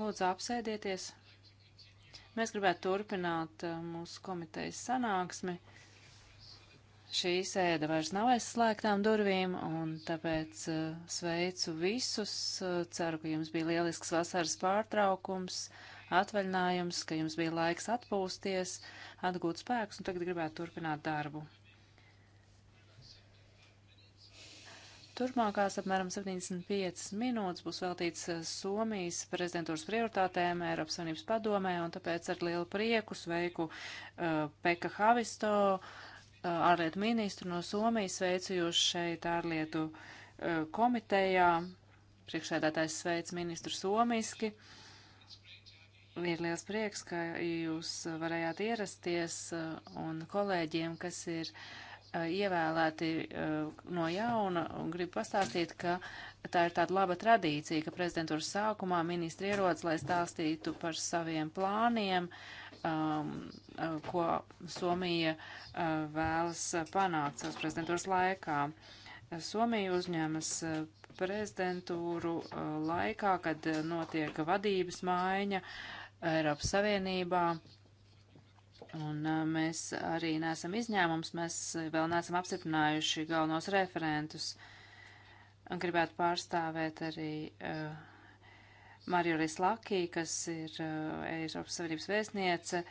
Lūdzu, apsēdieties. Mēs gribētu turpināt uh, mūsu komitejas sanāksmi. Šī sēde vairs nav aizslēgtām durvīm, un tāpēc uh, sveicu visus. Uh, ceru, ka jums bija lielisks vasaras pārtraukums, atvaļinājums, ka jums bija laiks atpūsties, atgūt spēks, un tagad gribētu turpināt darbu. Turpmākās apmēram 75 minūtes būs veltīts eh, Somijas prezidentūras prioritātēm Eiropas Savienības padomē, un tāpēc ar lielu prieku sveiku uh, Peka Havisto, uh, ārlietu ministru no Somijas, sveicu jūs šeit ārlietu uh, komitejā. Priekšsēdētājs sveic ministru somiski. Ir liels prieks, ka jūs varējāt ierasties, un kolēģiem, kas ir uh, ievēlēti no jauna un gribu pastāstīt, ka tā ir tāda laba tradīcija, ka prezidentūras sākumā ministri ierodas, lai stāstītu par saviem plāniem, um, ko Somija vēlas panākt savas prezidentūras laikā. Somija uzņemas prezidentūru laikā, kad notiek vadības maiņa Eiropas Savienībā. Uh, Un mēs arī neesam izņēmums, mēs vēl neesam apstiprinājuši galvenos referentus. Un gribētu pārstāvēt arī uh, Mariju Rislakī, kas ir uh, Eiropas Savienības vēstniece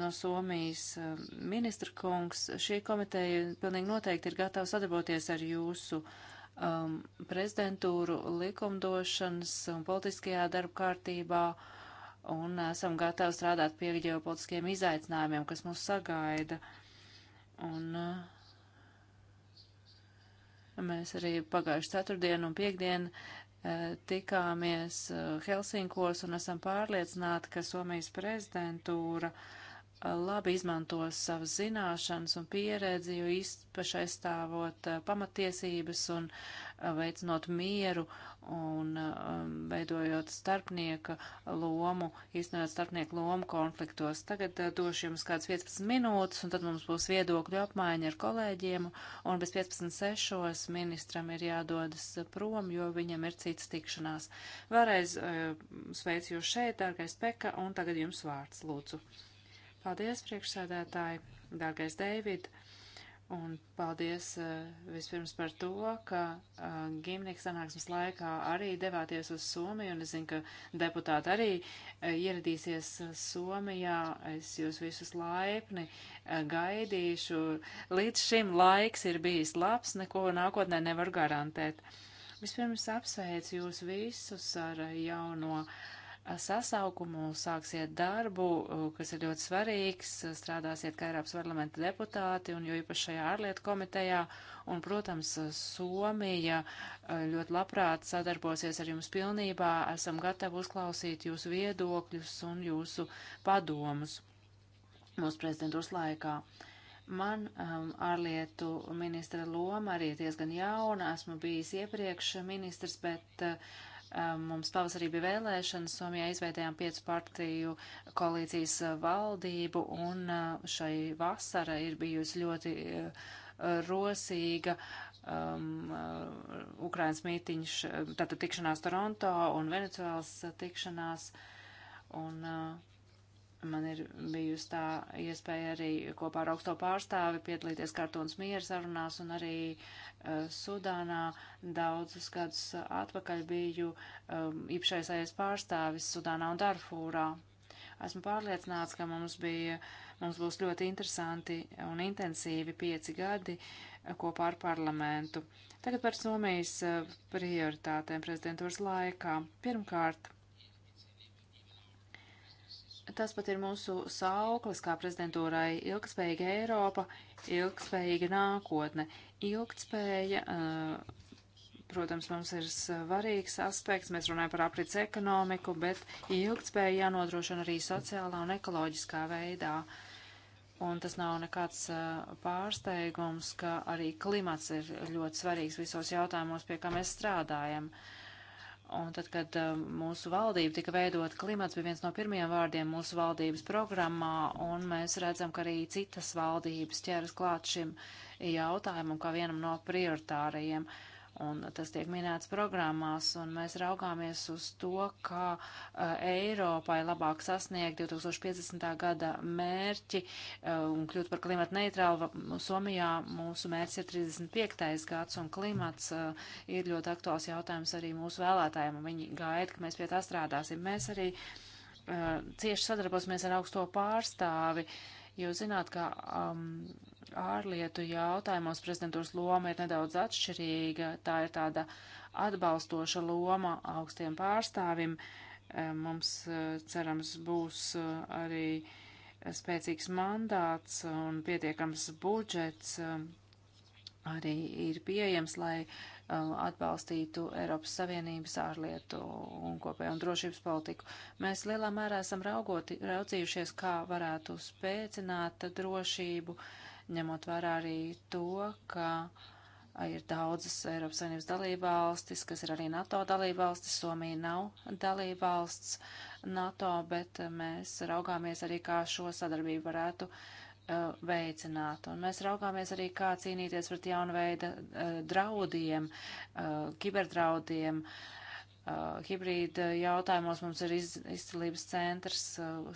no Somijas uh, ministra kungs. Šī komiteja pilnīgi noteikti ir gatava sadarboties ar jūsu um, prezidentūru likumdošanas un politiskajā darba kārtībā. Uh, un esam gatavi strādāt pie ģeopolitiskiem izaicinājumiem, kas mūs sagaida. Un uh, mēs arī pagājuši ceturtdienu un piekdienu uh, tikāmies uh, Helsinkos un esam pārliecināti, ka Somijas prezidentūra uh, labi izmanto savas zināšanas un pieredzi, jo īpaši aizstāvot uh, pamatiesības un uh, veicinot mieru un um, veidojot starpnieka lomu, īstenojot starpnieku lomu konfliktos. Tagad uh, došu jums kāds 15 minūtes, un tad mums būs viedokļu apmaiņa ar kolēģiem, un bez 15.6. ministram ir jādodas prom, jo viņam ir cits tikšanās. Vēlreiz sveicu jūs šeit, dārgais Peka, un tagad jums vārds, lūdzu. Paldies, priekšsēdētāji, dārgais Dēvid, un paldies eh, vispirms par to, ka eh, gimnieks sanāksmes laikā arī devāties uz Somiju, un es zinu, ka deputāti arī eh, ieradīsies Somijā. Es jūs visus laipni gaidīšu. Līdz šim laiks ir bijis labs, neko nākotnē nevar garantēt. Vispirms apsveicu jūs visus ar jauno. No sasaukumu, sāksiet darbu, uh, kas ir ļoti svarīgs, uh, strādāsiet kā Eiropas parlamenta deputāti un jo īpaši šajā ārlietu komitejā. Un, protams, uh, Somija ļoti labprāt sadarbosies ar jums pilnībā. Esam gatavi uzklausīt jūsu viedokļus un jūsu padomus mūsu prezidentūras laikā. Man um, ārlietu ministra loma arī diezgan jauna, esmu bijis iepriekš ministrs, bet uh, Um, mums pavasarī bija vēlēšanas, Somijā izveidējām piecu partiju koalīcijas uh, valdību, un uh, šai vasara ir bijusi ļoti uh, rosīga. Um, Ukrainas mītiņš, tātad tikšanās Toronto un Venecuēlas tikšanās. Un uh, Man ir bijusi tā iespēja arī kopā ar augsto pārstāvi piedalīties kartons miera sarunās un arī uh, Sudānā daudzus gadus atpakaļ biju um, īpašais pārstāvis Sudānā un Darfūrā. Esmu pārliecināts, ka mums, bija, mums būs ļoti interesanti un intensīvi pieci gadi eh, kopā ar parlamentu. Tagad par Somijas eh, prioritātēm prezidentūras laikā. Pirmkārt, Tas pat ir mūsu sauklis kā prezidentūrai - ilgspējīga Eiropa, ilgspējīga nākotne. Ilgtspēja, eh, protams, mums ir svarīgs aspekts, mēs runājam par aprits ekonomiku, bet ilgtspēja jānodrošina arī sociālā un ekoloģiskā veidā. Un tas nav nekāds eh, pārsteigums, ka arī klimats ir ļoti svarīgs visos jautājumos, pie kā mēs strādājam. Uh, Un tad, kad uh, mūsu valdība tika veidot, klimats bija viens no pirmajiem vārdiem mūsu valdības programmā, un mēs redzam, ka arī citas valdības ķeras klāt šim jautājumam kā vienam no prioritārajiem. Uh, un tas tiek minēts programmās, un mēs raugāmies uz to, kā uh, Eiropai labāk sasniegt 2050. gada mērķi uh, un kļūt par klimatu neitrālu. Somijā mūsu mērķis ir 35. gads, un klimats uh, ir ļoti aktuāls jautājums arī mūsu vēlētājiem, un viņi gaida, ka mēs pie tā strādāsim. Mēs arī cieši sadarbosimies ar augsto pārstāvi. Uh, Jūs zināt, ka um, ārlietu jautājumos prezidentūras loma ir nedaudz atšķirīga. Tā ir tāda atbalstoša loma augstiem pārstāvim. Eh, mums, eh, cerams, būs eh, arī spēcīgs mandāts un pietiekams budžets arī ir pieejams, lai Um, atbalstītu Eiropas Savienības ārlietu un kopējo un drošības politiku. Mēs lielā mērā esam raugoti, raudzījušies, kā varētu spēcināt drošību, ņemot vērā arī to, ka ir daudzas Eiropas Savienības dalībvalstis, kas ir arī NATO dalībvalstis, Somija nav dalībvalsts NATO, bet mēs raugāmies arī, kā šo sadarbību varētu uh, uh, veicināt. Un mēs raugāmies arī, kā cīnīties pret jaunu veidu uh, draudiem, uh, kiberdraudiem. Hibrīda jautājumos mums ir iz, izcilības centrs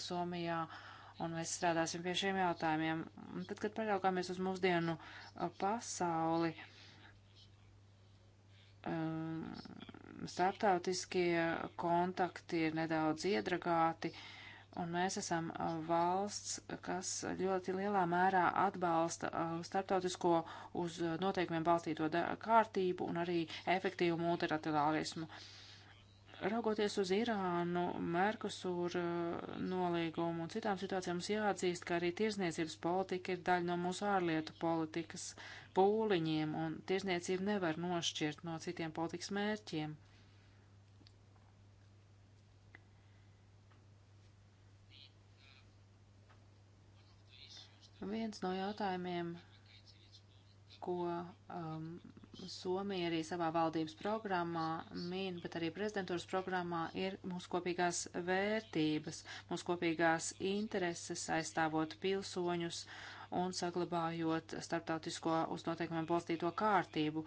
Somijā, un mēs strādāsim pie šiem jautājumiem. Un tad, kad paraugāmies uz mūsdienu pasauli, starptautiskie kontakti ir nedaudz iedragāti. Uh, Un mēs esam valsts, kas ļoti lielā mērā atbalsta starptautisko uz noteikumiem balstīto kārtību un arī efektīvu multilaterālismu. Raugoties uz Irānu, Merkusur nolīgumu un citām situācijām mums jāatzīst, ka arī tirzniecības politika ir daļa no mūsu ārlietu politikas pūliņiem, un tirzniecība nevar nošķirt no citiem politikas mērķiem. Viens no jautājumiem, ko um, Somija arī savā valdības programmā min, bet arī prezidentūras programmā, ir mūsu kopīgās vērtības, mūsu kopīgās intereses aizstāvot pilsoņus un saglabājot starptautisko uz noteikumiem balstīto kārtību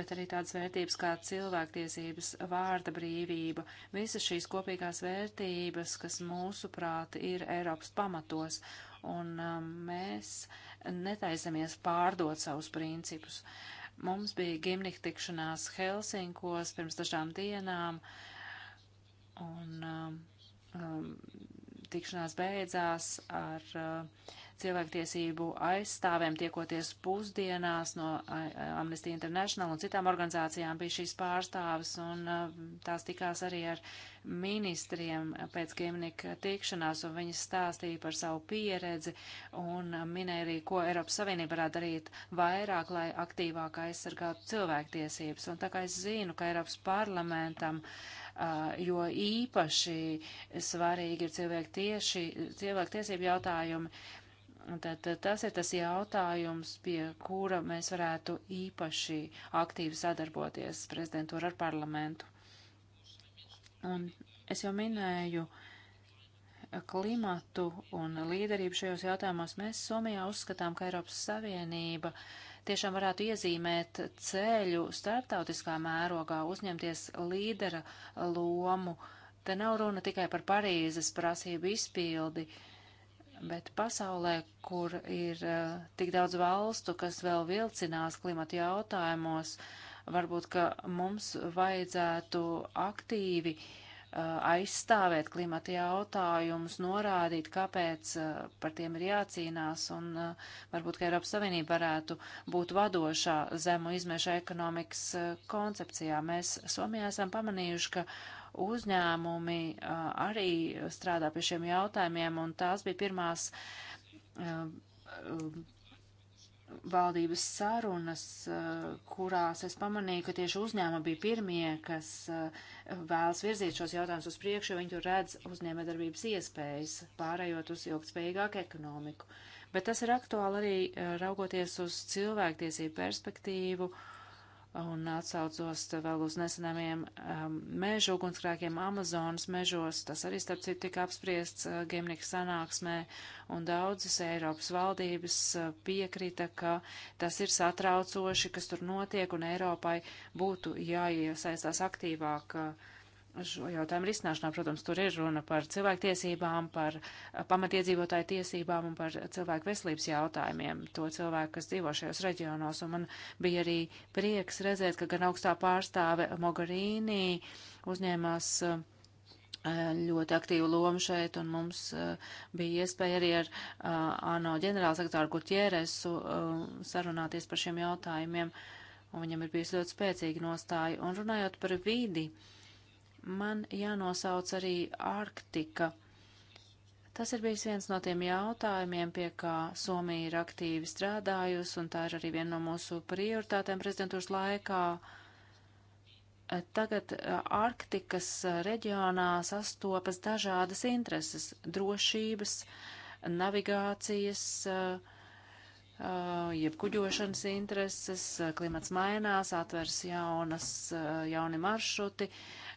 bet arī tādas vērtības kā cilvēktiesības, vārda brīvība, visas šīs kopīgās vērtības, kas mūsuprāt ir Eiropas pamatos un um, mēs netaisamies pārdot savus principus. Mums bija gimnika tikšanās Helsinkos pirms dažām dienām, un um, um tikšanās beidzās ar uh, cilvēktiesību aizstāvēm tiekoties pusdienās no eh, eh, Amnesty International un citām organizācijām bija šīs pārstāvis, un tās tikās arī ar ministriem pēc Kimnika tikšanās, un viņas stāstīja par savu pieredzi un minēja arī, ko Eiropas Savienība varētu darīt vairāk, lai aktīvāk aizsargātu cilvēktiesības. Un tā kā es zinu, ka Eiropas parlamentam uh, Ah, jo īpaši svarīgi ir cilvēku tieši, cilvēku tiesību jautājumi. Tad tas ir tas jautājums, pie kura mēs varētu īpaši aktīvi sadarboties prezidentūra ar parlamentu. Un es jau minēju, uh, klimatu un līderību šajos jautājumos, mēs Somijā uzskatām, ka Eiropas Savienība tiešām varētu iezīmēt ceļu starptautiskā mērogā, uzņemties līdera lomu. Te nav runa tikai par Parīzes prasību izpildi, bet pasaulē, kur ir uh, tik daudz valstu, kas vēl vilcinās klimata jautājumos, varbūt, ka mums vajadzētu aktīvi uh, Uh, aizstāvēt klimata jautājumus, norādīt, kāpēc uh, par tiem ir jācīnās, un uh, varbūt, ka Eiropas Savienība varētu būt vadošā zemu izmešu ekonomikas koncepcijā. Mēs Somijā esam pamanījuši, ka uzņēmumi arī strādā pie šiem jautājumiem, un tās bija pirmās valdības sarunas, eh, kurās es pamanīju, ka tieši uzņēma bija pirmie, kas eh, vēlas virzīt šos jautājumus uz priekšu, jo viņi tur redz uzņēmēdarbības iespējas, pārējot uz ilgspējīgāku ekonomiku. Bet tas ir aktuāli arī eh, raugoties uz cilvēktiesību perspektīvu un atsaucos vēl uz nesenamiem um, mēžu ugunskrākiem Amazonas mežos. Tas arī, starp citu, tika apspriests uh, Gemnieka sanāksmē, un daudzas Eiropas valdības uh, piekrita, ka tas ir satraucoši, kas tur notiek, un Eiropai būtu jāiesaistās aktīvāk uh, šo jautājumu risināšanā. Protams, tur ir runa par cilvēktiesībām, par eh, pamatiedzīvotāju tiesībām un par cilvēku veselības jautājumiem, to cilvēku, kas dzīvo šajos reģionos. Un man bija arī prieks redzēt, ka gan augstā pārstāve Mogarīnī uzņēmās eh, ļoti aktīvu lomu šeit, un mums eh, bija iespēja arī ar ANO ģenerālsekretāru Gutieresu sarunāties par šiem jautājumiem, un viņam ir bijusi ļoti spēcīga nostāja. Un runājot par vīdi, uh, man jānosauc arī Arktika. Tas ir bijis viens no tiem jautājumiem, pie kā Somija ir aktīvi strādājusi, un tā ir arī viena no mūsu prioritātēm prezidentūras laikā. Tagad eh, Arktikas eh, reģionā sastopas dažādas intereses - drošības, navigācijas, eh, jebkuģošanas intereses, klimats mainās, atveras jaunas, jauni maršruti, uh,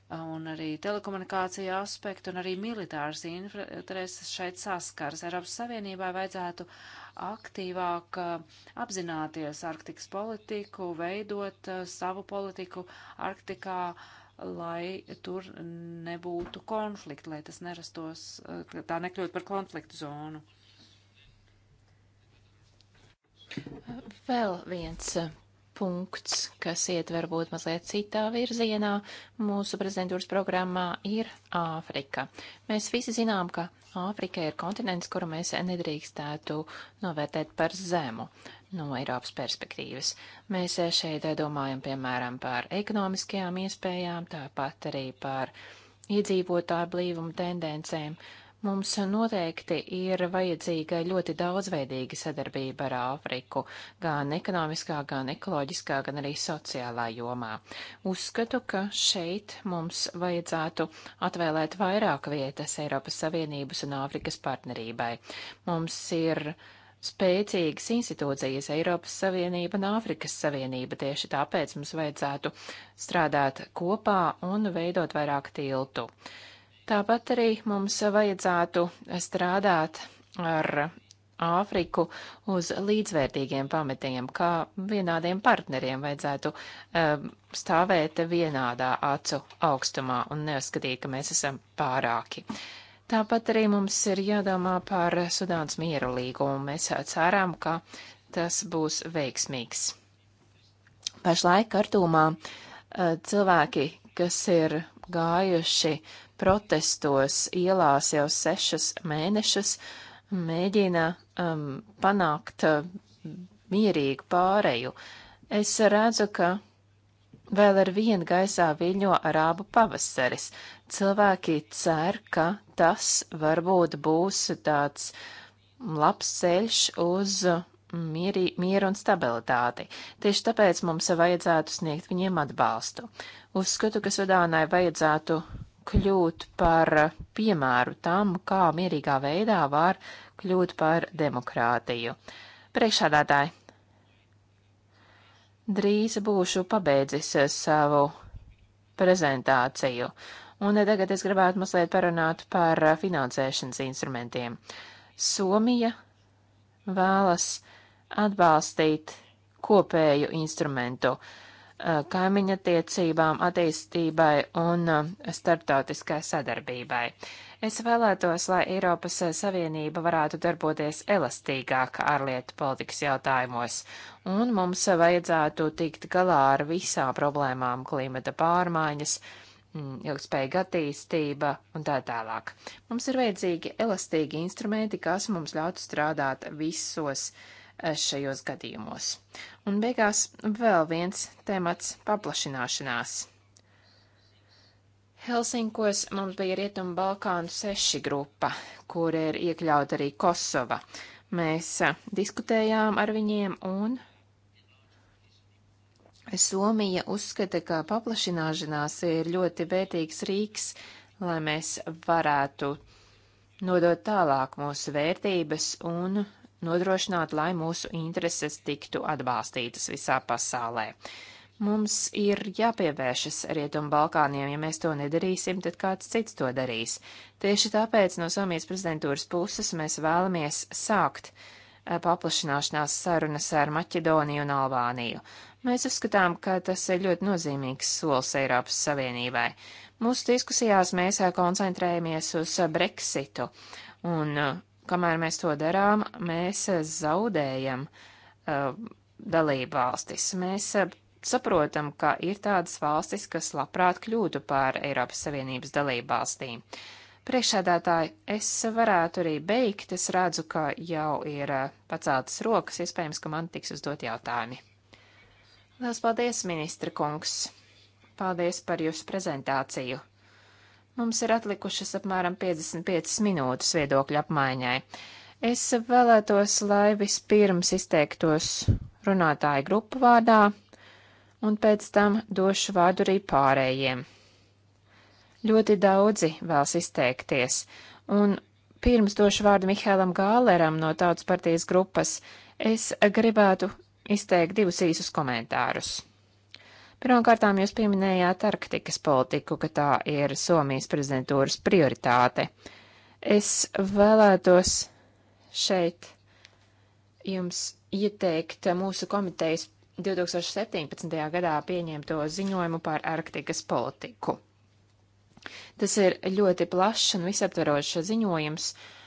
un arī telekomunikācija aspekti un arī militāras intereses šeit saskars. Eiropas Savienībai vajadzētu aktīvāk eh, apzināties Arktikas politiku, veidot eh, savu politiku Arktikā lai tur nebūtu konflikti, lai tas nerastos, eh, tā nekļūtu par konfliktu zonu. Vēl viens punkts, kas iet varbūt mazliet citā virzienā mūsu prezidentūras programmā, ir Āfrika. Mēs visi zinām, ka Āfrika ir kontinents, kuru mēs nedrīkstētu novērtēt par zemu no Eiropas perspektīvas. Mēs šeit domājam, piemēram, par ekonomiskajām iespējām, tāpat arī par iedzīvotāju blīvumu tendencēm. Uh, Mums noteikti ir vajadzīga ļoti daudzveidīga sadarbība ar Āfriku, gan ekonomiskā, gan ekoloģiskā, gan arī sociālā jomā. Uzskatu, ka šeit mums vajadzētu atvēlēt vairāk vietas Eiropas Savienības un Āfrikas partnerībai. Mums ir spēcīgas institūcijas Eiropas Savienība un Āfrikas Savienība. Tieši tāpēc mums vajadzētu strādāt kopā un veidot vairāk tiltu. Tāpat arī mums vajadzētu strādāt ar Āfriku uz līdzvērtīgiem pamatiem, kā vienādiem partneriem vajadzētu um, stāvēt vienādā acu augstumā un neuzskatīt, ka mēs esam pārāki. Tāpat arī mums ir jādomā par Sudānas mieru līgumu. Mēs cerām, ka tas būs veiksmīgs. Pašlaik kartumā eh, cilvēki, kas ir gājuši protestos ielās jau sešas mēnešus mēģina um, panākt uh, mierīgu pāreju. Es redzu, ka vēl ar vienu gaisā viļņo arābu pavasaris. Cilvēki cer, ka tas varbūt būs tāds labs ceļš uz mieri, mieru un stabilitāti. Tieši tāpēc mums vajadzētu sniegt viņiem atbalstu. Uzskatu, ka Sudānai vajadzētu kļūt par piemēru tam, kā mierīgā veidā var kļūt par demokrātiju. Priekšādātāji, drīz būšu pabeidzis savu prezentāciju, un tagad es gribētu mazliet parunāt par finansēšanas instrumentiem. Somija vēlas atbalstīt kopēju instrumentu. Uh, kaimiņa tiecībām, attīstībai un starptautiskai sadarbībai. Es vēlētos, lai Eiropas Savienība varētu darboties elastīgāk ārlietu politikas jautājumos, un mums vajadzētu tikt galā ar visām problēmām - klimata pārmaiņas, mm, ilgspējīga attīstība un tā tālāk. Mums ir vajadzīgi elastīgi instrumenti, kas mums ļautu strādāt visos Eh, šajos gadījumos. Un beigās vēl viens temats - paplašināšanās. Helsinkos mums bija Rietumu Balkānu seši grupa, kur ir iekļauta arī Kosova. Mēs a, eh, diskutējām ar viņiem un Somija uzskata, ka paplašināšanās ir ļoti vērtīgs rīks, lai mēs varētu nodot tālāk mūsu vērtības un nodrošināt, lai mūsu intereses tiktu atbalstītas visā pasaulē. Mums ir jāpievēršas Rietumbalkāniem, ja mēs to nedarīsim, tad kāds cits to darīs. Tieši tāpēc no Somijas prezidentūras puses mēs vēlamies sākt eh, paplašināšanās sarunas ar Maķedoniju un Albāniju. Mēs uzskatām, ka tas ir ļoti nozīmīgs solis Eiropas Savienībai. Mūsu diskusijās mēs eh, koncentrējamies uz eh, Brexitu un Kamēr mēs to darām, mēs eh, zaudējam uh, dalību valstis. Mēs uh, saprotam, ka ir tādas valstis, kas labprāt kļūtu par Eiropas Savienības dalību valstīm. Priekšsēdētāji, es varētu arī beigt, es redzu, ka jau ir uh, paceltas rokas, iespējams, ka man tiks uzdot jautājumi. Lielas paldies, ministra kungs! Paldies par jūsu prezentāciju! Mums ir atlikušas apmēram 55 minūtes viedokļu apmaiņai. Es vēlētos, lai vispirms izteiktos runātāju grupu vārdā, un pēc tam došu vārdu arī pārējiem. Ļoti daudzi vēlas izteikties, un pirms došu vārdu Mihēlam Gāleram no Tautas partijas grupas, es gribētu izteikt divus īsus komentārus. Pirmkārtām jūs pieminējāt Arktikas politiku, ka tā ir Somijas prezidentūras prioritāte. Es vēlētos šeit jums ieteikt mūsu komitejas 2017. gadā pieņemto ziņojumu par Arktikas politiku. Tas ir ļoti plašs un visaptverošs ziņojums, uh,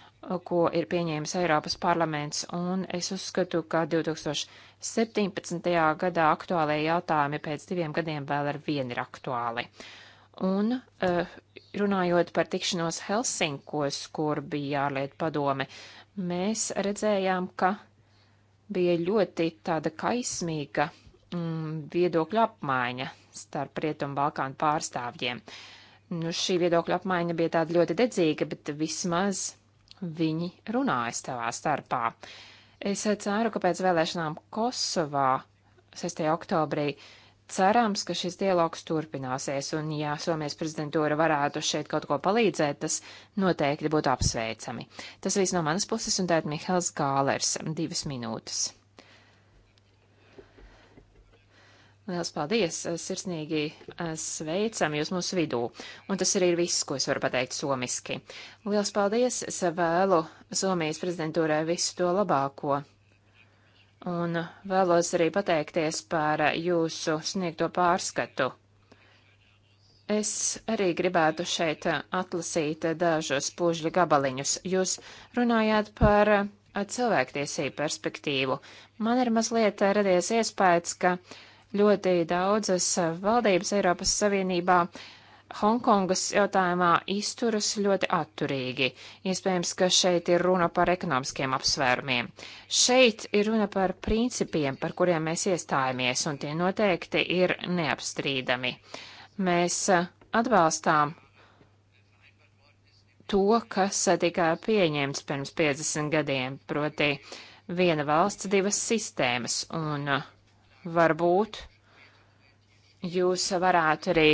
ko ir pieņēmis Eiropas parlaments, un es uzskatu, ka 2017. gadā aktuālajie jautājumi pēc diviem gadiem vēl ar vienu ir aktuāli. Un eh, runājot par tikšanos Helsinkos, kur bija ārlietu padome, mēs redzējām, ka bija ļoti tāda kaismīga mm, viedokļa apmaiņa starp Rietumu Balkānu pārstāvjiem. Nu, šī viedokļa apmaiņa bija tāda ļoti dedzīga, bet vismaz viņi runāja savā starpā. Es ceru, ka pēc vēlēšanām Kosovā 6. oktobrī cerams, ka šis dialogs turpināsies, un ja Somijas prezidentūra varētu šeit kaut ko palīdzēt, tas noteikti būtu apsveicami. Tas viss no manas puses, un tātad Mihāls Gālers, divas minūtes. Liels paldies! Sirsnīgi eh, sveicam jūs mūsu vidū. Un tas arī ir viss, ko es varu pateikt somiski. Liels paldies! Es vēlu Somijas prezidentūrai visu to labāko. Un vēlos arī pateikties par jūsu sniegto pārskatu. Es arī gribētu šeit atlasīt dažus pužļu gabaliņus. Jūs runājāt par eh, cilvēktiesību perspektīvu. Man ir mazliet radies iespējas, ka ļoti daudzas eh, valdības Eiropas Savienībā Hongkongas jautājumā izturas ļoti atturīgi. Iespējams, ka šeit ir runa par ekonomiskiem apsvērumiem. Šeit ir runa par principiem, par kuriem mēs iestājamies, un tie noteikti ir neapstrīdami. Mēs eh, atbalstām to, kas eh, tika pieņemts pirms 50 gadiem, proti viena valsts, divas sistēmas, un uh, varbūt jūs varētu arī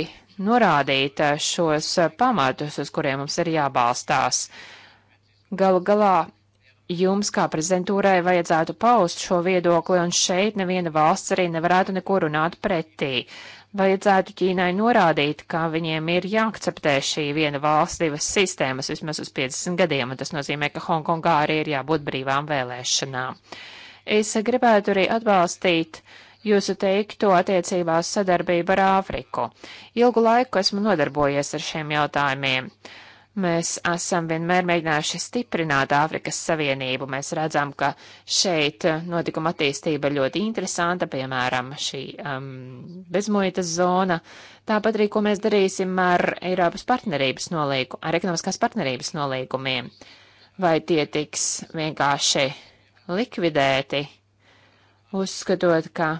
norādīt šos pamatus, uz kuriem mums ir jābalstās. Galu galā jums kā prezidentūrai vajadzētu paust šo viedokli, un šeit neviena valsts arī nevarētu neko runāt pretī. Vajadzētu Ķīnai norādīt, ka viņiem ir jāakceptē šī viena valsts divas sistēmas vismaz uz 50 gadiem, un tas nozīmē, ka Hongkongā arī ir jābūt brīvām vēlēšanām. Es gribētu arī atbalstīt uh, jūsu teikto attiecībās sadarbību ar Āfriku. Ilgu laiku esmu nodarbojies ar šiem jautājumiem. Mēs esam vienmēr mēģinājuši stiprināt Āfrikas Savienību. Mēs redzam, ka šeit eh, notikuma attīstība ir ļoti interesanta, piemēram, šī um, bezmuitas zona. Tāpat arī, ko mēs darīsim ar Eiropas partnerības nolīgu, ar ekonomiskās partnerības nolīgumiem. Vai tie tiks vienkārši likvidēti, uzskatot, ka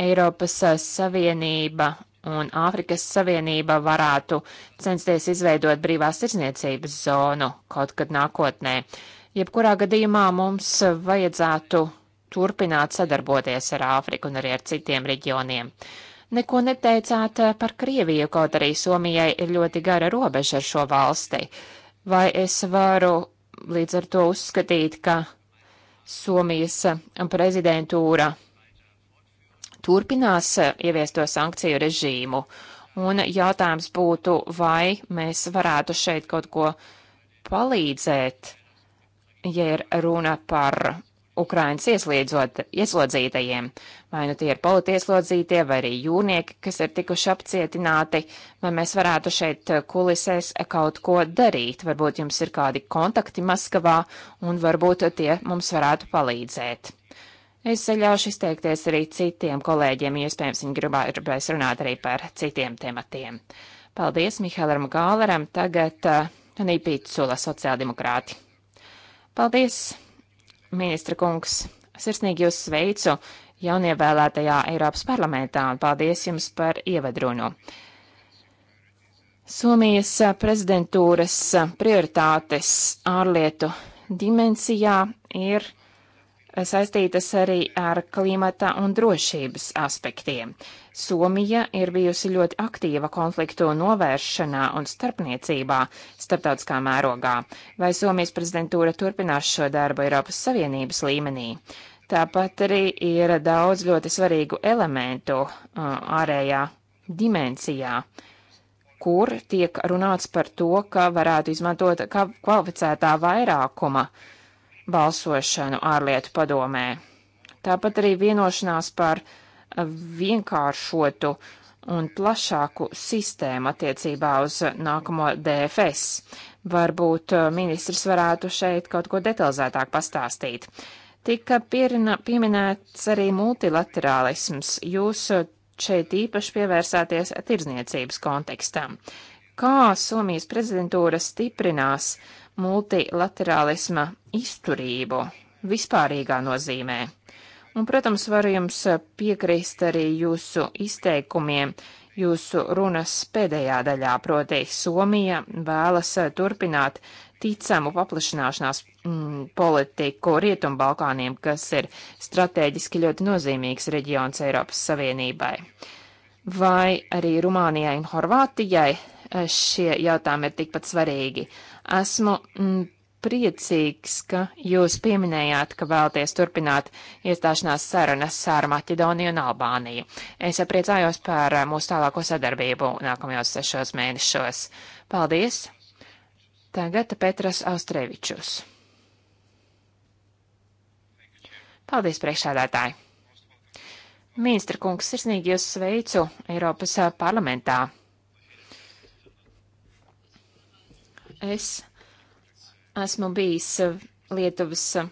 Eiropas eh, Savienība un Āfrikas Savienība varētu censties izveidot brīvās tirzniecības zonu kaut kad nākotnē. Jebkurā gadījumā mums vajadzētu turpināt sadarboties ar Āfriku un arī ar citiem reģioniem. Neko neteicāt eh, par Krieviju, kaut arī Somijai ir ļoti gara robeža ar šo valsti. Vai es varu līdz ar to uzskatīt, ka Somijas eh, prezidentūra turpinās eh, ieviest to sankciju režīmu. Un jautājums būtu, vai mēs varētu šeit kaut ko palīdzēt, ja ir runa par Ukrainas ieslodzītajiem, vai nu tie ir politieslodzītie, vai arī jūrnieki, kas ir tikuši apcietināti, vai mēs varētu šeit kulisēs kaut ko darīt. Varbūt jums ir kādi kontakti Maskavā, un varbūt tie mums varētu palīdzēt. Es ļaušu izteikties arī citiem kolēģiem, iespējams, viņi gribēs runāt arī par citiem tematiem. Paldies Mihēlam Gāleram, tagad uh, eh, Nīpīts Sula sociāldemokrāti. Paldies, ministra kungs! Sirsnīgi jūs sveicu jaunievēlētajā Eiropas parlamentā un paldies jums par ievadrunu. Somijas eh, prezidentūras eh, prioritātes ārlietu dimensijā ir saistītas arī ar klimata un drošības aspektiem. Somija ir bijusi ļoti aktīva konfliktu novēršanā un starpniecībā starptautiskā mērogā. Vai Somijas prezidentūra turpinās šo darbu Eiropas Savienības līmenī? Tāpat arī ir daudz ļoti svarīgu elementu uh, ārējā dimensijā kur tiek runāts par to, ka varētu izmantot kvalificētā vairākuma uh, balsošanu ārlietu padomē. Tāpat arī vienošanās par eh, vienkāršotu un plašāku sistēmu attiecībā uz nākamo DFS. Varbūt eh, ministrs varētu šeit kaut ko detalizētāk pastāstīt. Tika pierina, pieminēts arī multilaterālisms. Jūs eh, šeit īpaši pievērsāties tirzniecības kontekstam. Kā Somijas prezidentūra stiprinās uh, multilaterālisma izturību vispārīgā nozīmē. Un, protams, varu jums eh, piekrist arī jūsu izteikumiem, jūsu runas pēdējā daļā, proti, Somija vēlas eh, turpināt ticamu paplašināšanās mm, politiku Rietumbalkāniem, kas ir strateģiski ļoti nozīmīgs reģions Eiropas Savienībai. Vai arī Rumānijai un Horvātijai šie jautājumi ir tikpat svarīgi. Esmu m, mm, priecīgs, ka jūs pieminējāt, ka vēlaties turpināt iestāšanās sarunas ar Maķedoniju un Albāniju. Es priecājos par eh, mūsu tālāko sadarbību nākamajos sešos mēnešos. Paldies! Tagad Petras Austrevičus. Paldies, priekšādātāji! Ministra kungs, sirsnīgi jūs sveicu Eiropas eh, parlamentā. Es esmu bijis eh, Lietuvas eh,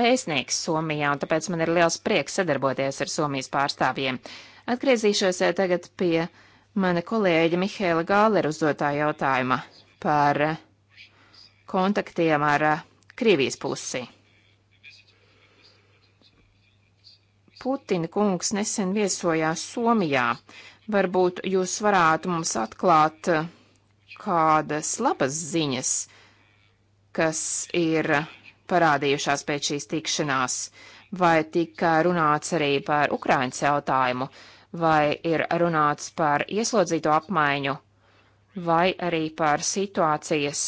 vēstnieks Somijā, un tāpēc man ir liels prieks sadarboties ar Somijas pārstāvjiem. Atgriezīšos eh, tagad pie mana kolēģa Mihēla Gālera uzdotā jautājuma par kontaktiem ar Krievijas pusi. Putina kungs nesen viesojās Somijā. Varbūt jūs varētu mums atklāt uh, kādas labas ziņas, kas ir parādījušās pēc šīs tikšanās, vai tika runāts arī par Ukrainas jautājumu, vai ir runāts par ieslodzīto apmaiņu, vai arī par situācijas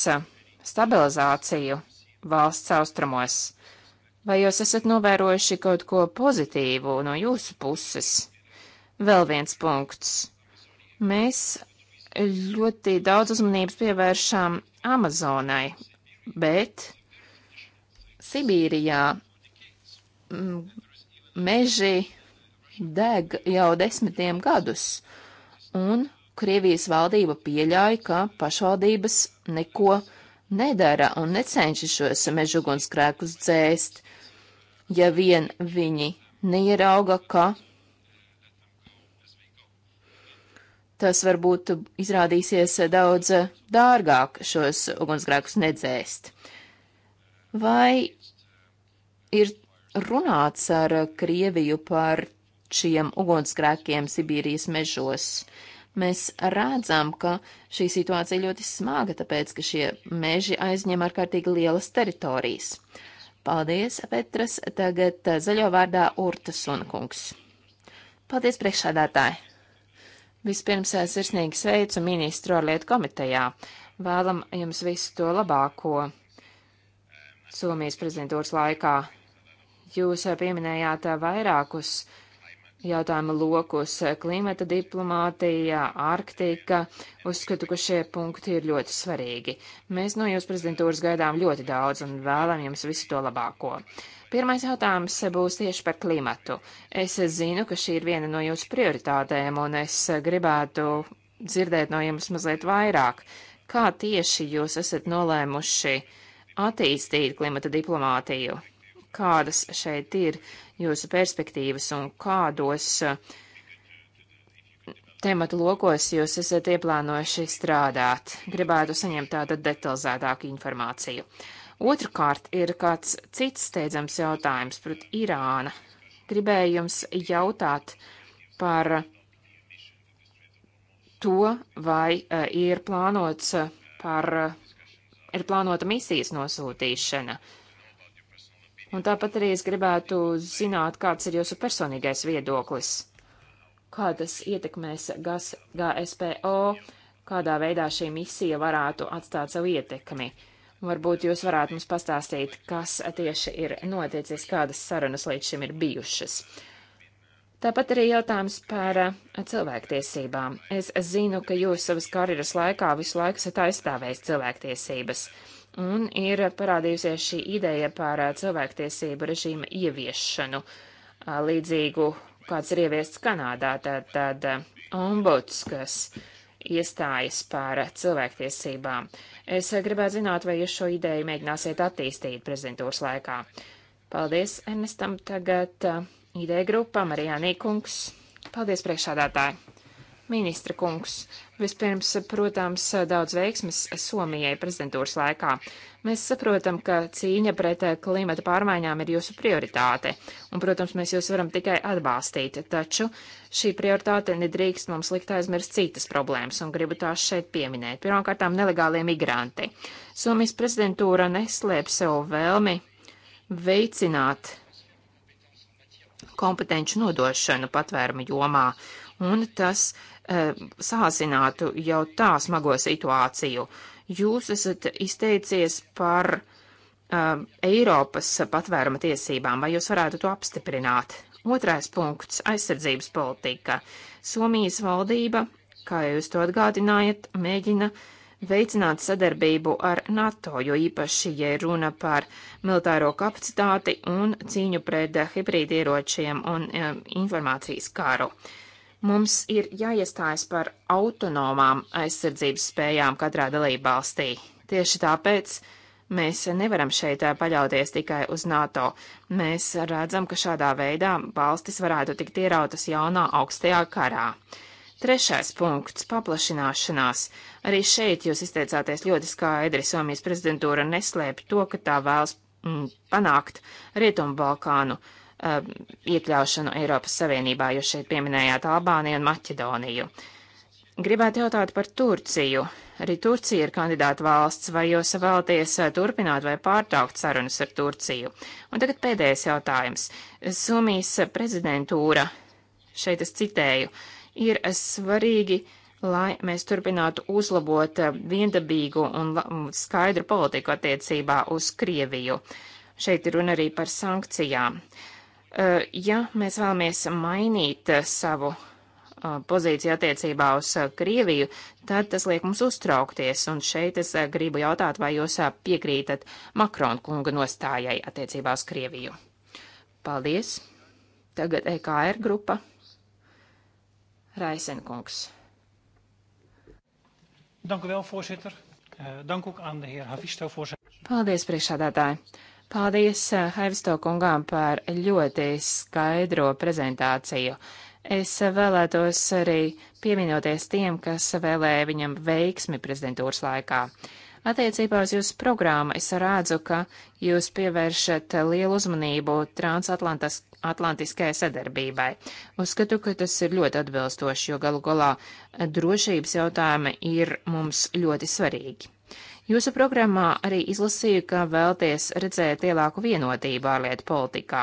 stabilizāciju valsts austrumos. Vai jūs esat novērojuši kaut ko pozitīvu no jūsu puses? Vēl viens punkts. Mēs ļoti daudz uzmanības pievēršam Amazonai, bet Sibīrijā mm, meži deg jau desmitiem gadus, un Krievijas valdība pieļauj, ka pašvaldības neko nedara un necenšas šos mežugunskrēkus dzēst, ja vien viņi neierauga, ka tas varbūt izrādīsies daudz dārgāk šos ugunsgrēkus nedzēst. Vai ir runāts ar Krieviju par šiem ugunsgrēkiem Sibīrijas mežos? Mēs redzam, ka šī situācija ļoti smaga, tāpēc, ka šie meži aizņem ārkārtīgi lielas teritorijas. Paldies, Petras, tagad zaļo vārdā Urtas un kungs. Paldies, priekšādātāji! Vispirms eh, sirsnīgi sveicu ministru ārlietu komitejā. Vēlam jums visu to labāko Somijas prezidentūras laikā. Jūs eh, pieminējāt eh, vairākus jautājumu lokus - klimata diplomātija, Arktika. Uzskatu, ka šie punkti ir ļoti svarīgi. Mēs no jūsu prezidentūras gaidām ļoti daudz un vēlam jums visu to labāko. Pirmais jautājums būs tieši par klimatu. Es zinu, ka šī ir viena no jūsu prioritātēm, un es gribētu dzirdēt no jums mazliet vairāk. Kā tieši jūs esat nolēmuši attīstīt klimata diplomātiju? Kādas šeit ir jūsu perspektīvas un kādos uh, tematu lokos jūs esat ieplānojuši strādāt? Gribētu saņemt tātad detalizētāku informāciju. Uh, Otrakārt ir kāds cits steidzams jautājums, proti, Irāna. Gribēju jums jautāt par to, vai e, ir plānots e, par, e, ir plānota misijas nosūtīšana. Un tāpat arī es gribētu zināt, kāds ir jūsu personīgais viedoklis, kā tas ietekmēs GAS, GSPO, kādā veidā šī misija varētu atstāt savu ietekmi. Uh, Varbūt jūs varētu mums pastāstīt, kas tieši ir noticis, kādas sarunas līdz šim ir bijušas. Tāpat arī jautājums par eh, cilvēktiesībām. Es zinu, ka jūs savas karjeras laikā visu laiku esat aizstāvējis cilvēktiesības, un ir parādījusies šī ideja par eh, cilvēktiesību režīma ieviešanu, eh, līdzīgu kāds ir ieviests Kanādā, tad, tad ombuds, kas iestājas par cilvēktiesībām. Uh, Es gribētu zināt, vai jūs šo ideju mēģināsiet attīstīt prezidentūras laikā. Paldies, Ernestam. Tagad uh, ideja grupa Marijānī kungs. Paldies, priekšādātāji! Ministra kungs, vispirms, protams, daudz veiksmes Somijai prezidentūras laikā. Mēs saprotam, ka cīņa pret eh, klimata pārmaiņām ir jūsu prioritāte, un, protams, mēs jūs varam tikai atbalstīt, taču šī prioritāte nedrīkst mums likt aizmirst citas problēmas, un gribu tās šeit pieminēt. Pirmkārtām, nelegālie migranti. Somijas prezidentūra neslēp sev vēlmi veicināt kompetenci nodošanu patvērumu jomā, un tas e, sāsinātu jau tā smago situāciju. E, jūs esat izteicies par uh, Eiropas patvēruma tiesībām, vai jūs varētu to apstiprināt? Otrais punkts - aizsardzības politika. Somijas valdība, kā jūs to atgādinājat, mēģina veicināt sadarbību ar NATO, jo īpaši, ja runa par militāro kapacitāti un cīņu pret hibrīdieročiem un um, informācijas kāru. Uh, Mums ir jāiestājas par autonomām aizsardzības spējām katrā dalībvalstī. Tieši tāpēc mēs nevaram šeit paļauties tikai uz NATO. Mēs redzam, ka šādā veidā valstis varētu tikt ierautas jaunā augstajā karā. Trešais punkts - paplašināšanās. Arī šeit jūs izteicāties ļoti skaidri. Somijas prezidentūra neslēpj to, ka tā vēlas mm, panākt Rietumbalkānu um, iekļaušanu Eiropas Savienībā, jo šeit pieminējāt Albāniju un Maķedoniju. Gribētu jautāt par Turciju. Arī Turcija ir kandidāta valsts, vai jūs vēlaties uh, turpināt vai pārtraukt sarunas ar Turciju? Un tagad pēdējais jautājums. Somijas prezidentūra, šeit es citēju, ir svarīgi, lai mēs turpinātu uzlabot uh, viendabīgu un mm, skaidru politiku attiecībā uz Krieviju. Šeit ir runa arī par sankcijām. Uh, Eh, ja mēs vēlamies mainīt eh, savu eh, pozīciju attiecībā uz Krieviju, tad tas liek mums uztraukties. Un šeit es gribu jautāt, vai jūs piekrītat Makrona kunga nostājai attiecībā uz Krieviju. Paldies! Tagad EKR grupa. Raisenkungs. Dank u wel, voorzitter. Uh, dank ook aan de heer Havisto, voorzitter. Paldies, priekšādātāji. Paldies eh, Haivisto kungām par ļoti skaidro prezentāciju. Es eh, vēlētos arī pieminoties tiem, kas vēlēja viņam veiksmi prezidentūras laikā. Attiecībā uz jūsu programmu es redzu, ka jūs pievēršat lielu uzmanību transatlantiskajai sadarbībai. Uzskatu, ka tas ir ļoti atbilstoši, jo galu galā drošības jautājumi ir mums ļoti svarīgi. Jūsu programmā arī izlasīju, ka vēlties redzēt lielāku vienotību ārlietu politikā.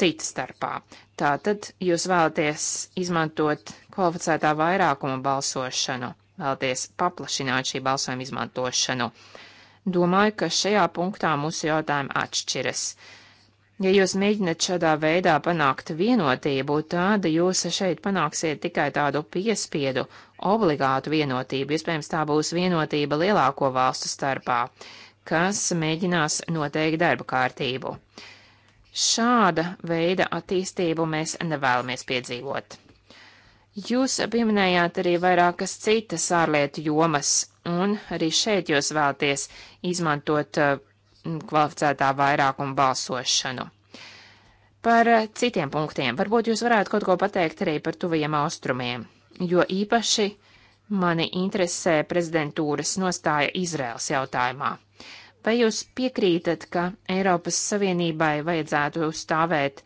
Cita starpā. Tātad jūs vēlaties izmantot kvalificētā vairākuma balsošanu, vēlaties paplašināt šī balsojuma izmantošanu. Domāju, ka šajā punktā mūsu jautājumi atšķiras. Uh, Ja jūs mēģināt šādā veidā panākt vienotību, tad jūs šeit panāksiet tikai tādu piespiedu, obligātu vienotību, iespējams tā būs vienotība lielāko valstu starpā, kas mēģinās noteikt darba kārtību. Šāda veida attīstību mēs nevēlamies piedzīvot. Jūs pieminējāt arī vairākas citas ārlietu jomas, un arī šeit jūs vēlties izmantot Mm, kvalificētā vairākuma balsošanu. Par eh, citiem punktiem varbūt jūs varētu kaut ko pateikt arī par tuvajiem austrumiem, jo īpaši mani interesē prezidentūras nostāja Izraels jautājumā. Vai jūs piekrītat, ka Eiropas Savienībai vajadzētu stāvēt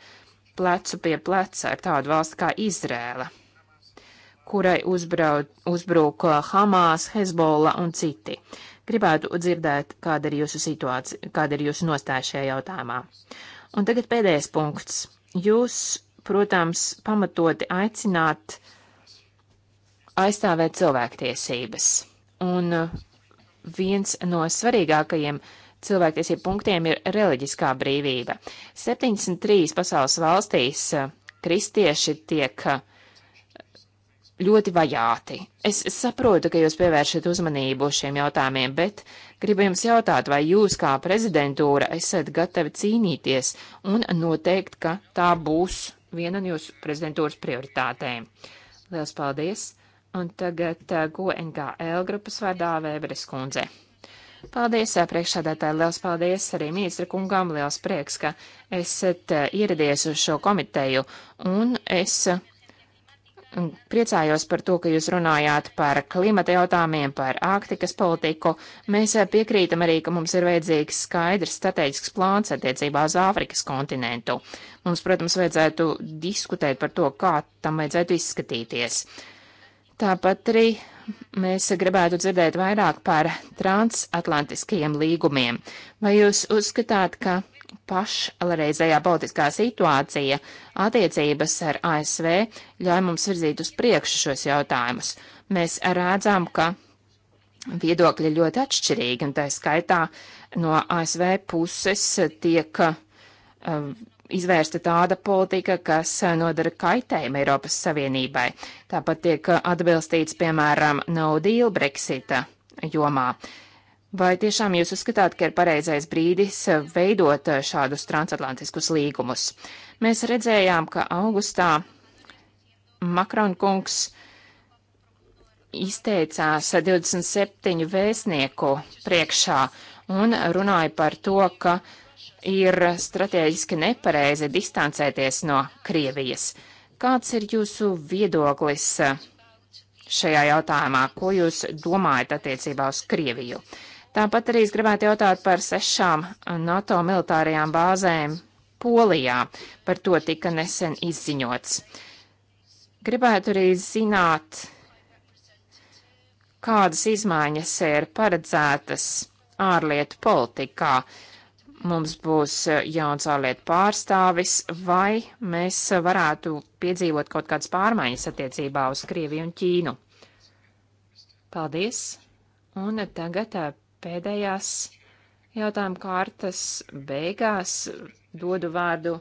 plecu pie pleca ar tādu valsti kā Izrēla, kurai uzbrauc, uzbrūk eh, Hamas, Hezbollah un citi? Uh, Gribētu dzirdēt, kāda ir jūsu situācija, kāda ir jūsu nostāja šajā jautājumā. Un tagad pēdējais punkts. Jūs, protams, pamatoti aicināt aizstāvēt cilvēktiesības. Un viens no svarīgākajiem cilvēktiesību punktiem ir reliģiskā brīvība. 73 pasaules valstīs kristieši tiek uh, ļoti vajāti. Es saprotu, ka jūs pievēršat uzmanību šiem jautājumiem, bet gribu jums jautāt, vai jūs kā prezidentūra esat gatavi cīnīties un noteikt, ka tā būs viena no jūsu prezidentūras prioritātēm. Lielas paldies! Un tagad eh, GNKL grupas vārdā Vēberes kundze. Paldies, eh, priekšsādātāji, liels paldies arī ministra kungam, liels prieks, ka esat eh, ieradies uz šo komiteju, un es Priecājos par to, ka jūs runājāt par klimata jautājumiem, par ārtikas politiku. Mēs eh, piekrītam arī, ka mums ir vajadzīgs skaidrs strateģisks plāns attiecībā uz Āfrikas kontinentu. Mums, protams, vajadzētu diskutēt par to, kā tam vajadzētu izskatīties. Tāpat arī mēs gribētu dzirdēt vairāk par transatlantiskajiem līgumiem. Vai jūs uzskatāt, ka pašreizējā politiskā situācija, attiecības ar ASV ļauj mums virzīt uz priekšu šos jautājumus. Mēs redzam, ka viedokļi ļoti atšķirīgi, un tā skaitā no ASV puses tiek um, izvērsta tāda politika, kas nodara kaitējumu Eiropas Savienībai. Tāpat tiek atbilstīts, piemēram, no deal Brexita jomā. Uh, Vai tiešām jūs uzskatāt, ka ir pareizais brīdis eh, veidot eh, šādus transatlantiskus līgumus? Mēs redzējām, ka augustā Makronkungs izteicās 27 vēstnieku priekšā un runāja par to, ka ir strateģiski nepareizi distancēties no Krievijas. Kāds ir jūsu viedoklis eh, šajā jautājumā? Ko jūs domājat attiecībā uz Krieviju? Tāpat arī es gribētu jautāt par sešām NATO militārajām bāzēm Polijā. Par to tika nesen izziņots. Gribētu arī zināt, kādas izmaiņas ir paredzētas ārlietu politikā. Mums būs jauns ārlietu pārstāvis, vai mēs varētu piedzīvot kaut kādas pārmaiņas attiecībā uz Krieviju un Ķīnu. Paldies! Un tagad pēdējās jautājuma kārtas beigās dodu vārdu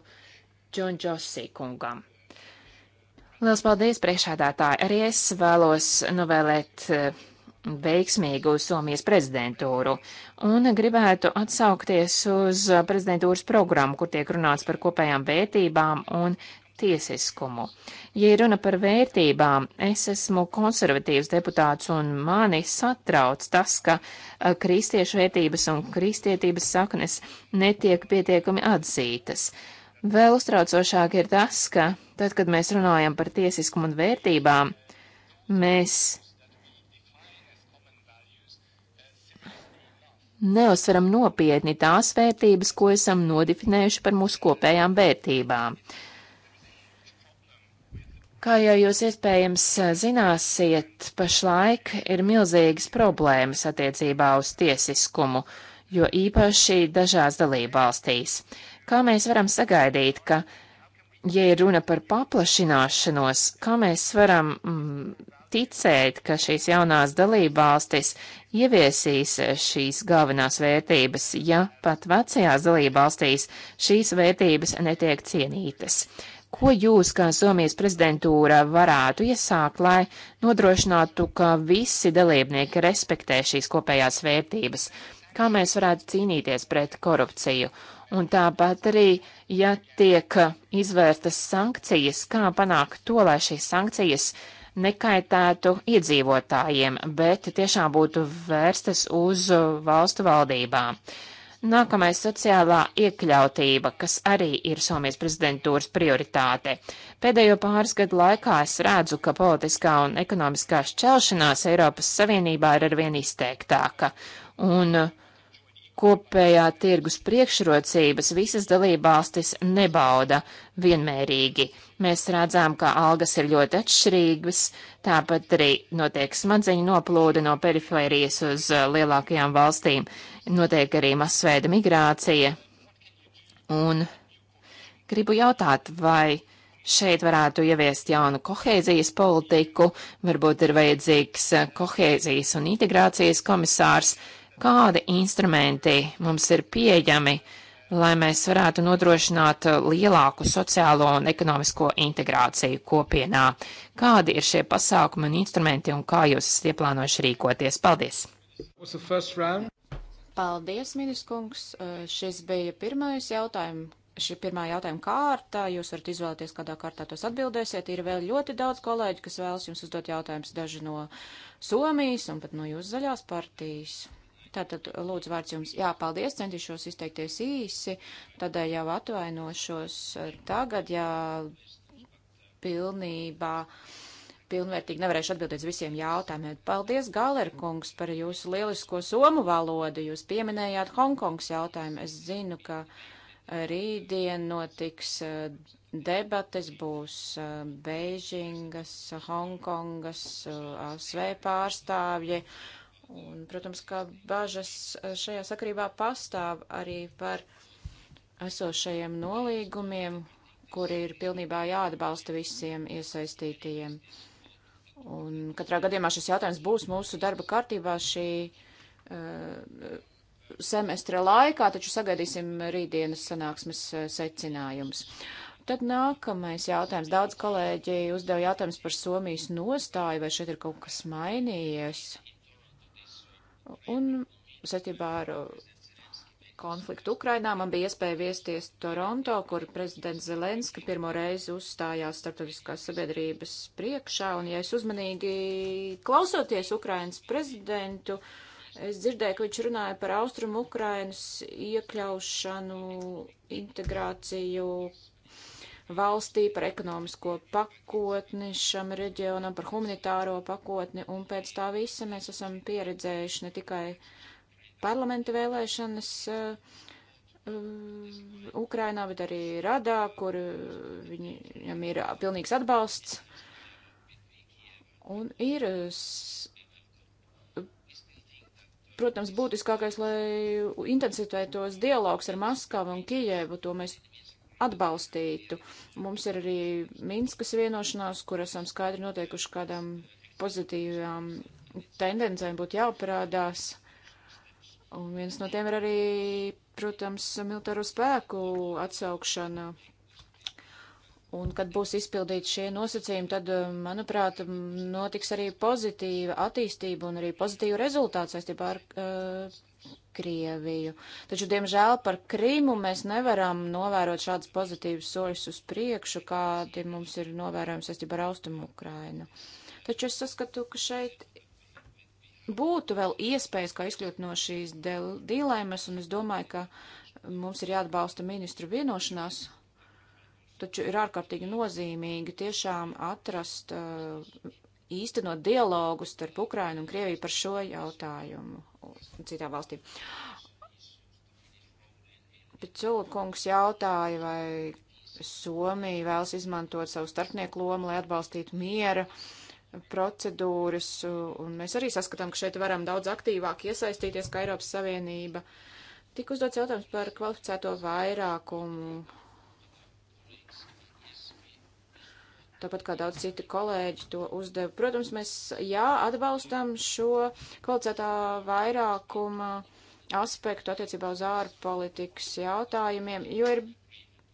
Džonjosī kungam. Liels paldies, priekšādātāji! Arī es vēlos novēlēt eh, veiksmīgu Somijas prezidentūru un gribētu atsaukties uz eh, prezidentūras programmu, kur tiek runāts par kopējām vērtībām un tiesiskumu. Ja runa par vērtībām, es esmu konservatīvs deputāts un mani satrauc tas, ka a, kristiešu vērtības un kristietības saknes netiek pietiekami atzītas. Vēl uztraucošāk ir tas, ka tad, kad mēs runājam par tiesiskumu un vērtībām, mēs neuzsveram nopietni tās vērtības, ko esam nodefinējuši par mūsu kopējām vērtībām. Kā jau jūs iespējams zināsiet, pašlaik ir milzīgas problēmas attiecībā uz tiesiskumu, jo īpaši dažās dalībvalstīs. Kā mēs varam sagaidīt, ka, ja ir runa par paplašināšanos, kā mēs varam mm, ticēt, ka šīs jaunās dalībvalstis ieviesīs šīs galvenās vērtības, ja pat vecajās dalībvalstīs šīs vērtības netiek cienītas. Ko jūs, kā Somijas prezidentūra, varētu iesākt, lai nodrošinātu, ka visi dalībnieki respektē šīs kopējās vērtības? Kā mēs varētu cīnīties pret korupciju? Un tāpat arī, ja tiek izvērstas sankcijas, kā panākt to, lai šīs sankcijas nekaitētu iedzīvotājiem, bet tiešām būtu vērstas uz valstu valdībām. Uh, Nākamais - sociālā iekļautība, kas arī ir Somijas prezidentūras prioritāte. Pēdējo pāris gadu laikā es redzu, ka politiskā un ekonomiskā šķelšanās Eiropas Savienībā ir arvien izteiktāka, un kopējā tirgus priekšrocības visas dalībvalstis nebauda vienmērīgi. Mēs redzam, ka algas ir ļoti atšķirīgas, tāpat arī notiek smadzeņu noplūde no perifērijas uz uh, lielākajām valstīm notiek arī masveida migrācija. Un gribu jautāt, vai šeit varētu ieviest jaunu kohēzijas politiku, varbūt ir vajadzīgs eh, kohēzijas un integrācijas komisārs, kādi instrumenti mums ir pieejami, lai mēs varētu nodrošināt eh, lielāku sociālo un ekonomisko integrāciju kopienā. Kādi ir šie pasākumi un instrumenti un kā jūs esat ieplānojuši rīkoties? Paldies! Paldies, ministrs. Šis bija pirmais jautājums. Šī pirmā jautājuma kārta, jūs varat izvēlēties, kādā kārtā tos atbildēsiet. Ir vēl ļoti daudz kolēģi, kas vēlas jums uzdot jautājumus, daži no Somijas un pat no jūsu zaļās partijas. Tātad, lūdzu, vārds jums. Jā, paldies, centīšos izteikties īsi, tādēļ jau atvainošos tagad, jā, pilnībā. Uh, pilnvērtīgi nevarēšu atbildēt uz visiem jautājumiem. Paldies, Galerkungs, par jūsu lielisko somu valodu. Jūs pieminējāt Hongkongs jautājumu. Es zinu, ka rītdien notiks eh, debates, būs eh, Beižingas, Hongkongas, eh, ASV pārstāvji. Un, protams, ka bažas šajā sakarībā pastāv arī par esošajiem nolīgumiem, kuri ir pilnībā jāatbalsta visiem iesaistītajiem. Un katrā gadījumā šis jautājums būs mūsu darba kārtībā šī uh, semestra laikā, taču sagaidīsim rītdienas sanāksmes eh, secinājumus. Tad nākamais jautājums. Daudz kolēģi uzdeva jautājums par Somijas nostāju, vai šeit ir kaut kas mainījies. Un saistībā ar konfliktu Ukrainā. Man bija iespēja viesties Toronto, kur prezidents Zelenska pirmo reizi uzstājās starptautiskās sabiedrības priekšā. Un, ja es uzmanīgi klausoties Ukrainas prezidentu, es dzirdēju, ka viņš runāja par austrumu Ukrainas iekļaušanu, integrāciju valstī, par ekonomisko pakotni šam reģionam, par humanitāro pakotni, un pēc tā visa mēs esam pieredzējuši ne tikai uh, parlamenta vēlēšanas eh, eh, Ukrainā, bet arī Radā, kur eh, viņam ir pilnīgs atbalsts. Un ir, protams, būtiskākais, lai intensivētos dialogs ar Maskavu un Kijevu, to mēs atbalstītu. Mums ir arī Minskas vienošanās, kur esam skaidri noteikuši kādām pozitīvām tendencēm būtu jāparādās. Un viens no tiem ir arī, protams, militāro spēku atsaukšana. Un, kad būs izpildīti šie nosacījumi, tad, eh, manuprāt, notiks arī pozitīva attīstība un arī pozitīva rezultāts saistībā ar uh, Krieviju. Taču, diemžēl, par Krīmu mēs nevaram novērot šādas pozitīvas soļus uz priekšu, kādi mums ir novērojams saistībā ar Austrumu Ukrainu. Taču es saskatu, ka šeit būtu vēl iespējas, kā izkļūt no šīs dilemmas, un es domāju, ka mums ir jāatbalsta ministru vienošanās, taču ir ārkārtīgi nozīmīgi tiešām atrast, uh, īstenot dialogu starp Ukrainu un Krieviju par šo jautājumu citā valstī. Picula kungs jautāja, vai Somija vēlas izmantot savu starpnieku lomu, lai atbalstītu miera uh, procedūras, un mēs arī saskatām, ka šeit varam daudz aktīvāk iesaistīties, kā Eiropas Savienība. Tik uzdots jautājums par kvalificēto vairākumu. Tāpat kā daudz citi kolēģi to uzdeva. Protams, mēs jā, atbalstam šo kvalificētā vairākuma aspektu attiecībā uz ārpolitikas jautājumiem, jo ir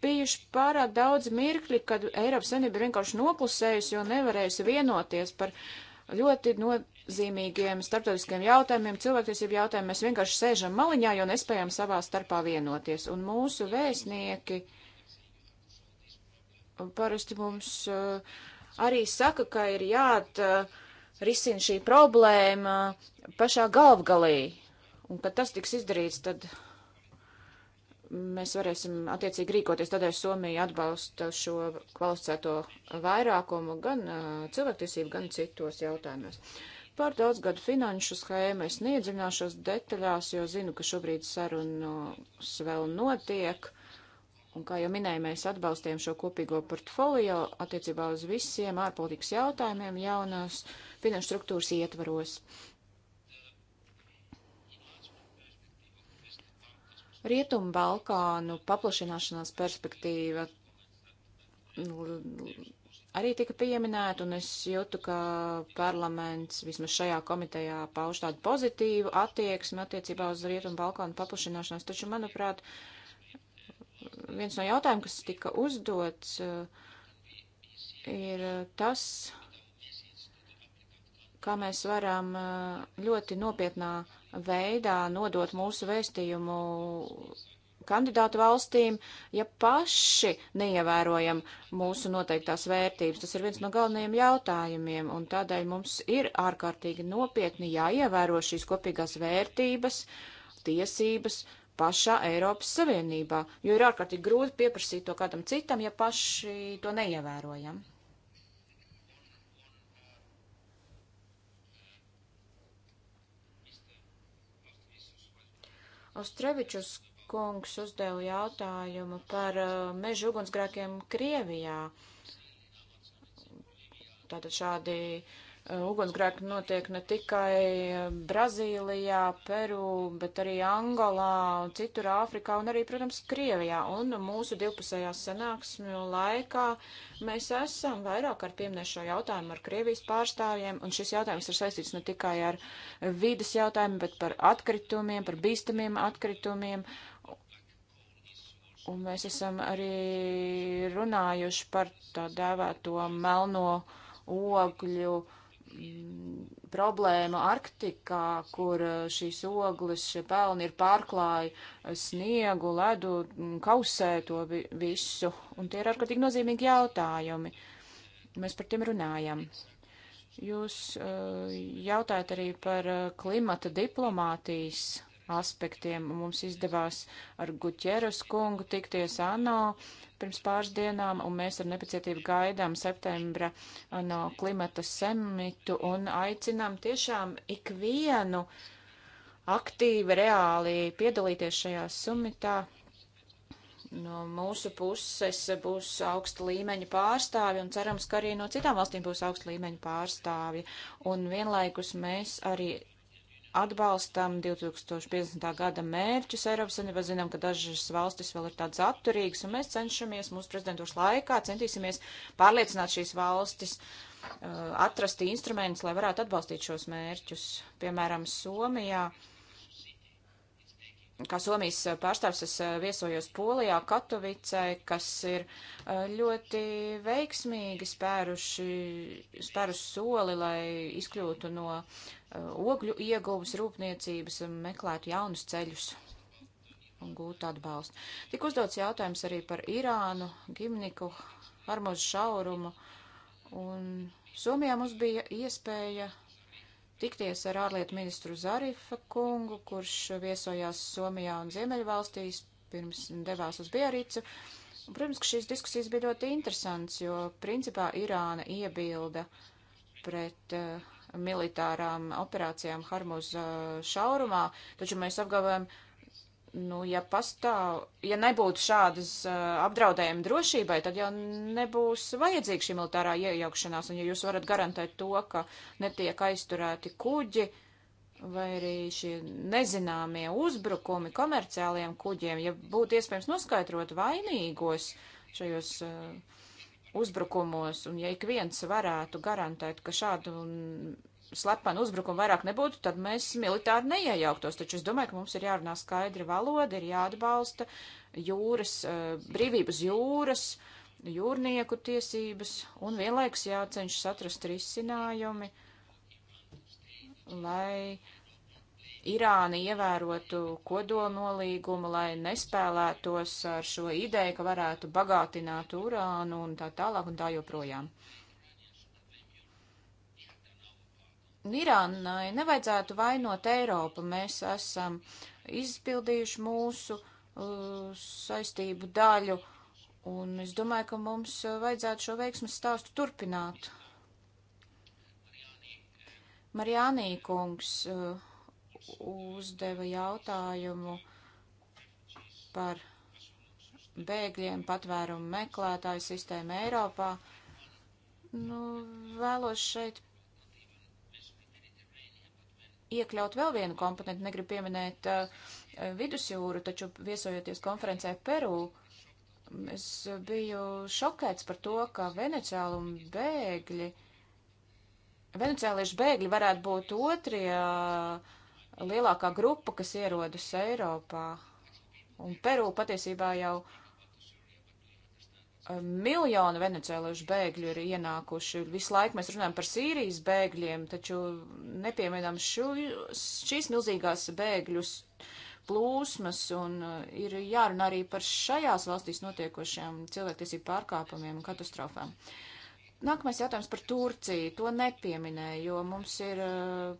bijuši pārāk daudz mirkļi, kad Eiropas Savienība ir vienkārši noklusējusi, jo nevarējusi vienoties par ļoti nozīmīgiem starptautiskiem jautājumiem, cilvēktiesību jautājumiem. Mēs vienkārši sēžam maliņā, jo nespējam savā starpā vienoties. Un mūsu vēstnieki parasti mums uh, arī saka, ka ir jāatrisina uh, šī problēma pašā galvgalī. Un, kad tas tiks izdarīts, tad mēs varēsim attiecīgi rīkoties, tādēļ Somija atbalsta šo kvalificēto vairākumu gan uh, cilvēktiesību, gan citos jautājumos. Par daudzgadu finanšu schēmu es neiedziļināšos detaļās, jo zinu, ka šobrīd sarunas vēl notiek. Un, kā jau minēju, mēs atbalstījām šo kopīgo portfolio attiecībā uz visiem ārpolitikas jautājumiem jaunās finanšu struktūras ietvaros. Uh, Rietumu Balkānu paplašināšanās perspektīva arī tika pieminēta, un es jūtu, ka parlaments vismaz šajā komitejā pauž tādu pozitīvu attieksmi attiecībā uz Rietumu Balkānu paplašināšanos. Taču, manuprāt, viens no jautājumiem, kas tika uzdots, ir tas, kā mēs varam eh, ļoti nopietnā veidā nodot mūsu vēstījumu kandidātu valstīm, ja paši neievērojam mūsu noteiktās vērtības. Tas ir viens no galvenajiem jautājumiem, un tādēļ mums ir ārkārtīgi nopietni jāievēro šīs kopīgās vērtības, tiesības pašā Eiropas Savienībā, jo ir ārkārtīgi grūti pieprasīt to kādam citam, ja paši to neievērojam. Ostrevičus kungs uzdeva jautājumu par uh, meža ugunsgrēkiem Krievijā. Tātad šādi uh, Eh, ugunsgrēki notiek ne tikai eh, Brazīlijā, Peru, bet arī Angolā, citur Āfrikā un arī, protams, Krievijā. Un mūsu divpusējā sanāksmju laikā mēs esam vairāk ar pieminējuši šo jautājumu ar Krievijas pārstāvjiem, un šis jautājums ir saistīts ne tikai ar vidas jautājumu, bet par atkritumiem, par bīstamiem atkritumiem. Un mēs esam arī runājuši par tā dēvēto melno ogļu uh, problēma Arktikā, kur uh, šīs ogles, šie pelni ir pārklāji uh, sniegu, ledu, mm, kausē to visu. Un tie ir ārkārtīgi nozīmīgi jautājumi. Mēs par tiem runājam. Jūs uh, jautājat arī par klimata diplomātijas aspektiem. Mums izdevās ar Guķeras kungu tikties ANO pirms pāris dienām, un mēs ar nepacietību gaidām septembra ANO klimata semitu un aicinām tiešām ikvienu aktīvi, reāli piedalīties šajā sumitā. No mūsu puses būs augsta līmeņa pārstāvi un cerams, ka arī no citām valstīm būs augsta līmeņa pārstāvi. Un vienlaikus mēs arī atbalstam 2050. gada mērķus Eiropas Savienībā. Zinām, ka dažas valstis vēl ir tādas atturīgas, un mēs cenšamies mūsu prezidentūras laikā, centīsimies pārliecināt šīs valstis, uh, atrast instrumentus, lai varētu atbalstīt šos mērķus. Piemēram, Somijā. Kā Somijas pārstāvs es uh, viesojos Polijā, Katovicē, kas ir uh, ļoti veiksmīgi spēruši, spērus soli, lai izkļūtu no uh, Uh, ogļu ieguvus rūpniecības un um, meklētu jaunus ceļus un gūtu atbalstu. Tik uzdots jautājums arī par Irānu, Gimniku, Armozu šaurumu, un Somijā mums bija iespēja tikties ar ārlietu ministru Zarifa kungu, kurš viesojās Somijā un Ziemeļvalstīs, pirms devās uz Biaricu. Un, protams, ka šīs diskusijas bija ļoti interesants, jo principā Irāna iebilda pret uh, militārām operācijām Harmuz uh, šaurumā, taču mēs apgalvojam, nu, ja pastāv, ja nebūtu šādas uh, apdraudējuma drošībai, tad jau nebūs vajadzīga šī militārā iejaukšanās, un ja jūs varat garantēt to, ka netiek aizturēti kuģi vai arī šie nezināmie uzbrukumi komerciāliem kuģiem, ja būtu iespējams noskaidrot vainīgos šajos uh, uzbrukumos, un ja ik viens varētu garantēt, ka šādu slepenu uzbrukumu vairāk nebūtu, tad mēs militāri neiejauktos. Taču es domāju, ka mums ir jārunā skaidra valoda, ir jāatbalsta jūras, eh, brīvības jūras, jūrnieku tiesības, un vienlaikus jācenšas atrast risinājumi, lai uh, Irāna ievērotu kodolnolīgumu, lai nespēlētos ar šo ideju, ka varētu bagātināt urānu un tā tālāk un tā joprojām. Irānai nevajadzētu vainot Eiropu. Mēs esam izpildījuši mūsu uh, saistību daļu, un es domāju, ka mums vajadzētu šo veiksmas stāstu turpināt. Marijānī kungs. Uh, uzdeva jautājumu par bēgļiem, patvērumu meklētāju sistēmu Eiropā. Nu, vēlos šeit iekļaut vēl vienu komponentu, negribu pieminēt uh, vidusjūru, taču viesojoties konferencē Peru, es biju šokēts par to, ka veneciāli un bēgļi, veneciālieši bēgļi varētu būt otrie uh, lielākā grupa, kas ierodas Eiropā. Un Peru patiesībā jau eh, miljonu venecuēliešu bēgļu ir ienākuši. Visu laiku mēs runājam par Sīrijas bēgļiem, taču nepieminam šo, šīs milzīgās bēgļus plūsmas un eh, ir jārunā arī par šajās valstīs notiekošiem cilvēktiesību pārkāpumiem un katastrofām. Nākamais jautājums par Turciju. To nepieminēju, jo mums ir uh,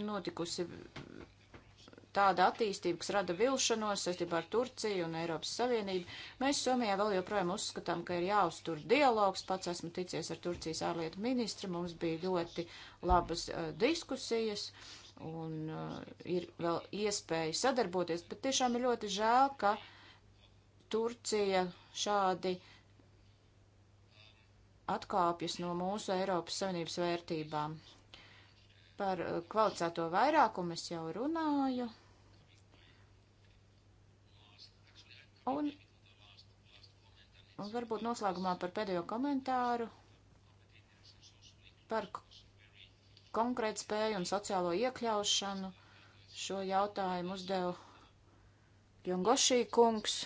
notikusi tāda attīstība, kas rada vilšanos saistībā ar Turciju un Eiropas Savienību. Mēs Somijā vēl joprojām uzskatām, ka ir jāuztur dialogs. Pats esmu ticies ar Turcijas ārlietu ministru, mums bija ļoti labas uh, diskusijas un uh, ir vēl iespēja sadarboties, bet tiešām ir ļoti žēl, ka Turcija šādi atkāpjas no mūsu Eiropas Savienības vērtībām. Par eh, kvalificēto vairākumu es jau runāju. Un, un varbūt noslēgumā par pēdējo komentāru par konkrētu spēju un sociālo iekļaušanu. Šo jautājumu uzdeva Jongošī kungs.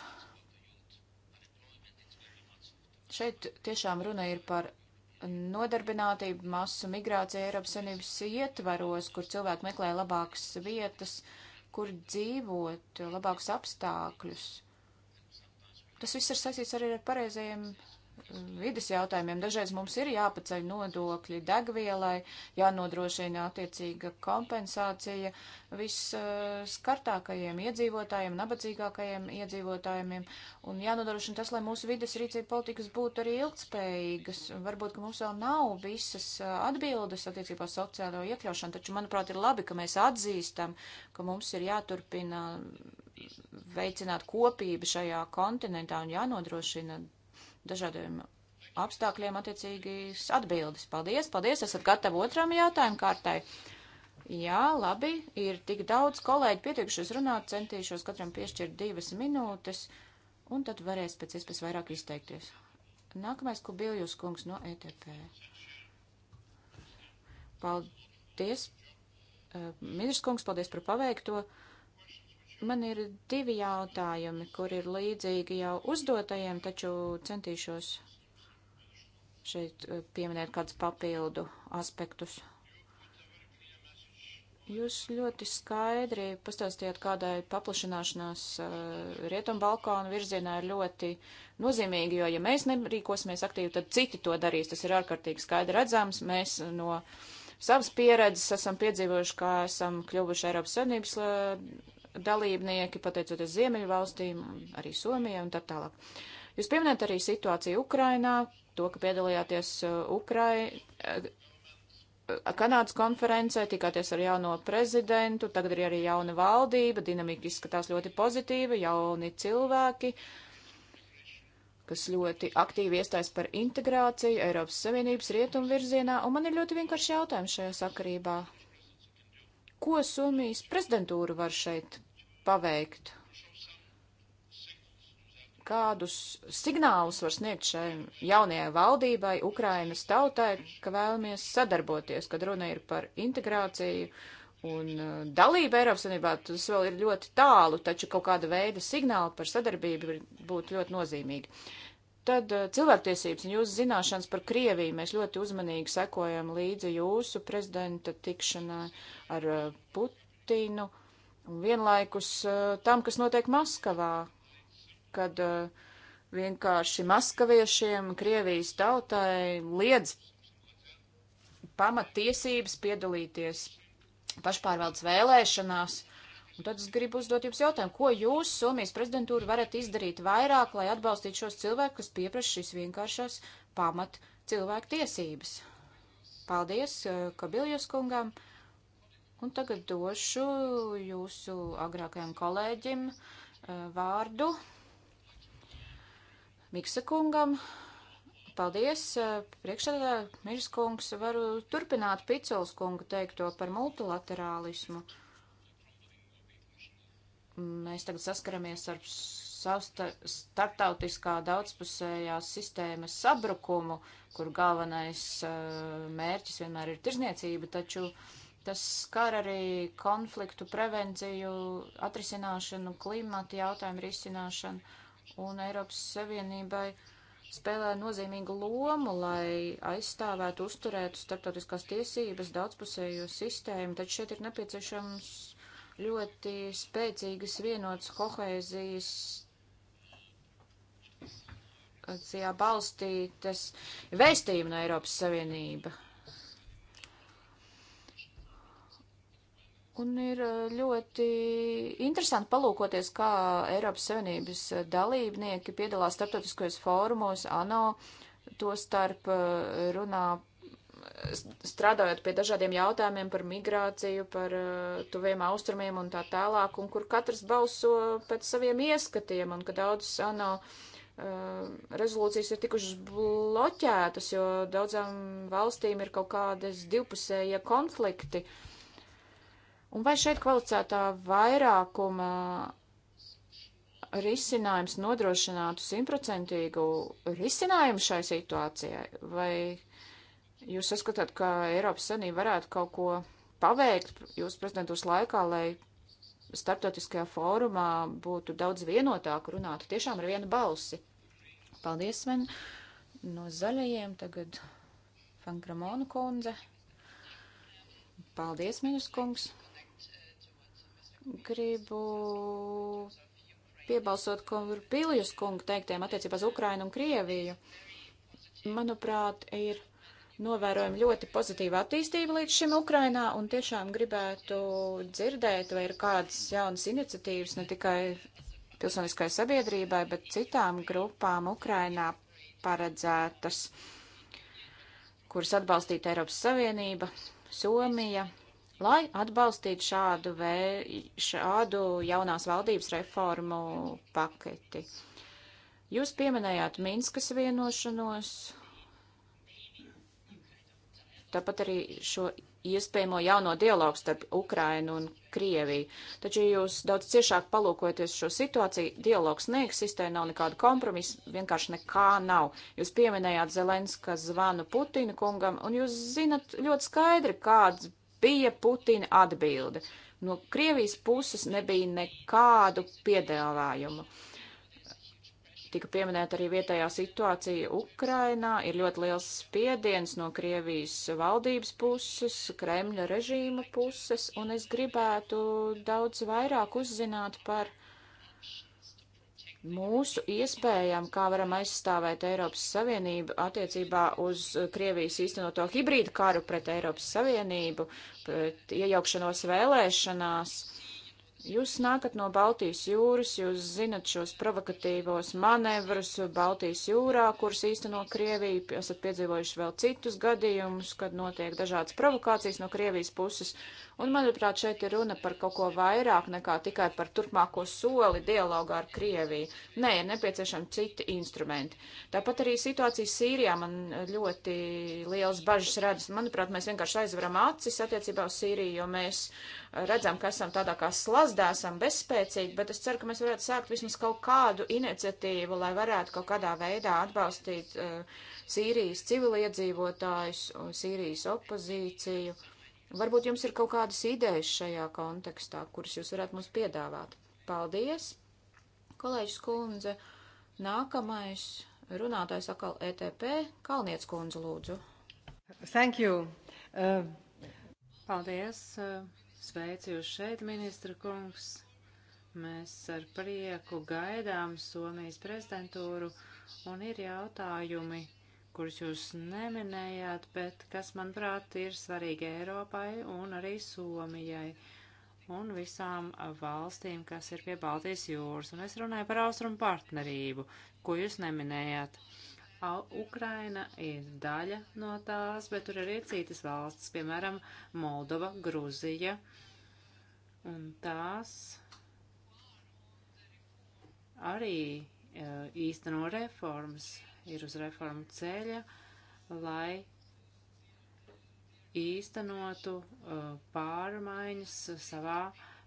Šeit tiešām runa ir par nodarbinātību, masu migrācija Eiropas Savienības ietvaros, kur cilvēki meklē labākas vietas, kur dzīvot, labākus apstākļus. Tas viss ir saistīts arī ar pareizajiem vidas jautājumiem. Dažreiz mums ir jāpaceļ nodokļi degvielai, jānodrošina attiecīga kompensācija visskartākajiem iedzīvotājiem, nabadzīgākajiem iedzīvotājiem, un jānodrošina tas, lai mūsu vidas rīcība politikas būtu arī ilgspējīgas. Varbūt, ka mums vēl nav visas atbildes attiecībā sociālo iekļaušanu, taču, manuprāt, ir labi, ka mēs atzīstam, ka mums ir jāturpina veicināt kopību šajā kontinentā un jānodrošina dažādiem apstākļiem attiecīgas atbildes. Paldies, paldies, esat gatavi otram jautājumu kārtai. Jā, labi, ir tik daudz kolēģi pietiekušies runāt, centīšos katram piešķirt divas minūtes, un tad varēs pēc iespējas vairāk izteikties. Nākamais Kubiljus kungs no ETP. Paldies, eh, ministrs kungs, paldies par paveikto. Man ir divi jautājumi, kur ir līdzīgi jau uzdotajiem, taču centīšos šeit eh, pieminēt kādus papildu aspektus. Jūs ļoti skaidri pastāstījāt, kādai paplašināšanās eh, rietumu balkānu virzienā ir ļoti nozīmīgi, jo ja mēs nerīkosimies aktīvi, tad citi to darīs. Tas ir ārkārtīgi skaidri redzams. Mēs no savas pieredzes esam piedzīvojuši, kā esam kļuvuši Eiropas Savienības eh, dalībnieki, pateicoties Ziemeļu valstīm, arī Somijai un tā tālāk. Jūs pieminējat arī situāciju Ukrainā, to, ka piedalījāties uh, Ukrai, uh, Kanādas konferencē, tikāties ar jauno prezidentu, tagad ir arī jauna valdība, dinamika izskatās ļoti pozitīva, jauni cilvēki, kas ļoti aktīvi iestājas par integrāciju Eiropas Savienības rietumu virzienā, un man ir ļoti vienkārši jautājums šajā sakarībā. Ko Somijas prezidentūra var šeit paveikt? Kādus signālus var sniegt šai jaunajai valdībai, Ukrainas tautai, ka vēlamies sadarboties, kad runa ir par integrāciju un uh, dalību Eiropas Unībā, tas vēl ir ļoti tālu, taču kaut kāda veida signāli par sadarbību būtu ļoti nozīmīgi. Tad uh, cilvēktiesības un jūsu zināšanas par Krieviju mēs ļoti uzmanīgi sekojam līdzi jūsu prezidenta tikšanai ar uh, Putinu. Uh, Un vienlaikus eh, tam, kas notiek Maskavā, kad eh, vienkārši maskaviešiem, Krievijas tautai liedz pamatiesības piedalīties pašpārvaldes vēlēšanās. Un tad es gribu uzdot jums jautājumu, ko jūs, Somijas prezidentūra, varat izdarīt vairāk, lai atbalstītu šos cilvēkus, kas pieprasa šīs vienkāršās pamat cilvēku tiesības? Paldies, eh, Kabiljos kungam! Un tagad došu jūsu agrākajam kolēģim eh, vārdu Miksa kungam. Paldies, eh, priekšsēdētāji, Mirs kungs, varu turpināt Picols kungu teikto par multilaterālismu. Mēs tagad saskaramies ar starptautiskā daudzpusējās sistēmas sabrukumu, kur galvenais eh, mērķis vienmēr ir tirzniecība, taču uh, Tas skar arī konfliktu prevenciju, atrisināšanu, klimata jautājumu risināšanu. Un Eiropas Savienībai spēlē nozīmīgu lomu, lai aizstāvētu, uzturētu starptautiskās tiesības daudzpusējo sistēmu, taču šeit ir nepieciešams ļoti spēcīgas vienotas kohēzijas balstītas vēstījumi no Eiropas Savienība, Un ir eh, ļoti interesanti palūkoties, kā Eiropas Savienības eh, dalībnieki piedalās starptautiskajos fórumos, ANO, to starp eh, runā, strādājot pie dažādiem jautājumiem par migrāciju, par tuviem austrumiem un tā tālāk, un kur katrs balso pēc saviem ieskatiem, un ka daudzas ANO rezolūcijas ir tikušas bloķētas, jo daudzām valstīm ir kaut kādas divpusējie konflikti. Uh, Un vai šeit kvalificētā vairākuma risinājums nodrošinātu simtprocentīgu risinājumu šai situācijai? Vai jūs saskatāt, ka Eiropas Sanība varētu kaut ko paveikt jūsu prezidentūras laikā, lai starptautiskajā fórumā būtu daudz vienotāk runātu tiešām ar vienu balsi? Paldies, Sven. No zaļajiem tagad Fankramonu kundze. Paldies, ministrs kungs. Gribu piebalsot kungu Piljus kungu teiktiem attiecībā uz Ukrainu un Krieviju. Manuprāt, ir novērojam ļoti pozitīvu attīstību līdz šim Ukrainā un tiešām gribētu dzirdēt, vai ir kādas jaunas iniciatīvas ne tikai pilsoniskai sabiedrībai, bet citām grupām Ukrainā paredzētas, kuras atbalstīta Eiropas Savienība, Somija, lai atbalstītu šādu, vē, šādu jaunās valdības reformu paketi. Jūs pieminējāt Minskas vienošanos, tāpat arī šo iespējamo jauno dialogu starp Ukrainu un Krieviju. Taču, ja jūs daudz ciešāk palūkojaties šo situāciju, dialogs neeksistē, nav nekāda kompromisa, vienkārši nekā nav. Jūs pieminējāt Zelenska zvanu Putina kungam, un jūs zinat ļoti skaidri, kāds bija Putina atbilde. No Krievijas puses nebija nekādu piedāvājumu. Tika pieminēta arī vietējā situācija Ukrainā, ir ļoti liels spiediens no Krievijas valdības puses, Kremļa režīma puses, un es gribētu daudz vairāk uzzināt par uh, mūsu iespējām, kā varam aizstāvēt Eiropas Savienību attiecībā uz Krievijas īstenoto hibrīdu karu pret Eiropas Savienību, pret iejaukšanos vēlēšanās. Jūs nākat no Baltijas jūras, jūs zinat šos provokatīvos manevrus Baltijas jūrā, kurus īsteno Krievija, esat piedzīvojuši vēl citus gadījumus, kad notiek dažādas provokācijas no Krievijas puses. Un, manuprāt, šeit ir runa par kaut ko vairāk nekā tikai par turpmāko soli dialogā ar Krieviju. Nē, ir nepieciešami citi instrumenti. Tāpat arī situācija Sīrijā man ļoti liels bažas redzes. Manuprāt, mēs vienkārši aizveram acis attiecībā uz Sīriju, jo mēs uh, redzam, ka esam tādā kā slazdā, esam bezspēcīgi, bet es ceru, ka mēs varētu sākt vismaz kaut kādu iniciatīvu, lai varētu kaut kādā veidā atbalstīt uh, Sīrijas civiliedzīvotājus, Sīrijas opozīciju. Varbūt jums ir kaut kādas idejas šajā kontekstā, kuras jūs varētu mums piedāvāt. Paldies, kolēģis kundze. Nākamais runātājs atkal ETP, Kalniec kundze lūdzu. Thank you. Uh, paldies. Uh... Sveicu jūs šeit, ministra kungs. Mēs ar prieku gaidām Somijas prezidentūru un ir jautājumi, kurus jūs neminējāt, bet kas, manuprāt, ir svarīgi Eiropai un arī Somijai un visām valstīm, kas ir pie Baltijas jūras. Un es runāju par austrumu partnerību, ko jūs neminējāt. Uh, Ukraina ir daļa no tās, bet tur arī ir citas valstis, piemēram, Moldova, Gruzija, un tās arī e, īsteno reformas, ir uz reformu ceļa, lai īstenotu e, pārmaiņas savā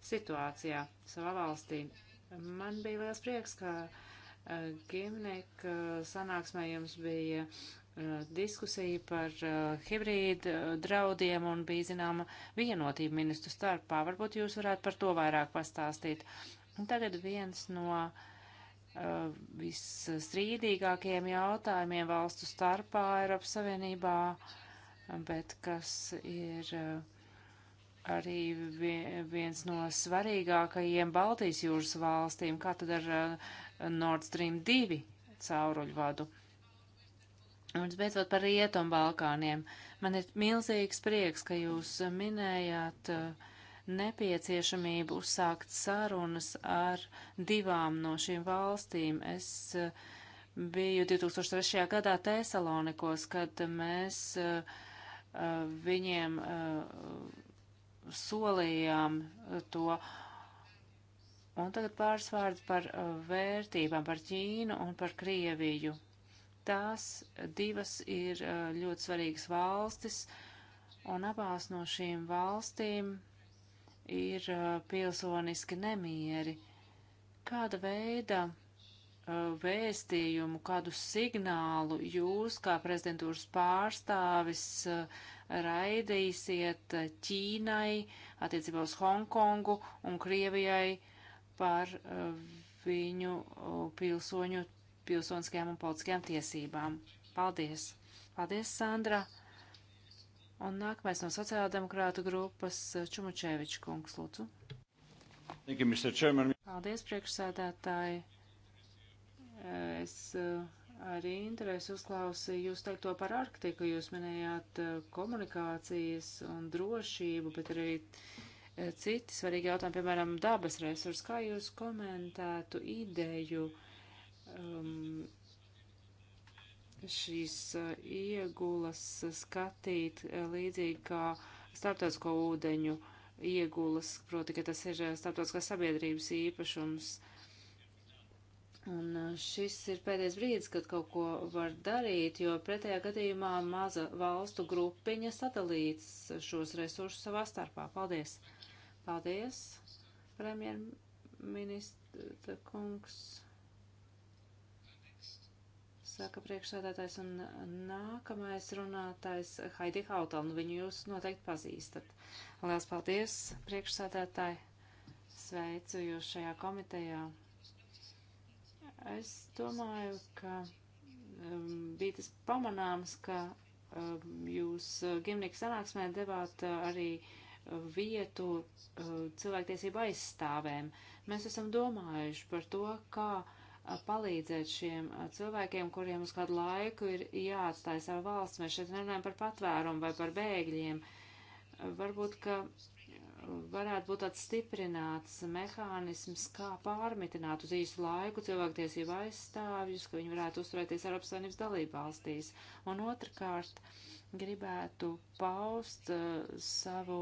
situācijā, savā valstī. Man bija liels prieks, ka uh, Gimnieka eh, sanāksmē jums bija eh, diskusija par eh, hibrīdu draudiem un bija zināma vienotība ministru starpā. Varbūt jūs varētu par to vairāk pastāstīt. Un tagad viens no uh, visstrīdīgākajiem jautājumiem valstu starpā Eiropas Savienībā, bet kas ir arī viens no svarīgākajiem Baltijas jūras valstīm. Kā tad ar uh, Nord Stream 2 cauruļvadu. Un visbeidzot par Rietumu Balkāniem. Man ir milzīgs prieks, ka jūs minējāt uh, nepieciešamību uzsākt sarunas ar divām no šīm valstīm. Es uh, biju 2003. gadā Tesalonikos, kad mēs uh, viņiem solījām to Un tagad pāris vārdi par uh, vērtībām, par Ķīnu un par Krieviju. Tās divas ir uh, ļoti svarīgas valstis, un abās no šīm valstīm ir uh, pilsoniski nemieri. Kāda veida vēstījumu, kādu signālu jūs, kā prezidentūras pārstāvis, raidīsiet Ķīnai attiecībā uz Hongkongu un Krievijai? par uh, viņu uh, pilsoņu pilsoniskajām un politiskajām tiesībām. Paldies! Paldies, Sandra! Un nākamais no sociāldemokrātu grupas uh, Čumačeviča kungs, lūdzu. Thank you, Mr. Chairman. Paldies, priekšsēdētāji. Es arī interesi uzklausīju jūs teikto par Arktiku. Jūs minējāt komunikācijas un drošību, bet arī uh, Eh, citi svarīgi jautājumi, piemēram, dabas resursi. Kā jūs komentētu ideju um, šīs eh, iegulas skatīt eh, līdzīgi kā starptautisko ūdeņu iegulas, proti, ka tas ir starptautiskās sabiedrības īpašums? Un šis ir pēdējais brīdis, kad kaut ko var darīt, jo pretējā gadījumā maza valstu grupiņa sadalīts šos resursus savā starpā. Paldies! Paldies, premjerministra kungs. Saka priekšsēdētājs un nākamais runātājs Haidi Hautal, nu viņu jūs noteikti pazīstat. Lielas paldies, priekšsēdētāji, sveicu jūs šajā komitejā. Es domāju, ka um, bija tas pamanāms, ka um, jūs uh, gimnieku sanāksmē devāt uh, arī uh, vietu uh, cilvēktiesību aizstāvēm. Mēs esam domājuši par to, kā uh, palīdzēt šiem uh, cilvēkiem, kuriem uz kādu laiku ir jāatstāj savu valsts. Mēs šeit nerunājam par patvērumu vai par bēgļiem. Varbūt, ka varētu būt tāds stiprināts mehānisms, kā pārmitināt uz īsu laiku cilvēktiesību aizstāvjus, ka viņi varētu uzturēties Eiropas Savienības dalību valstīs. Un otrkārt, uh, gribētu paust uh, savu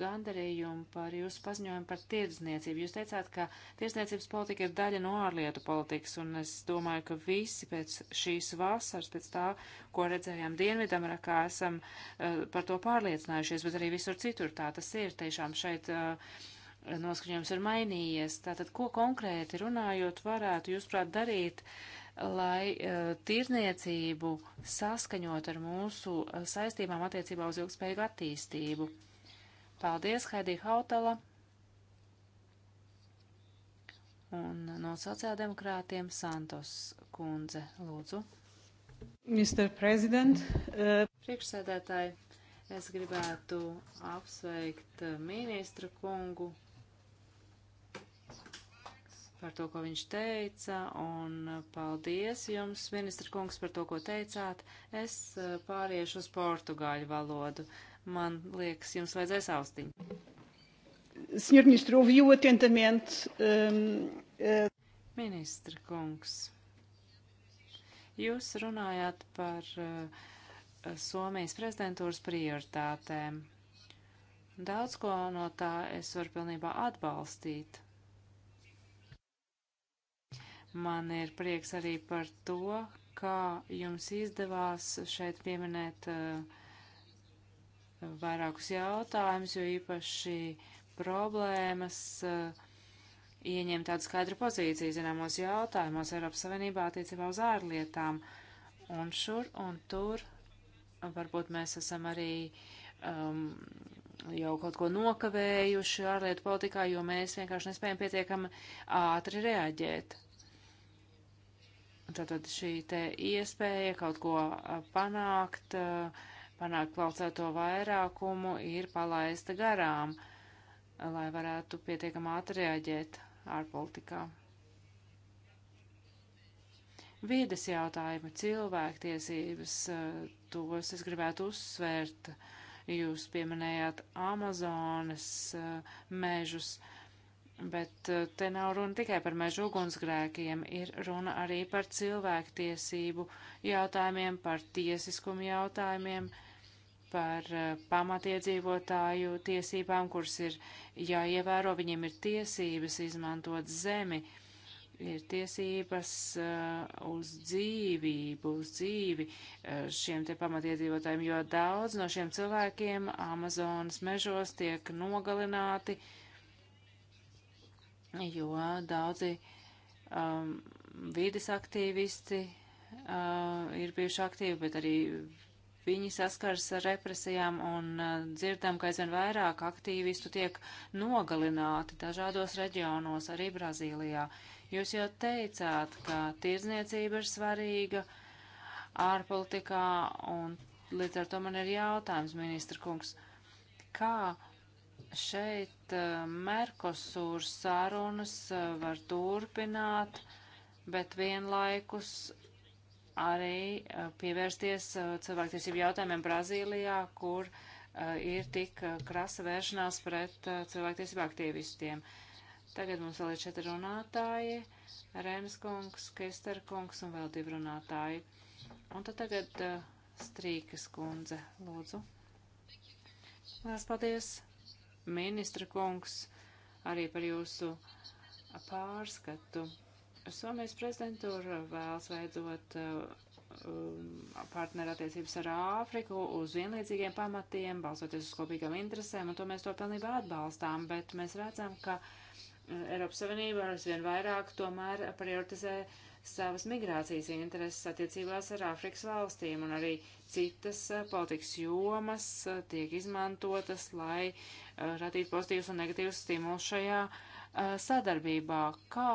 gandarījumu par jūsu paziņojumu par tirdzniecību. Jūs teicāt, ka tirdzniecības politika ir daļa no ārlietu politikas, un es domāju, ka visi pēc šīs vasaras, pēc tā, ko redzējām Dienvidamerikā, esam uh, par to pārliecinājušies, bet arī visur citur tā tas ir. Tiešām šeit uh, noskaņojums ir mainījies. Tātad, ko konkrēti runājot varētu, jūsuprāt, darīt? Uh, lai uh, eh, tirniecību saskaņot ar mūsu uh, saistībām attiecībā uz ilgspējīgu attīstību. Paldies, Haidī Hautala! Un no sociāldemokrātiem Santos kundze, lūdzu. Mr. President. Uh... Priekšsēdētāji, es gribētu apsveikt ministru kungu par to, ko viņš teica, un paldies jums, ministra kungs, par to, ko teicāt. Es eh, pāriešu uz portugāļu valodu. Man liekas, jums vajadzēs austiņu. Senhor ministro, ouviu atentamente. Um, uh... Ministra kungs, jūs runājāt par uh, Somijas prezidentūras prioritātēm. Daudz ko no tā es varu pilnībā atbalstīt. Man ir prieks arī par to, kā jums izdevās šeit pieminēt uh, vairākus jautājumus, jo īpaši problēmas uh, ieņem tādu skaidru pozīciju zināmos jautājumos Eiropas Savienībā attiecībā uz ārlietām. Un šur un tur varbūt mēs esam arī um, jau kaut ko nokavējuši ārlietu politikā, jo mēs vienkārši nespējam pietiekami ātri reaģēt. Tātad šī te iespēja kaut ko panākt, panākt klaucēto vairākumu ir palaista garām, lai varētu pietiekam ātri reaģēt ārpolitikā. Vīdes jautājumi, cilvēktiesības, tos es gribētu uzsvērt. Jūs pieminējāt Amazonas mežus. Uh, Bet eh, te nav runa tikai par mežu ugunsgrēkiem, ir runa arī par cilvēktiesību jautājumiem, par tiesiskumu jautājumiem, par eh, pamatiedzīvotāju tiesībām, kuras ir jāievēro, viņiem ir tiesības izmantot zemi, ir tiesības eh, uz dzīvību, uz dzīvi šiem te pamatiedzīvotājiem, jo daudz no šiem cilvēkiem Amazonas mežos tiek nogalināti, uh, jo daudzi um, vides aktīvisti uh, ir bijuši aktīvi, bet arī viņi saskars ar represijām un uh, dzirdam, ka aizvien vairāk aktīvistu tiek nogalināti dažādos reģionos, arī Brazīlijā. Jūs jau teicāt, ka tirzniecība ir svarīga ārpolitikā, un līdz ar to man ir jautājums, ministra kungs, kā Šeit eh, Merkosūra sarunas eh, var turpināt, bet vienlaikus arī eh, pievērsties cilvēktiesību jautājumiem Brazīlijā, kur ir tik krasa vēršanās pret cilvēktiesību aktīvistiem. Tagad mums vēl ir četri runātāji - Rēnas kungs, Kester kungs un vēl divi runātāji. Un tad tagad Strīkas kundze, lūdzu. Lās paldies! ministra kungs, arī par jūsu pārskatu. Somijas prezidentūra vēlas veidot uh, partnerattiecības ar Āfriku uz vienlīdzīgiem pamatiem, balstoties uz kopīgām interesēm, un to mēs to pilnībā atbalstām, bet mēs redzam, ka uh, Eiropas Savienība aizvien vairāk tomēr prioritizē uh, savas migrācijas intereses attiecībās ar Āfrikas valstīm, un arī citas eh, politikas jomas eh, tiek izmantotas, lai eh, radītu pozitīvus un negatīvus stimulus šajā sadarbībā. Kā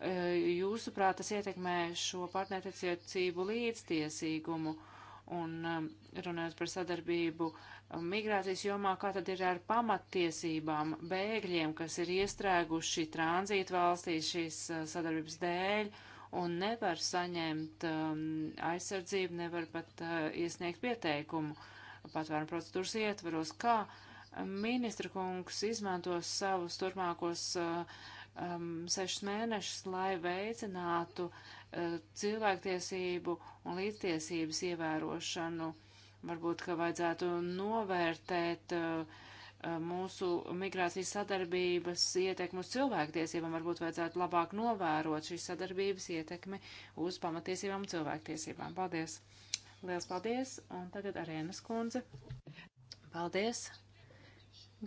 jūsuprāt tas ietekmē šo partnerattiecību līdztiesīgumu? Un runājot par sadarbību migrācijas jomā, kā tad ir ar pamattiesībām bēgļiem, kas ir iestrēguši tranzītu valstīs šīs sadarbības dēļ, uh, un nevar saņemt um, aizsardzību, nevar pat uh, iesniegt pieteikumu patvērumu procedūras ietvaros. Kā ministra kungs izmantos savus turpmākos uh, um, sešus mēnešus, lai veicinātu uh, cilvēktiesību un līdztiesības ievērošanu? Varbūt, ka vajadzētu novērtēt uh, Eh, mūsu migrācijas sadarbības ietekmi uz cilvēktiesībām. Varbūt vajadzētu labāk novērot šīs sadarbības ietekmi uz pamatiesībām un cilvēktiesībām. Paldies! Liels paldies! Un tagad Arēnas kundze. Paldies!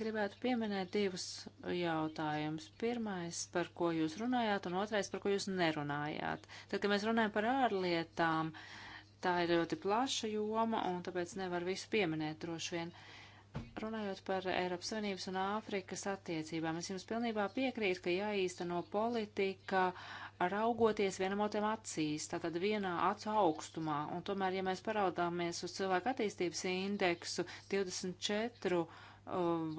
Gribētu pieminēt divus jautājumus. Pirmais, par ko jūs runājāt, un otrais, par ko jūs nerunājāt. Tad, kad mēs runājam par ārlietām, tā ir ļoti plaša joma, un tāpēc nevar visu pieminēt droši vien. Uh, Runājot par Eiropas Savienības un Āfrikas attiecībām, es jums pilnībā piekrītu, ka jāīsteno politika raugoties vienam otram acīs, tātad vienā acu augstumā. Un tomēr, ja mēs paraudāmies uz cilvēku attīstības indeksu 24 uh,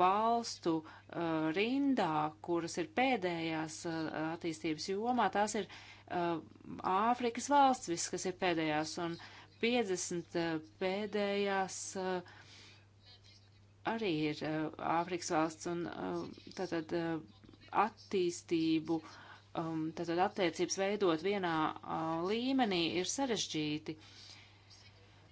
valstu uh, rindā, kuras ir pēdējās uh, attīstības jomā, tās ir uh, Āfrikas valsts, viss, kas ir pēdējās, un 50 uh, pēdējās uh, arī ir eh, Āfrikas valsts un eh, tātad eh, attīstību, um, tātad attiecības veidot vienā līmenī ir sarežģīti. Uh,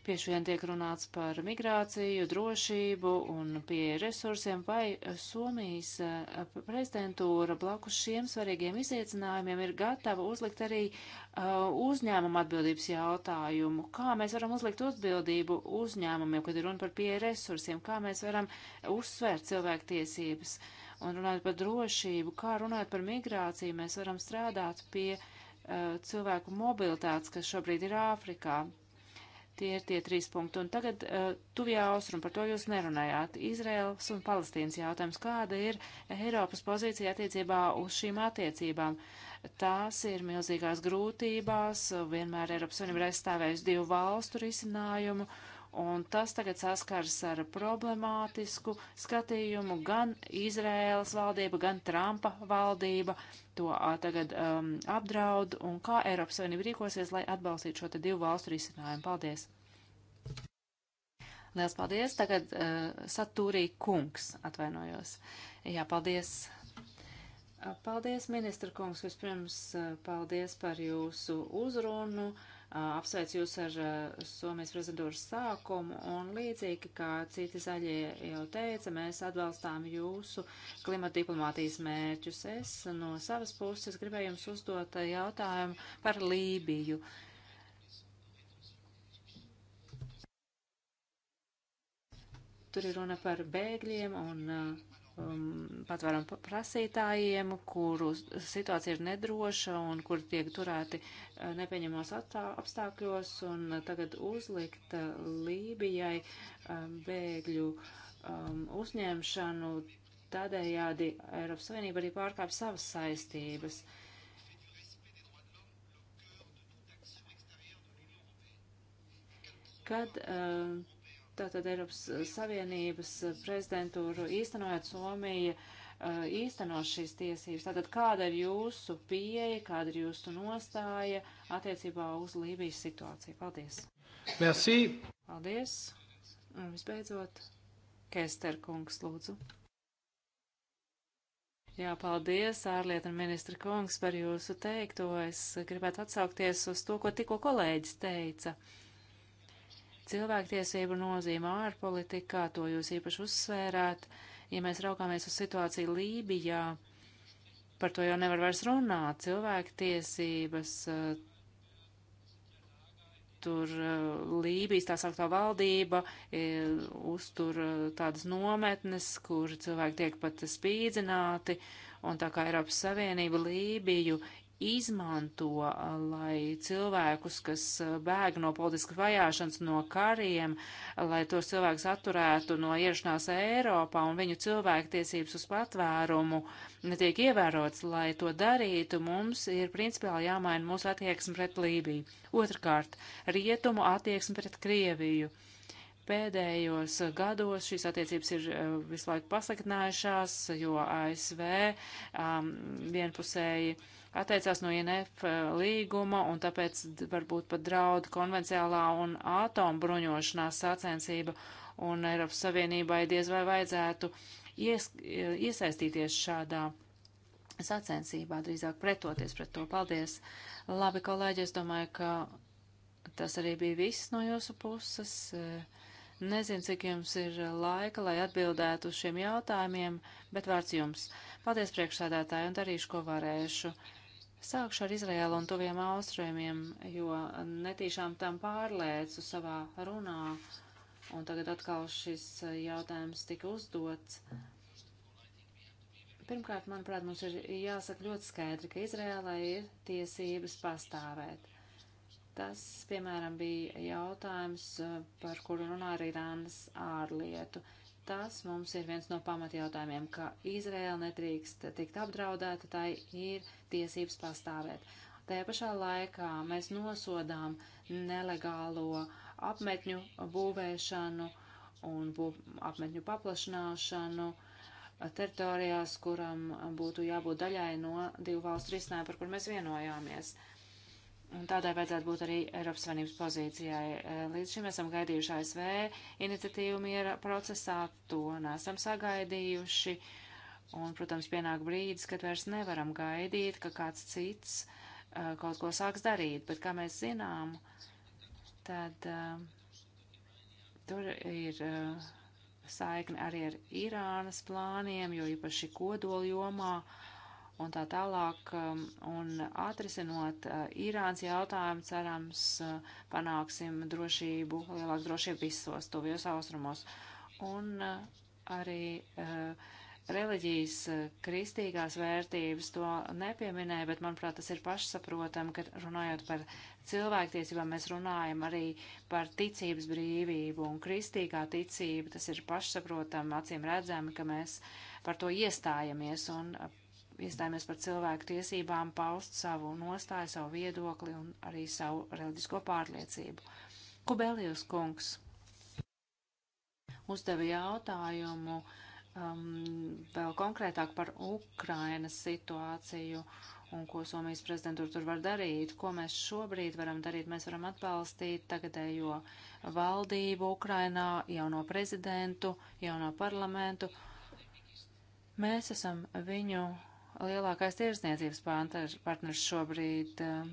Pieši vien tiek runāts par migrāciju, drošību un pie resursiem, vai Somijas eh, prezidentūra blakus šiem svarīgiem izaicinājumiem ir gatava uzlikt arī uh, eh, uzņēmuma atbildības jautājumu. Kā mēs varam uzlikt atbildību uzņēmumiem, kad ir runa par pie resursiem, kā mēs varam uzsvērt cilvēktiesības un runāt par drošību, kā runāt par migrāciju, mēs varam strādāt pie uh, cilvēku mobilitātes, kas šobrīd ir Āfrikā Tie ir tie trīs punkti. Un tagad uh, e, tuvjā austrum, par to jūs nerunājāt. Izraels un Palestīnas jautājums. Kāda ir Eiropas pozīcija attiecībā uz šīm attiecībām? Tās ir milzīgās grūtībās. Vienmēr Eiropas Savienība ir aizstāvējusi divu valstu risinājumu. Uh, Un tas tagad saskars ar problemātisku skatījumu gan Izraēlas valdība, gan Trumpa valdība. To a, tagad um, apdraud un kā Eiropas Savienība rīkosies, lai atbalstītu šo te divu valstu risinājumu. Paldies! Liels paldies! Tagad uh, Satūrī kungs atvainojos. Jā, paldies! Paldies, ministra kungs! Vispirms paldies par jūsu uzrunu. Uh, apsveicu jūs ar eh, Somijas prezidentūras sākumu un līdzīgi, kā citi zaļie jau teica, mēs atbalstām jūsu klimata diplomātijas mērķus. Es no savas puses gribēju jums uzdot eh, jautājumu par Lībiju. Tur ir runa par bēgļiem un uh, um, patvērumu prasītājiem, kuru situācija ir nedroša un kuri tiek turēti uh, nepieņemos apstākļos, un uh, tagad uzlikt uh, Lībijai um, bēgļu um, uzņemšanu, tādējādi Eiropas Savienība arī pārkāp savas saistības. Kad uh, Tātad Eiropas Savienības prezidentūru īstenojot Somiju eh, īstenos šīs tiesības. Tātad kāda ir jūsu pieeja, kāda ir jūsu nostāja attiecībā uz Lībijas situāciju? Paldies! Merci! Paldies! Un visbeidzot, Kester kungs, lūdzu. Jā, paldies, ārlietu ministra kungs, par jūsu teikto. Es gribētu atsaukties uz to, ko tikko kolēģis teica. Uh, Cilvēktiesību nozīme ārpolitikā, to jūs īpaši uzsvērāt. Ja mēs raugāmies uz situāciju Lībijā, par to jau nevar vairs runāt. Cilvēktiesības eh, tur eh, Lībijas tā sauktā valdība eh, uztur tādas nometnes, kur cilvēki tiek pat spīdzināti, un tā kā Eiropas Savienība Lībiju izmanto, uh, lai cilvēkus, kas uh, bēg no politiskas vajāšanas, no kariem, uh, lai tos cilvēkus atturētu no ierašanās Eiropā un viņu cilvēktiesības uz patvērumu netiek ievērots, lai to darītu, mums ir principiāli jāmaina mūsu attieksme pret Lībiju. Otrkārt, rietumu attieksme pret Krieviju. Pēdējos gados šīs attiecības ir visu laiku pasliktinājušās, jo ASV um, vienpusēji uh, atteicās no INF eh, līguma un tāpēc varbūt pat draud konvenciālā un ātomu bruņošanās sacensība un Eiropas Savienībai diez vai vajadzētu ies, eh, iesaistīties šādā sacensībā, drīzāk pretoties pret to. Paldies! Labi, kolēģi, es domāju, ka tas arī bija viss no jūsu puses. Eh, nezinu, cik jums ir laika, lai atbildētu uz šiem jautājumiem, bet vārds jums. Paldies priekšsādātāji un darīšu, ko varēšu. Sākšu ar Izraēlu un tuviem austrumiem, jo netīšām tam pārlēcu savā runā, un tagad atkal šis eh, jautājums tika uzdots. Pirmkārt, manuprāt, mums ir jāsaka ļoti skaidri, ka Izrēlai ir tiesības pastāvēt. Tas, piemēram, bija jautājums, eh, par kuru runā arī Rānas ārlietu. Uh, Tas mums ir viens no pamatjautājumiem, ka Izraela netrīkst tikt apdraudēta, tai ir tiesības pastāvēt. Tajā pašā laikā mēs nosodām nelegālo apmetņu būvēšanu un būv apmetņu paplašināšanu teritorijās, kuram būtu jābūt daļai no divu valstu risinājuma, par kur mēs vienojāmies. Uh, Un tādai vajadzētu būt arī Eiropas Savienības pozīcijai. Eh, līdz šim esam gaidījuši ASV iniciatīvu miera procesā, to nesam sagaidījuši. Un, protams, pienāk brīdis, kad vairs nevaram gaidīt, ka kāds cits uh, kaut ko sāks darīt. Bet, kā mēs zinām, tad uh, tur ir uh, saikne arī ar Irānas plāniem, jo īpaši kodoljomā. jomā un tā tālāk. Um, un atrisinot uh, Irāns jautājumu, cerams, uh, panāksim drošību, lielāku drošību visos tuvjos austrumos. Un uh, arī uh, reliģijas kristīgās vērtības to nepieminēja, bet, manuprāt, tas ir pašsaprotam, ka runājot par cilvēktiesībām, mēs runājam arī par ticības brīvību un kristīgā ticība, tas ir pašsaprotam, acīm redzami, ka mēs par to iestājamies un iestājāmies par cilvēku tiesībām paust savu nostāju, savu viedokli un arī savu reliģisko pārliecību. Kubelijus kungs uzdeva jautājumu um, vēl konkrētāk par Ukrainas situāciju un ko Somijas prezidentūra tur var darīt, ko mēs šobrīd varam darīt. Mēs varam atbalstīt tagadējo valdību Ukrainā, jauno prezidentu, jauno parlamentu. Mēs esam viņu lielākais tirsniecības partners šobrīd. Um,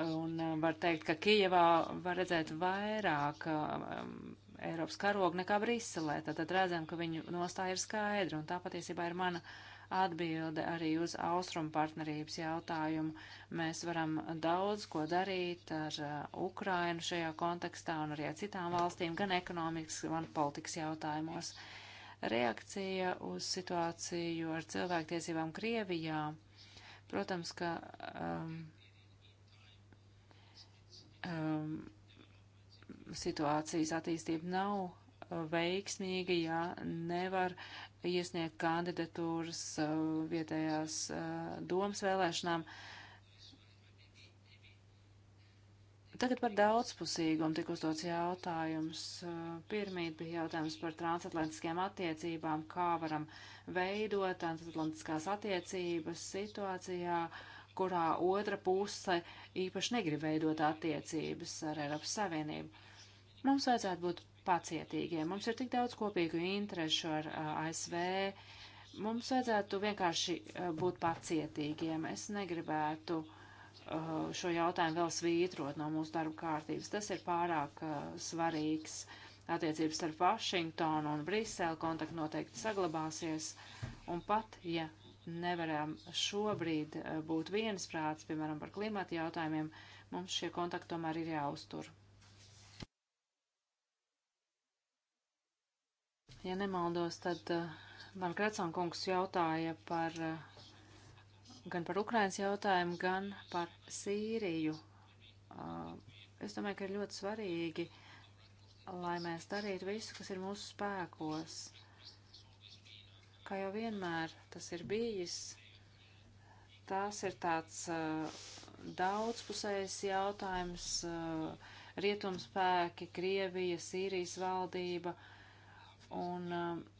un um, var teikt, ka Kijevā var redzēt vairāk um, Eiropas karogu nekā Briselē. Tātad redzam, ka viņu nostāja ir skaidra, un tā patiesībā ir mana atbilde arī uz austrumu partnerības jautājumu. Mēs varam daudz ko darīt ar uh, Ukrainu šajā kontekstā un arī ar citām valstīm, gan ekonomikas, gan politikas jautājumos. Uh, reakcija uz situāciju ar cilvēktiesībām Krievijā. Protams, ka um, um, situācijas attīstība nav uh, veiksmīga, ja nevar iesniegt kandidatūras uh, vietējās uh, domas vēlēšanām. Uh, Tagad par daudzpusīgumu tik uzdots jautājums. Pirmīt bija jautājums par transatlantiskajām attiecībām, kā varam veidot transatlantiskās attiecības situācijā, kurā otra puse īpaši negrib veidot attiecības ar Eiropas Savienību. Mums vajadzētu būt pacietīgiem. Mums ir tik daudz kopīgu interešu ar ASV. Mums vajadzētu vienkārši būt pacietīgiem. Es negribētu uh, Uh, šo jautājumu vēl svītrot no mūsu darba kārtības. Tas ir pārāk uh, svarīgs. Attiecības starp Vašingtonu un Briseli kontakti noteikti saglabāsies, un pat, ja nevaram šobrīd uh, būt viensprāts, piemēram, par klimata jautājumiem, mums šie kontakti tomēr ir jāuztur. Ja nemaldos, tad man Kretsankungs jautāja par uh, gan par Ukrainas jautājumu, gan par Sīriju. Uh, es domāju, ka ir ļoti svarīgi, lai mēs darītu visu, kas ir mūsu spēkos. Kā jau vienmēr tas ir bijis, tās ir tāds uh, daudzpusējs jautājums, uh, rietumspēki, Krievija, Sīrijas valdība, un uh,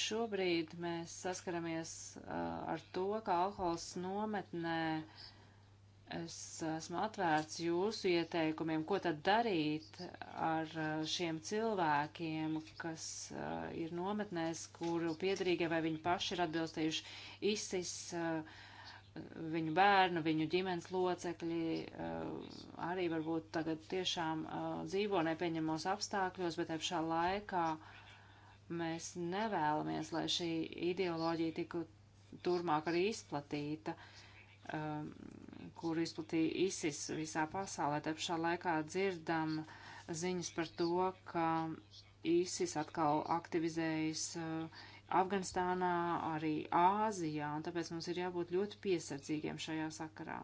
šobrīd mēs saskaramies uh, ar to, ka alkohols nometnē es esmu atvērts jūsu ieteikumiem, ko tad darīt ar šiem cilvēkiem, kas uh, ir nometnēs, kuru piedarīgie vai viņi paši ir atbilstījuši ISIS, uh, viņu bērnu, viņu ģimenes locekļi uh, arī varbūt tagad tiešām dzīvo nepieņemos apstākļos, bet apšā laikā uh, Mēs nevēlamies, lai šī ideoloģija tiku turmāk arī izplatīta, um, kur izplatīja ISIS visā pasaulē. Te pašā laikā dzirdam ziņas par to, ka ISIS atkal aktivizējas uh, Afganistānā, arī Āzijā, un tāpēc mums ir jābūt ļoti piesardzīgiem šajā sakarā.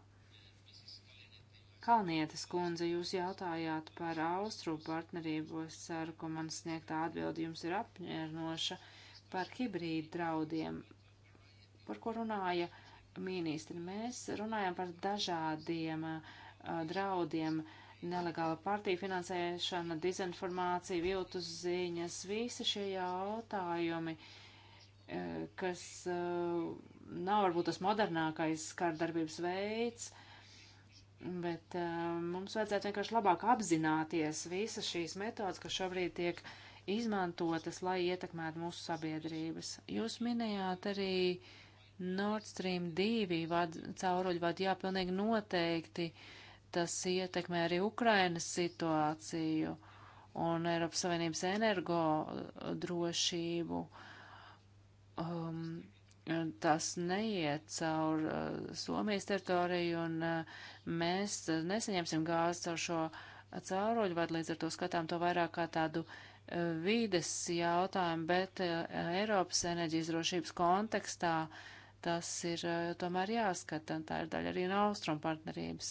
Kalnietes kundze, jūs jautājāt par austrumu partnerību. Es ceru, ka man sniegtā atbildi jums ir apmierinoša par hibrīdu draudiem, par ko runāja ministri. Mēs runājam par dažādiem uh, draudiem. Nelegāla partija finansēšana, dezinformācija, viltus ziņas, visi šie jautājumi, uh, kas uh, nav varbūt tas modernākais kārdarbības veids, uh, Bet uh, mums vajadzētu vienkārši labāk apzināties visas šīs metodas, kas šobrīd tiek izmantotas, lai ietekmētu mūsu sabiedrības. Jūs minējāt arī Nord Stream 2 vad, cauruļvadu, jā, pilnīgi noteikti tas ietekmē arī Ukrainas situāciju un Eiropas Savienības energo drošību. Um, tas neiet caur uh, Somijas teritoriju un uh, mēs uh, nesaņemsim gāzi caur šo cauroļu, bet līdz ar to skatām to vairāk kā tādu eh, vides jautājumu, bet Eiropas enerģijas drošības kontekstā tas ir tomēr jāskata, un tā ir daļa arī no Austrum partnerības.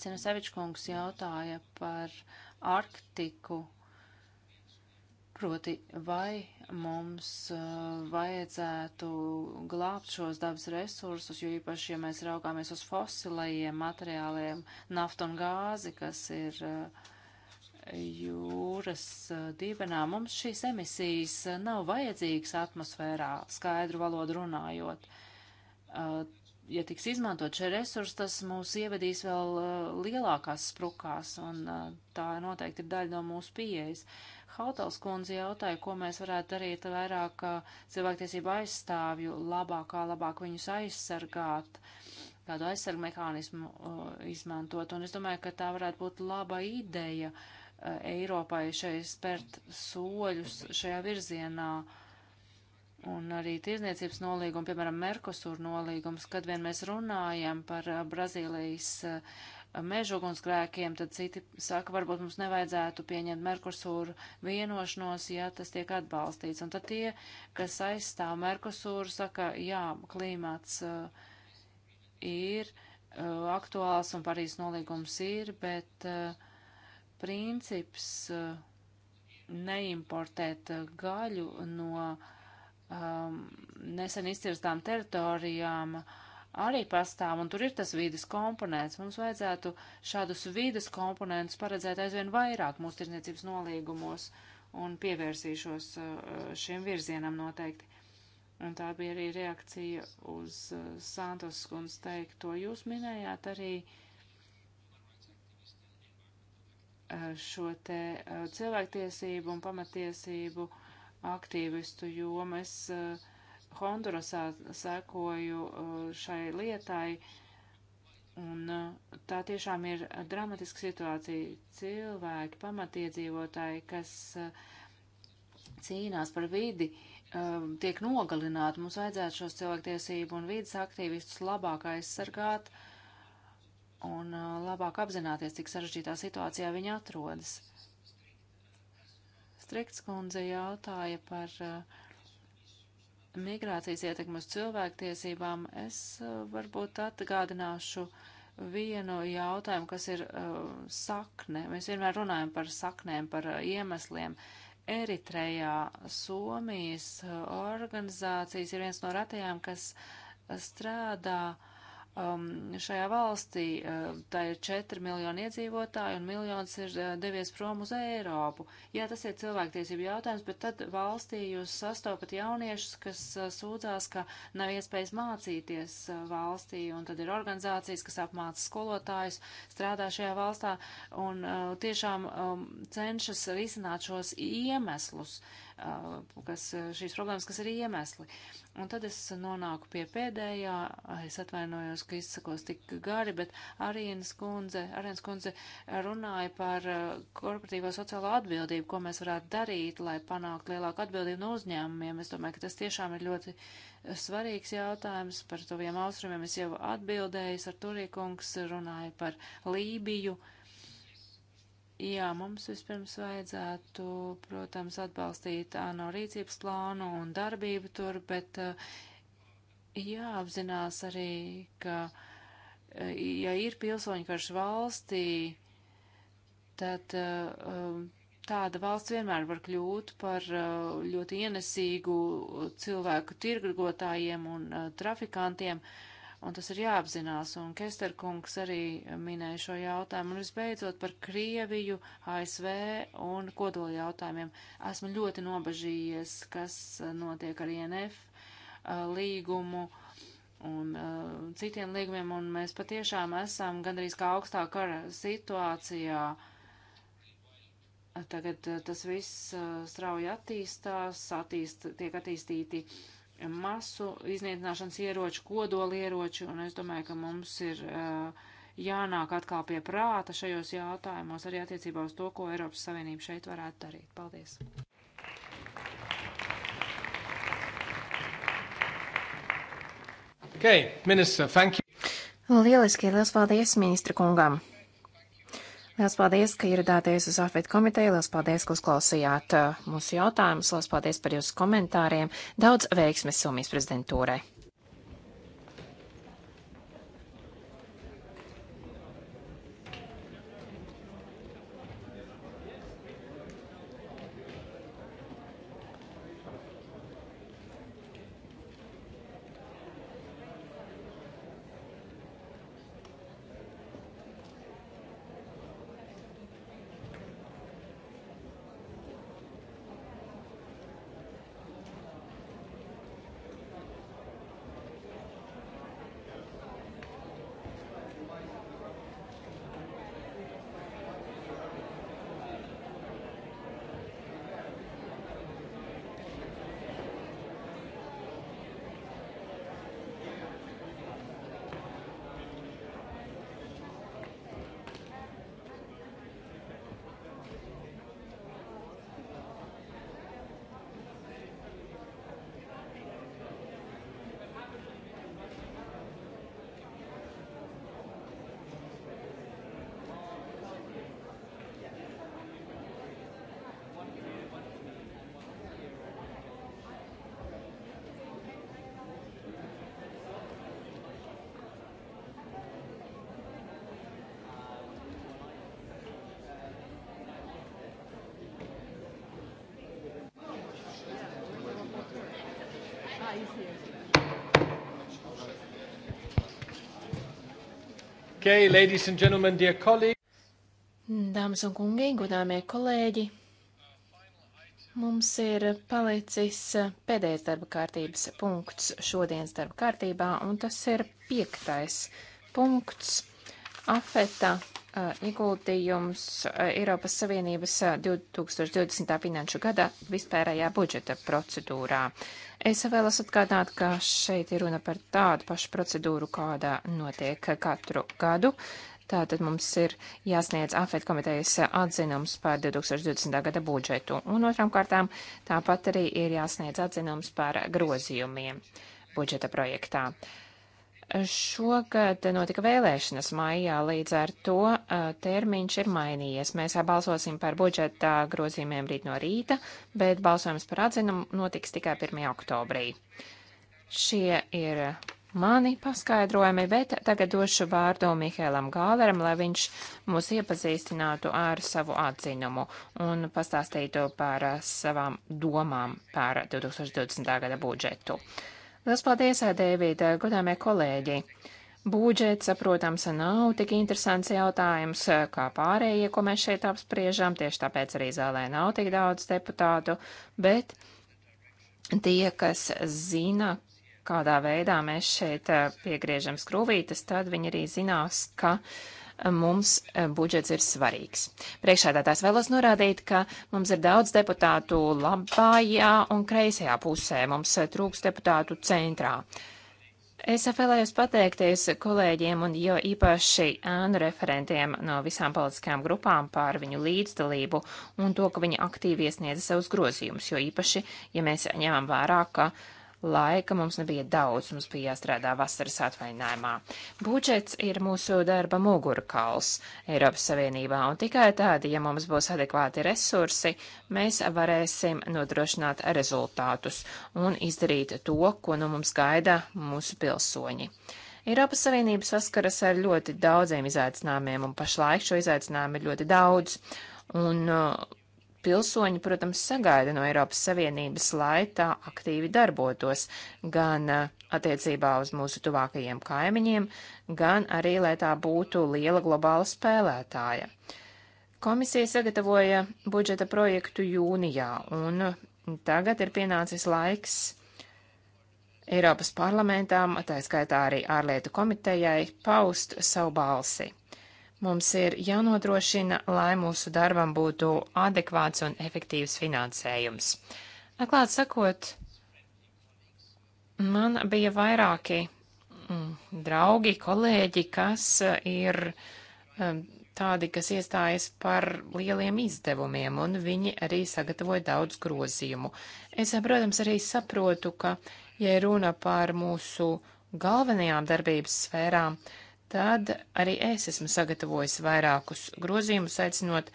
Senesevičs kungs jautāja par Arktiku, proti vai mums eh, vajadzētu glābt šos dabas resursus, jo īpaši, ja mēs raugāmies uz fosilajiem materiāliem, naftu un gāzi, kas ir eh, jūras eh, dīvenā, mums šīs emisijas nav vajadzīgas atmosfērā, skaidru valodu runājot ja tiks izmantot šie resursi, tas mūs ievedīs vēl uh, lielākās sprukās, un uh, tā noteikti ir daļa no mūsu pieejas. Hautals kundze jautāja, ko mēs varētu darīt vairāk uh, cilvēktiesību aizstāvju labāk, kā labāk viņus aizsargāt, kādu aizsargu mehānismu uh, izmantot, un es domāju, ka tā varētu būt laba ideja uh, Eiropai šeit spērt soļus šajā virzienā. Uh, Un arī tirzniecības nolīguma, piemēram, Merkosur nolīgums, kad vien mēs runājam par uh, Brazīlijas uh, mežugunsgrēkiem, tad citi saka, varbūt mums nevajadzētu pieņemt Merkosūru vienošanos, ja tas tiek atbalstīts. Un tad tie, kas aizstāv Merkosūru, saka, jā, klīmats uh, ir uh, aktuāls un Parīs nolīgums ir, bet uh, princips uh, neimportēt gaļu no um, nesen izcirstām teritorijām arī pastāv, un tur ir tas vīdes komponents. Mums vajadzētu šādus vīdes komponentus paredzēt aizvien vairāk mūsu tirzniecības nolīgumos, un pievērsīšos uh, šim virzienam noteikti. Un tā bija arī reakcija uz uh, Santos skundas teikto. Jūs minējāt arī uh, šo te uh, cilvēktiesību un pamatiesību aktīvistu jomu. Es uh, Hondurasā sekoju uh, šai lietai, un uh, tā tiešām ir dramatiska situācija. Cilvēki, pamatiedzīvotāji, kas uh, cīnās par vidi, tiek nogalināti. Mums vajadzētu šos cilvēktiesību un vidas aktīvistus labāk aizsargāt un labāk apzināties, cik sarežģītā situācijā viņi atrodas. Strikts kundze jautāja par eh, migrācijas ietekmi uz cilvēktiesībām. Es eh, varbūt atgādināšu vienu jautājumu, kas ir eh, sakne. Mēs vienmēr runājam par saknēm, par iemesliem. Eritrejā Somijas organizācijas ir viens no ratajām, kas strādā uh, um, šajā valstī. Uh, tā ir 4 miljoni iedzīvotāji un miljons ir uh, devies prom uz Eiropu. Jā, tas ir cilvēktiesību jautājums, bet tad valstī jūs sastopat jauniešus, kas uh, sūdzās, ka nav iespējas mācīties uh, valstī, un tad ir organizācijas, kas apmāca skolotājus, strādā šajā valstā un uh, tiešām um, cenšas risināt šos iemeslus. Uh, kas šīs problēmas, kas ir iemesli. Un tad es nonāku pie pēdējā, es atvainojos, ka izsakos tik gari, bet Arīnas kundze, Arīnas kundze runāja par korporatīvo sociālo atbildību, ko mēs varētu darīt, lai panāktu lielāku atbildību no uzņēmumiem. Es domāju, ka tas tiešām ir ļoti svarīgs jautājums par tuviem austrumiem. Es jau atbildēju, ar Turīkungs runāju par Lībiju. Uh, Jā, mums vispirms vajadzētu, protams, atbalstīt ANO rīcības plānu un darbību tur, bet eh, jāapzinās arī, ka, eh, ja ir pilsoņu karš valstī, tad eh, tāda valsts vienmēr var kļūt par ļoti ienesīgu cilvēku tirgotājiem un trafikantiem. Uh, un tas ir jāapzinās, un Kesterkungs arī minēja šo jautājumu, un visbeidzot par Krieviju, ASV un kodola jautājumiem. Esmu ļoti nobažījies, kas uh, notiek ar INF uh, līgumu un uh, citiem līgumiem, un mēs patiešām esam gandrīz kā augstā kara situācijā. Tagad uh, tas viss uh, strauji attīstās, attīst, tiek attīstīti uh, masu iznīcināšanas ieroču, kodolieroču, un es domāju, ka mums ir uh, jānāk atkal pie prāta šajos jautājumos arī attiecībā uz to, ko Eiropas Savienība šeit varētu darīt. Paldies! Okay, minister, thank you. Lieliski, liels paldies ministra kungam. Lielas paldies, ka ieradāties uz AFET komiteju. Lielas paldies, ka uzklausījāt uh, mūsu jautājumus. Lielas paldies par jūsu komentāriem. Daudz veiksmes Somijas prezidentūrai! Okay, ladies and gentlemen, dear colleagues. Dāmas un kungi, godāmie kolēģi, mums ir palicis pēdējais darba kārtības punkts šodienas darba kārtībā, un tas ir piektais punkts afeta Uh, ieguldījums uh, Eiropas Savienības 2020. Uh, finanšu gada vispārējā budžeta procedūrā. Es vēlos atgādināt, ka šeit ir runa par tādu pašu procedūru, kādā notiek katru gadu. Tātad mums ir jāsniedz AFET komitejas atzinums par 2020. gada budžetu. Un otram kārtām tāpat arī ir jāsniedz atzinums par grozījumiem budžeta projektā. Uh, Šogad notika vēlēšanas maijā, līdz ar to termiņš ir mainījies. Mēs balsosim par budžeta grozījumiem rīt no rīta, bet balsojums par atzinumu notiks tikai 1. oktobrī. Šie ir mani paskaidrojumi, bet tagad došu vārdu Mihēlam Gāleram, lai viņš mūs iepazīstinātu ar savu atzinumu un pastāstītu par savām domām par 2020. gada budžetu. Lielas paldies, Dēvīda, godāmie kolēģi! Budžets, protams, nav tik interesants jautājums kā pārējie, ko mēs šeit apspriežam, tieši tāpēc arī zālē nav tik daudz deputātu, bet tie, kas zina, kādā veidā mēs šeit eh, piegriežam skrūvītas, tad viņi arī zinās, ka uh, mums eh, budžets ir svarīgs. Priekšādātājs vēlos norādīt, ka mums ir daudz deputātu labājā un kreisajā pusē, mums eh, trūks deputātu centrā. Es vēlējos pateikties kolēģiem un jo īpaši ēnu referentiem no visām politiskajām grupām par viņu līdzdalību un to, ka viņi aktīvi iesniedza savus grozījumus, jo īpaši, ja mēs ņemam vērā, ka uh, Laika mums nebija daudz, mums bija jāstrādā vasaras atvaļinājumā. Budžets ir mūsu darba mugurkauls Eiropas Savienībā, un tikai tādi, ja mums būs adekvāti resursi, mēs varēsim nodrošināt rezultātus un izdarīt to, ko no nu mums gaida mūsu pilsoņi. Eiropas Savienība saskaras ar ļoti daudziem izaicinājumiem, un pašlaik šo izaicinājumu ir ļoti daudz. Un uh, pilsoņi, protams, sagaida no Eiropas Savienības, lai tā aktīvi darbotos gan uh, attiecībā uz mūsu tuvākajiem kaimiņiem, gan arī, lai tā būtu liela globāla spēlētāja. Komisija sagatavoja budžeta projektu jūnijā, un uh, tagad ir pienācis laiks Eiropas parlamentām, tā skaitā arī ārlietu komitejai, paust savu balsi. Mums ir jānodrošina, lai mūsu darbam būtu adekvāts un efektīvs finansējums. Atklāt sakot, man bija vairāki mm, draugi, kolēģi, kas eh, ir mm, tādi, kas iestājas par lieliem izdevumiem, un viņi arī sagatavoja daudz grozījumu. Es, eh, protams, arī saprotu, ka, ja runa par mūsu galvenajām darbības sfērām, uh, tad arī es esmu sagatavojis vairākus grozījumus, aicinot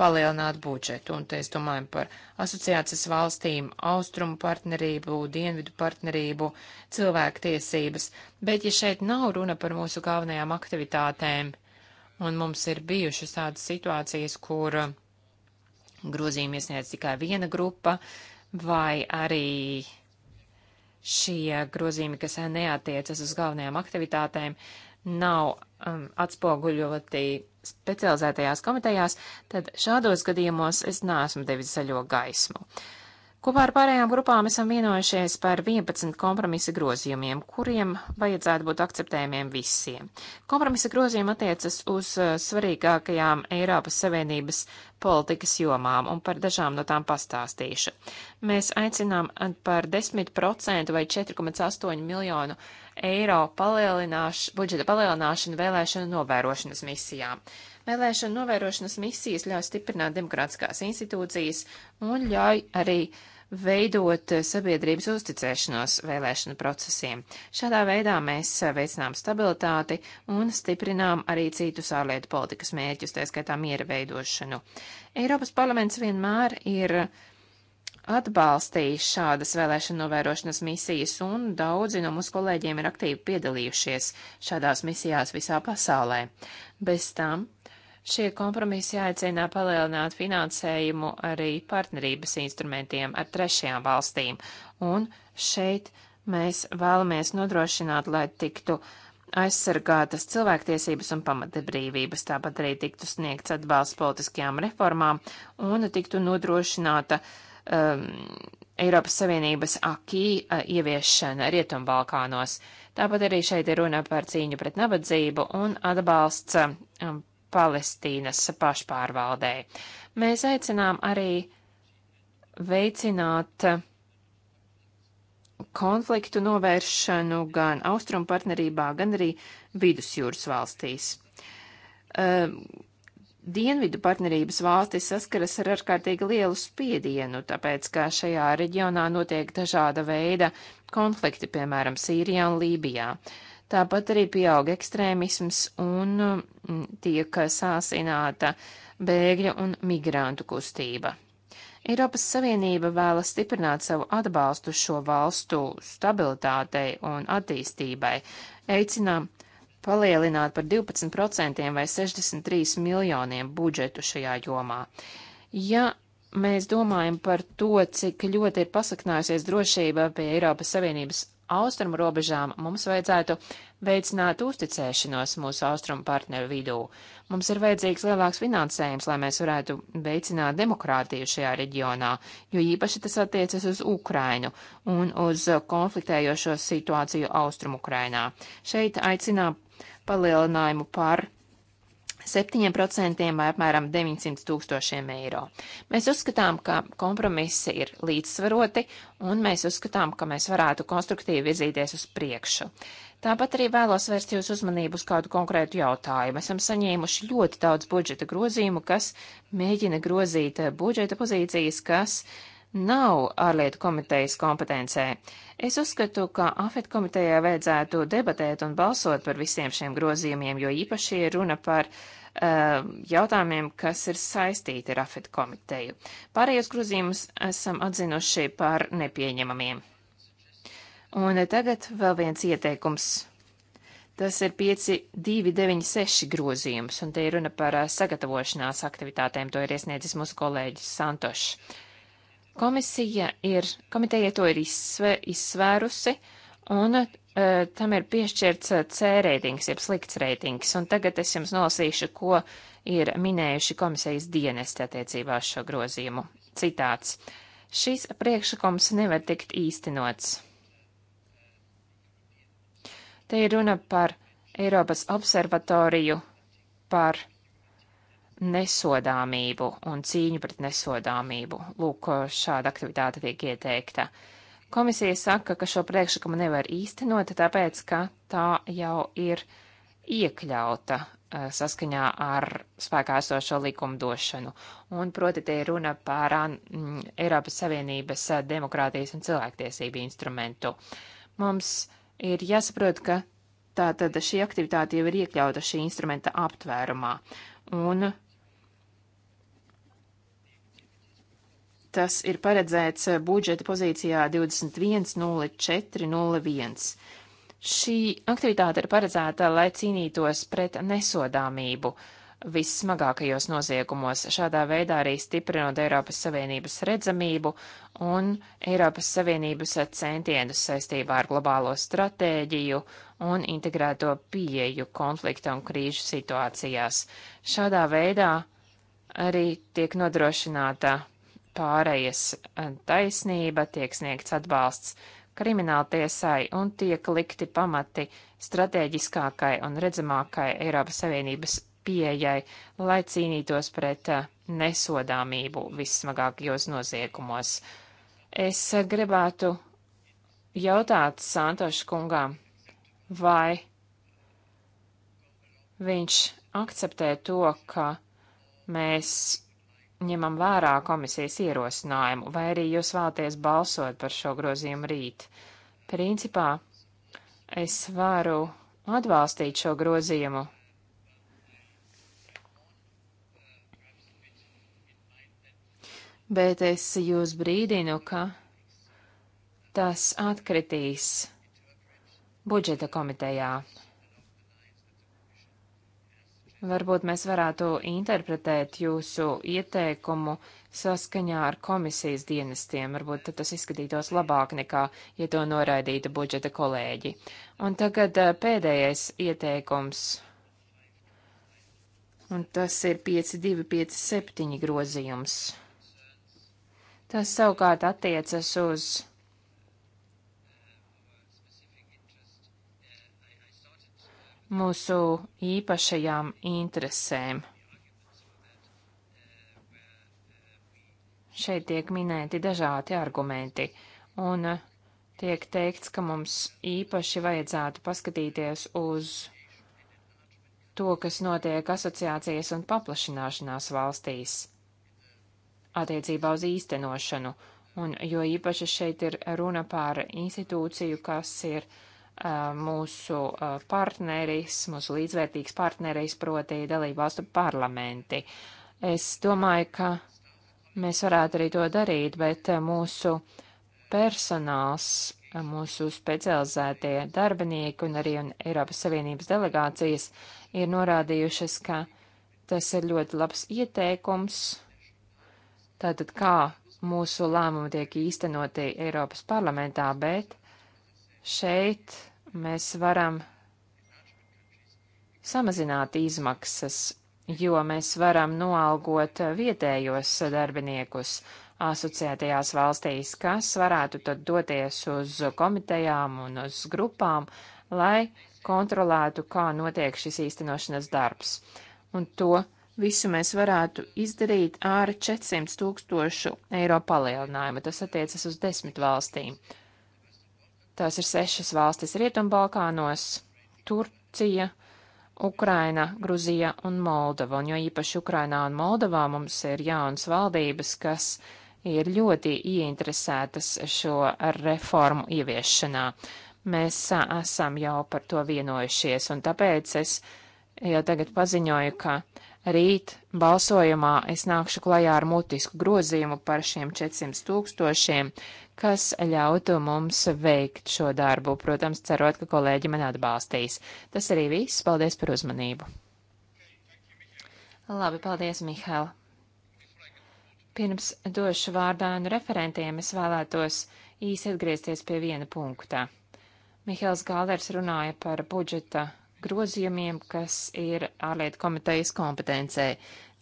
palielināt budžetu. Un te es domāju par asociācijas valstīm, austrumu partnerību, dienvidu partnerību, cilvēktiesības. Bet ja šeit nav runa par mūsu galvenajām aktivitātēm, un mums ir bijušas tādas situācijas, kur grozījumi iesniedz tikai viena grupa, vai arī šie grozījumi, kas neatiecas uz galvenajām aktivitātēm, uh, nav um, atspoguļoti specializētajās komitejās, tad šādos gadījumos es neesmu devis zaļo gaismu. Kopā ar pārējām grupām esam vienojušies par 11 kompromisa grozījumiem, kuriem vajadzētu būt akceptējumiem visiem. Kompromisa grozījumi attiecas uz uh, svarīgākajām Eiropas Savienības politikas jomām, un par dažām no tām pastāstīšu. Mēs aicinām par 10% vai 4,8 miljonu eiro palielināš, budžeta palielināšanu vēlēšanu novērošanas misijām. Vēlēšanu novērošanas misijas ļauj stiprināt demokrātiskās institūcijas un ļauj arī uh, veidot eh, sabiedrības uzticēšanos vēlēšanu procesiem. Šādā veidā mēs eh, veicinām stabilitāti un stiprinām arī citus ārlietu politikas mērķus, tā skaitā miera veidošanu. Eiropas parlaments vienmēr ir atbalstījis šādas vēlēšana novērošanas misijas, un daudzi no mūsu kolēģiem ir aktīvi piedalījušies šādās misijās visā pasaulē. Bez tam Šie kompromisi aicina palielināt finansējumu arī partnerības instrumentiem ar trešajām valstīm, un šeit mēs vēlamies nodrošināt, lai tiktu aizsargātas cilvēktiesības un pamatbrīvības, tāpat arī tiktu sniegts atbalsts politiskajām reformām un tiktu nodrošināta um, Eiropas Savienības akī uh, ieviešana Rietumbalkānos. Tāpat arī šeit ir runa par cīņu pret nabadzību un atbalsts um, Palestīnas pašpārvaldē. Mēs aicinām arī veicināt konfliktu novēršanu gan austrumu partnerībā, gan arī vidusjūras valstīs. Ehm, dienvidu partnerības valstis saskaras ar ārkārtīgi lielu spiedienu, tāpēc, ka šajā reģionā notiek dažāda veida konflikti, piemēram, Sīrijā un Lībijā. Uh, Tāpat arī pieaug ekstrēmisms un mm, tiek sāsināta bēgļu un migrantu kustība. Eiropas Savienība vēlas stiprināt savu atbalstu šo valstu stabilitātei un attīstībai, eicinām palielināt par 12% vai 63 miljoniem budžetu šajā jomā. Ja mēs domājam par to, cik ļoti ir pasaknājusies drošība pie Eiropas Savienības austrumu robežām mums vajadzētu veicināt uzticēšanos mūsu austrumu partneru vidū. Mums ir vajadzīgs lielāks finansējums, lai mēs varētu veicināt demokrātiju šajā reģionā, jo īpaši tas attiecas uz Ukrainu un uz konfliktējošo situāciju austrumu Ukrainā. Šeit aicinā palielinājumu par 7% vai apmēram 900 tūkstošiem eiro. Mēs uzskatām, ka kompromisi ir līdzsvaroti, un mēs uzskatām, ka mēs varētu konstruktīvi virzīties uz priekšu. Tāpat arī vēlos vērst jūsu uzmanību uz kādu konkrētu jautājumu. Esam saņēmuši ļoti daudz budžeta grozījumu, kas mēģina grozīt budžeta pozīcijas, kas nav ārlietu komitejas kompetencē. Es uzskatu, ka AFET komitejā vajadzētu debatēt un balsot par visiem šiem grozījumiem, jo īpaši ir runa par uh, jautājumiem, kas ir saistīti ar AFET komiteju. Pārējos grozījumus esam atzinuši par nepieņemamiem. Un tagad vēl viens ieteikums. Tas ir 5296 grozījums, un te ir runa par eh, sagatavošanās aktivitātēm. To ir iesniedzis mūsu kolēģis Santošs. Komisija ir, komiteja to ir izsvē, izsvērusi, un uh, tam ir piešķirts e, C reitings, jeb slikts reitings, un tagad es jums nolasīšu, ko ir minējuši komisijas dienesti attiecībā uz šo grozījumu. Citāts. Šis priekšlikums nevar tikt īstenots. Te ir runa par Eiropas observatoriju par nesodāmību un cīņu pret nesodāmību. Lūk, šāda aktivitāte tiek ieteikta. Komisija saka, ka šo priekšlikumu nevar īstenot, tāpēc, ka tā jau ir iekļauta eh, saskaņā ar spēkā esošo likumdošanu. Un proti te ir runa par mm, Eiropas Savienības eh, demokrātijas un cilvēktiesību instrumentu. Mums ir jāsaprot, ka tātad šī aktivitāte jau ir iekļauta šī instrumenta aptvērumā. Un Tas ir paredzēts budžeta pozīcijā 210401. Šī aktivitāte ir paredzēta, lai cīnītos pret nesodāmību vissmagākajos noziegumos, šādā veidā arī stiprinot Eiropas Savienības redzamību un Eiropas Savienības centienus saistībā ar globālo stratēģiju un integrēto pieeju konflikta un krīžu situācijās. Šādā veidā arī tiek nodrošināta pārējas eh, taisnība, tiek sniegts atbalsts krimināltiesai un tiek likti pamati strateģiskākai un redzamākai Eiropas Savienības pieejai, lai cīnītos pret eh, nesodāmību vissmagākajos noziegumos. Es eh, gribētu jautāt Santošu kungām, vai viņš akceptē to, ka mēs ņemam vērā komisijas ierosinājumu, vai arī jūs vēlaties balsot par šo grozījumu rīt. Principā es varu atbalstīt šo grozījumu. Bet es jūs brīdinu, ka tas atkritīs budžeta komitejā. Varbūt mēs varētu interpretēt jūsu ieteikumu saskaņā ar komisijas dienestiem. Varbūt tas izskatītos labāk nekā, ja to noraidītu budžeta kolēģi. Un tagad eh, pēdējais ieteikums. Un tas ir 5257 grozījums. Tas savukārt attiecas uz mūsu īpašajām interesēm. Šeit tiek minēti dažādi argumenti, un tiek teikts, ka mums īpaši vajadzētu paskatīties uz to, kas notiek asociācijas un paplašināšanās valstīs attiecībā uz īstenošanu, un jo īpaši šeit ir runa par institūciju, kas ir uh, mūsu partneris, mūsu līdzvērtīgs partneris, proti dalību valstu parlamenti. Es domāju, ka mēs varētu arī to darīt, bet mūsu personāls, mūsu specializētie darbinieki un arī un Eiropas Savienības delegācijas ir norādījušas, ka tas ir ļoti labs ieteikums. Tātad kā mūsu lēmumi tiek īstenoti Eiropas parlamentā, bet šeit mēs varam samazināt izmaksas, jo mēs varam noalgot vietējos darbiniekus asociētajās valstīs, kas varētu tad doties uz komitejām un uz grupām, lai kontrolētu, kā notiek šis īstenošanas darbs. Un to visu mēs varētu izdarīt ar 400 tūkstošu eiro palielinājumu. Tas attiecas uz desmit valstīm. Tās ir sešas valstis Rietumbalkānos - Turcija, Ukraina, Gruzija un Moldova. Un jo īpaši Ukrainā un Moldovā mums ir jaunas valdības, kas ir ļoti ieinteresētas šo reformu ieviešanā. Mēs a, esam jau par to vienojušies, un tāpēc es jau tagad paziņoju, ka rīt balsojumā es nākšu klajā ar mutisku grozījumu par šiem 400 tūkstošiem, kas ļautu mums veikt šo darbu, protams, cerot, ka kolēģi man atbalstīs. Tas arī viss. Paldies par uzmanību. Labi, paldies, Mihēl. Pirms došu vārdānu referentiem es vēlētos īsi atgriezties pie viena punktā. Mihēls Gālērs runāja par budžeta grozījumiem, kas ir ārlietu komitejas kompetencē.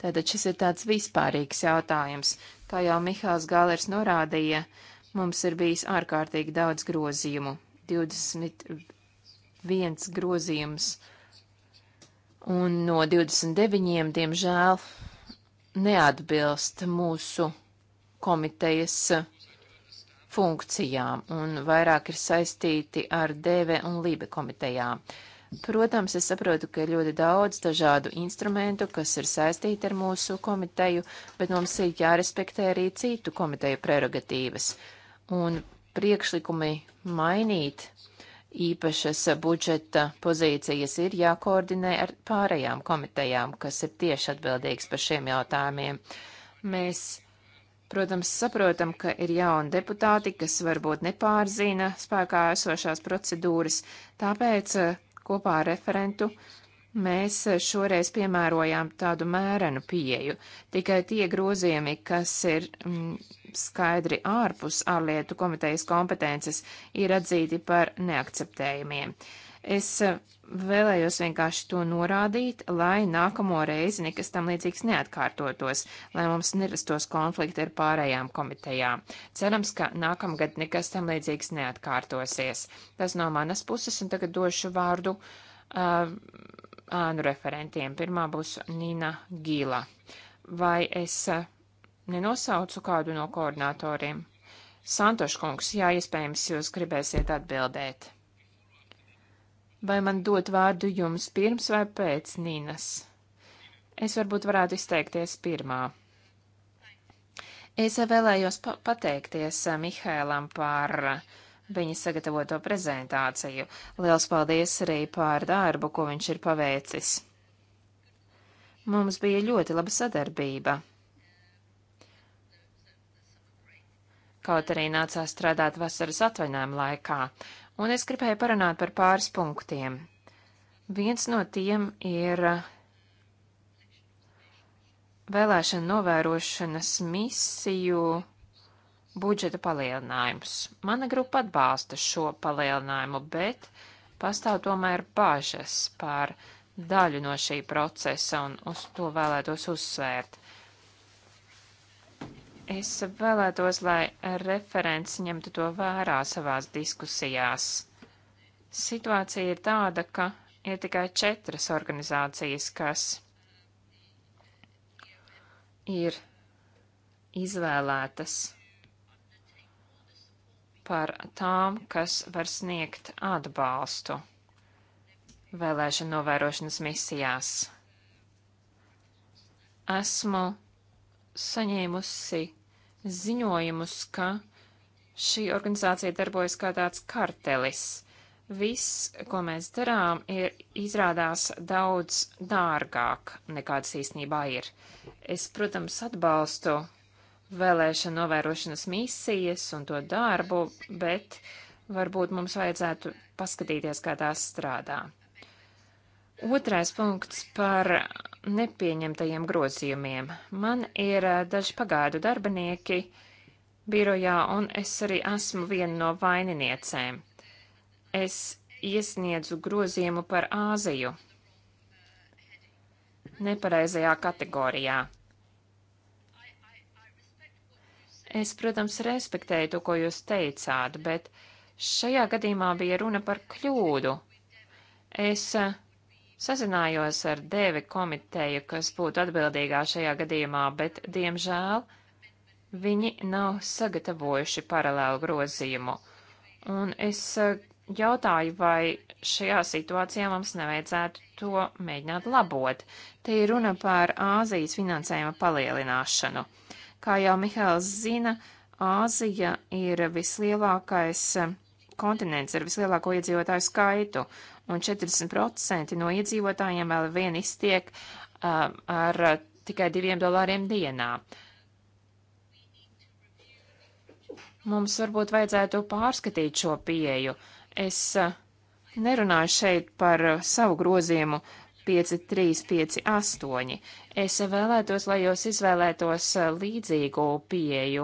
Tātad šis ir tāds vispārīgs jautājums. Kā jau Mihāls Gālērs norādīja, Mums ir bijis ārkārtīgi daudz grozījumu. 21 grozījums. Un no 29, diemžēl, neatbilst mūsu komitejas funkcijām un vairāk ir saistīti ar DV un LIBE komitejām. Protams, es saprotu, ka ir ļoti daudz dažādu instrumentu, kas ir saistīti ar mūsu komiteju, bet mums ir jārespektē arī citu komiteju prerogatīvas un priekšlikumi mainīt īpašas budžeta pozīcijas ir jākoordinē ar pārējām komitejām, kas ir tieši atbildīgs par šiem jautājumiem. Mēs, protams, saprotam, ka ir jauni deputāti, kas varbūt nepārzina spēkā esošās procedūras, tāpēc eh, kopā ar referentu uh, Mēs šoreiz piemērojām tādu mērenu pieju. Tikai tie grozījumi, kas ir mm, skaidri ārpus ārlietu komitejas kompetences, ir atzīti par neakceptējumiem. Es eh, vēlējos vienkārši to norādīt, lai nākamo reizi nekas tam līdzīgs neatkārtotos, lai mums nerastos konflikti ar pārējām komitejām. Cerams, ka nākamgad nekas tam līdzīgs neatkārtosies. Tas no manas puses, un tagad došu vārdu. Uh, ānu referentiem. Pirmā būs Nina Gīla. Vai es e, nenosaucu kādu no koordinatoriem? Santoškungs, jā, iespējams, jūs gribēsiet atbildēt. Vai man dot vārdu jums pirms vai pēc Nīnas? Es varbūt varētu izteikties pirmā. Es vēlējos pa pateikties e, Mihēlam par uh, viņa sagatavoto prezentāciju. Liels paldies arī par darbu, ko viņš ir paveicis. Mums bija ļoti laba sadarbība. Kaut arī nācās strādāt vasaras atvaļinājuma laikā, un es gribēju parunāt par pāris punktiem. Viens no tiem ir vēlēšana novērošanas misiju budžeta palielinājums. Mana grupa atbalsta šo palielinājumu, bet pastāv tomēr bažas par daļu no šī procesa, un uz to vēlētos uzsvērt. Es vēlētos, lai referents ņemtu to vērā savās diskusijās. Situācija ir tāda, ka ir tikai četras organizācijas, kas ir izvēlētas par tām, kas var sniegt atbalstu vēlēšana novērošanas misijās. Esmu saņēmusi ziņojumus, ka šī organizācija darbojas kā tāds kartelis. Viss, ko mēs darām, ir izrādās daudz dārgāk nekā tas īstenībā ir. Es, protams, atbalstu vēlēšana novērošanas misijas un to darbu, bet varbūt mums vajadzētu paskatīties, kā tās strādā. Otrais punkts par nepieņemtajiem grozījumiem. Man ir eh, daži pagaidu darbinieki birojā, un es arī esmu viena no vaininiecēm. Es iesniedzu grozījumu par Āziju nepareizajā kategorijā. Es, protams, respektēju to, ko jūs teicāt, bet šajā gadījumā bija runa par kļūdu. Es eh, sazinājos ar Dēvi komiteju, kas būtu atbildīgā šajā gadījumā, bet, diemžēl, viņi nav sagatavojuši paralēlu grozījumu. Un es eh, jautāju, vai šajā situācijā mums nevajadzētu to mēģināt labot. Te ir runa par Āzijas finansējuma palielināšanu. Kā jau Mihāls zina, Āzija ir vislielākais eh, kontinents ar vislielāko iedzīvotāju skaitu, un 40% no iedzīvotājiem vēl vien iztiek uh, ar eh, tikai diviem dolāriem dienā. Mums varbūt vajadzētu pārskatīt šo pieeju. Es uh, nerunāju šeit par savu grozījumu 5358. Es vēlētos, lai jūs izvēlētos līdzīgu pieju,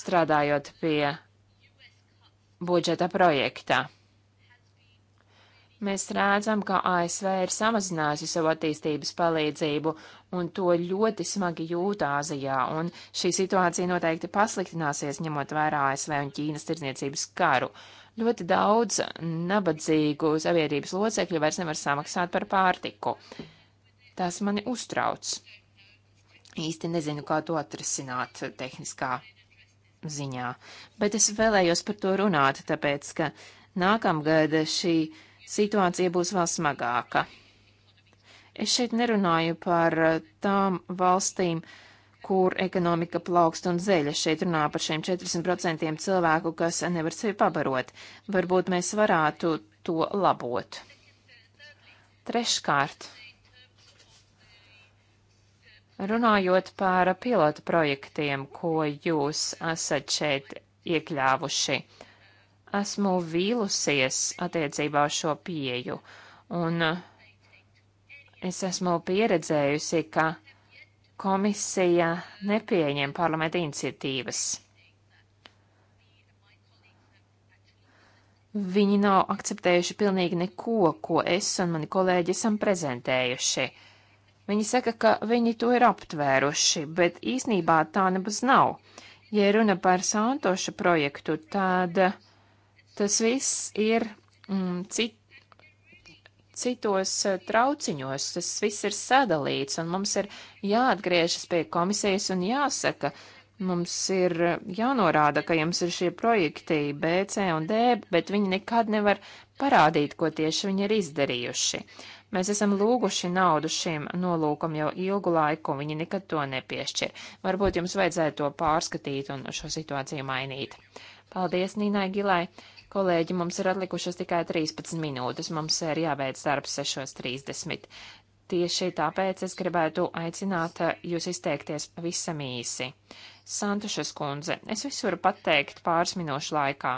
strādājot pie budžeta projektā. Mēs redzam, ka ASV ir samazinājusi savu attīstības palīdzību, un to ļoti smagi jūt Āzijā, un šī situācija noteikti pasliktināsies, ņemot vērā ASV un Ķīnas tirdzniecības karu. Ļoti daudz nabadzīgu sabiedrības locekļu vairs nevar samaksāt par pārtiku. Tas mani uztrauc. Īsti nezinu, kā to atrisināt tehniskā ziņā, bet es vēlējos par to runāt, tāpēc, ka nākamgad šī situācija būs vēl smagāka. Es šeit nerunāju par tām valstīm, uh, kur ekonomika plaukst un zeļa. Šeit runā par šiem 40% cilvēku, kas nevar sevi pabarot. Varbūt mēs varētu to labot. Treškārt, runājot par pilotu projektiem, ko jūs esat šeit iekļāvuši, esmu vīlusies attiecībā uz šo pieju, un es esmu pieredzējusi, ka komisija nepieņem parlamenta iniciatīvas. Viņi nav akceptējuši pilnīgi neko, ko es un mani kolēģi esam prezentējuši. Viņi saka, ka viņi to ir aptvēruši, bet īsnībā tā nebūs nav. Ja runa par Santoša projektu, tad tas viss ir mm, cits citos eh, trauciņos. Tas viss ir sadalīts, un mums ir jāatgriežas pie komisijas un jāsaka, mums ir eh, jānorāda, ka jums ir šie projekti B, C un D, bet viņi nekad nevar parādīt, ko tieši viņi ir izdarījuši. Mēs esam lūguši naudu šim nolūkam jau ilgu laiku, viņi nekad to nepiešķir. Varbūt jums vajadzētu to pārskatīt un šo situāciju mainīt. Paldies, Nīnai Gilai! Kolēģi, mums ir atlikušas tikai 13 minūtes, mums ir jābeidz darbs 6.30. Tieši tāpēc es gribētu aicināt eh, jūs izteikties pavisam īsi. Santušas kundze, es visu varu pateikt pāris minūšu laikā.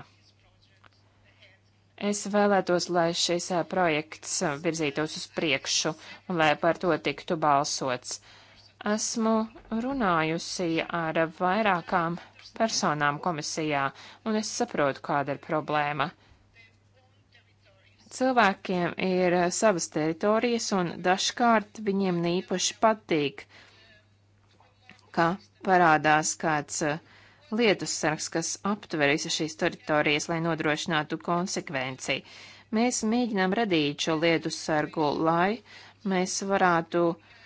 Es vēlētos, lai šis eh, projekts eh, virzītos uz priekšu un lai par to tiktu balsots. Esmu runājusi ar vairākām personām komisijā, un es saprotu, kāda ir problēma. Cilvēkiem ir savas teritorijas, un dažkārt viņiem īpaši patīk, ka parādās kāds uh, lietussargs, kas aptver visas šīs teritorijas, lai nodrošinātu konsekvenciju. Mēs mēģinām radīt šo lietussargu, lai mēs varētu uh,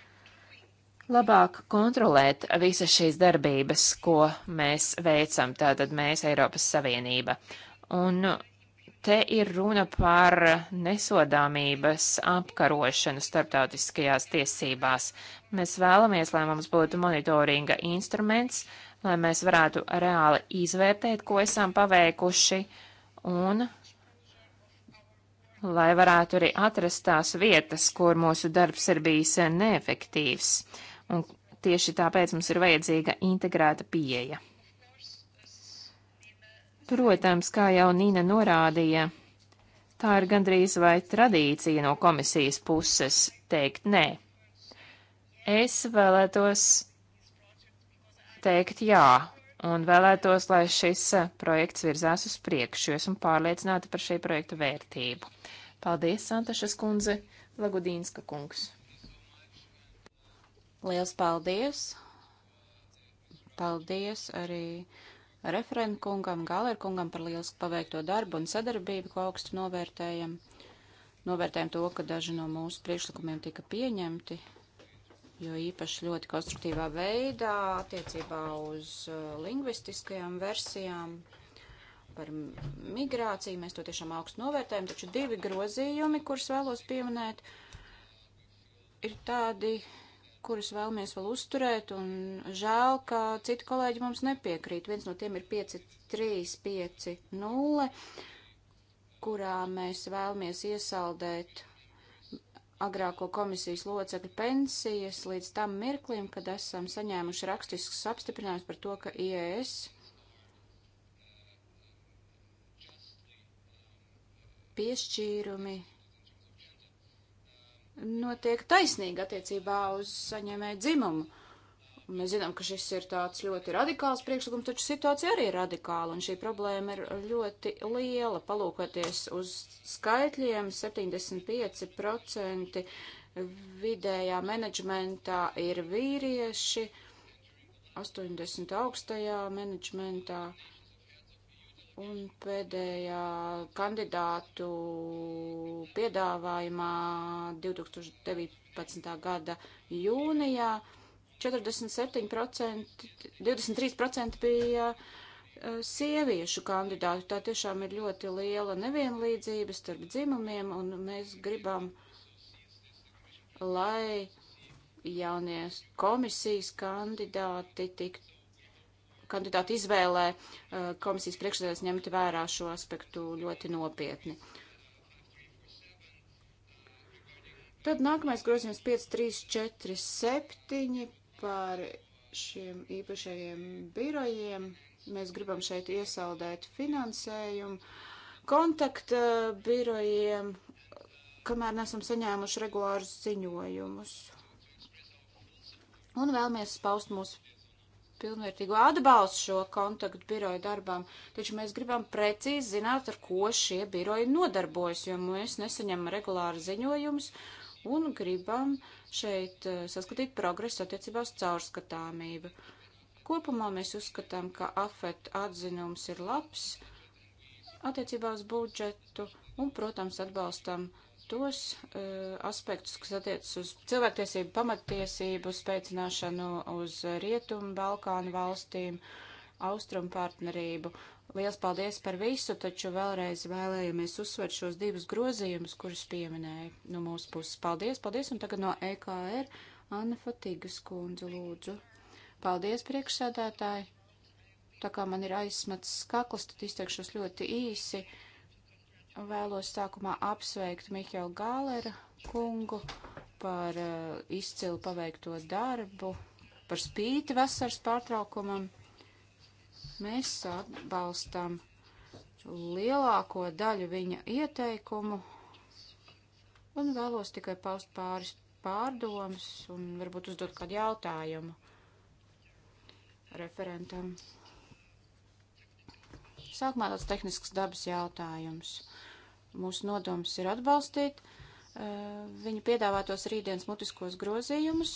labāk kontrolēt visas šīs darbības, ko mēs veicam, tātad mēs Eiropas Savienība. Un te ir runa par nesodāmības apkarošanu starptautiskajās tiesībās. Mēs vēlamies, lai mums būtu monitoringa instruments, lai mēs varētu reāli izvērtēt, ko esam paveikuši, un lai varētu arī atrast tās vietas, kur mūsu darbs ir bijis neefektīvs. Un tieši tāpēc mums ir vajadzīga integrēta pieeja. Protams, kā jau Nīna norādīja, tā ir gandrīz vai tradīcija no komisijas puses teikt nē. Es vēlētos teikt jā, un vēlētos, lai šis projekts virzās uz priekšu, jo esmu pārliecināta par šī projekta vērtību. Paldies, Santašas kundze, Lagudīnska kungs. Liels paldies! Paldies arī referentkungam, galerkungam par lielisku paveikto darbu un sadarbību, ko augstu novērtējam. Novērtējam to, ka daži no mūsu priekšlikumiem tika pieņemti, jo īpaši ļoti konstruktīvā veidā attiecībā uz uh, lingvistiskajām versijām par migrāciju. Mēs to tiešām augstu novērtējam, taču divi grozījumi, kurus vēlos pieminēt, ir tādi, kurus vēlamies vēl uzturēt, un žēl, ka citi kolēģi mums nepiekrīt. Viens no tiem ir 5350, kurā mēs vēlamies iesaldēt agrāko komisijas locekļu pensijas līdz tam mirklim, kad esam saņēmuši rakstiskus apstiprinājumus par to, ka IES piešķīrumi notiek taisnīgi attiecībā uz saņēmēju dzimumu. Mēs zinām, ka šis ir tāds ļoti radikāls priekšlikums, taču situācija arī ir radikāla, un šī problēma ir ļoti liela. Palūkoties uz skaitļiem, 75% vidējā menedžmentā ir vīrieši, 80% augstajā menedžmentā. Uh, Un pēdējā kandidātu piedāvājumā 2019. gada jūnijā 47%, 23% bija e, sieviešu kandidātu. Tā tiešām ir ļoti liela nevienlīdzība starp dzimumiem, un mēs gribam, lai jaunie komisijas kandidāti tiktu kandidātu izvēlē eh, komisijas priekšsēdētājs ņemt vērā šo aspektu ļoti nopietni. Tad nākamais grozījums 5, 3, 4, 7 par šiem īpašajiem birojiem. Mēs gribam šeit iesaldēt finansējumu kontakta eh, birojiem, kamēr nesam saņēmuši regulārus ziņojumus. Un vēlamies spaust mūsu pilnvērtīgo atbalstu šo kontaktu biroju darbām, taču mēs gribam precīzi zināt, ar ko šie biroji nodarbojas, jo mēs nesaņemam regulāri ziņojumus un gribam šeit eh, saskatīt progresu attiecībā uz caurskatāmību. Kopumā mēs uzskatām, ka afet atzinums ir labs attiecībā uz budžetu un, protams, atbalstam uh, tos uh, aspektus, kas attiecas uz cilvēktiesību pamatiesību spēcināšanu uz Rietumu, Balkānu valstīm, Austrumu partnerību. Liels paldies par visu, taču vēlreiz vēlējamies uzsvert šos divus grozījumus, kurus pieminēja no nu, mūsu puses. Paldies, paldies, un tagad no EKR Anna Fatigas kundze lūdzu. Paldies, priekšsēdētāji! Tā kā man ir aizsmats skaklis, tad izteikšos ļoti īsi. Uh, Vēlos sākumā apsveikt Mihelu Gālera kungu par uh, izcilu paveikto darbu, par spīti vasaras pārtraukumam. Mēs atbalstam lielāko daļu viņa ieteikumu un vēlos tikai paust pāris pārdomas un varbūt uzdot kādu jautājumu referentam. Sākumā tāds tehnisks dabas jautājums. Mūsu nodoms ir atbalstīt uh, viņa piedāvātos rītdienas mutiskos grozījumus.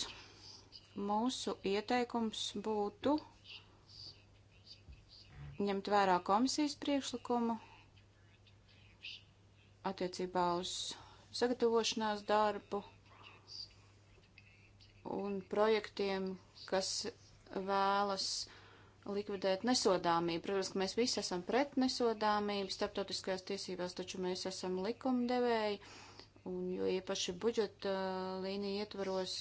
Mūsu ieteikums būtu ņemt vērā komisijas priekšlikumu attiecībā uz sagatavošanās darbu un projektiem, kas vēlas likvidēt nesodāmību. Protams, ka mēs visi esam pret nesodāmību starptautiskajās tiesībās, taču mēs esam likumdevēji, un jo īpaši budžeta uh, līnija ietvaros,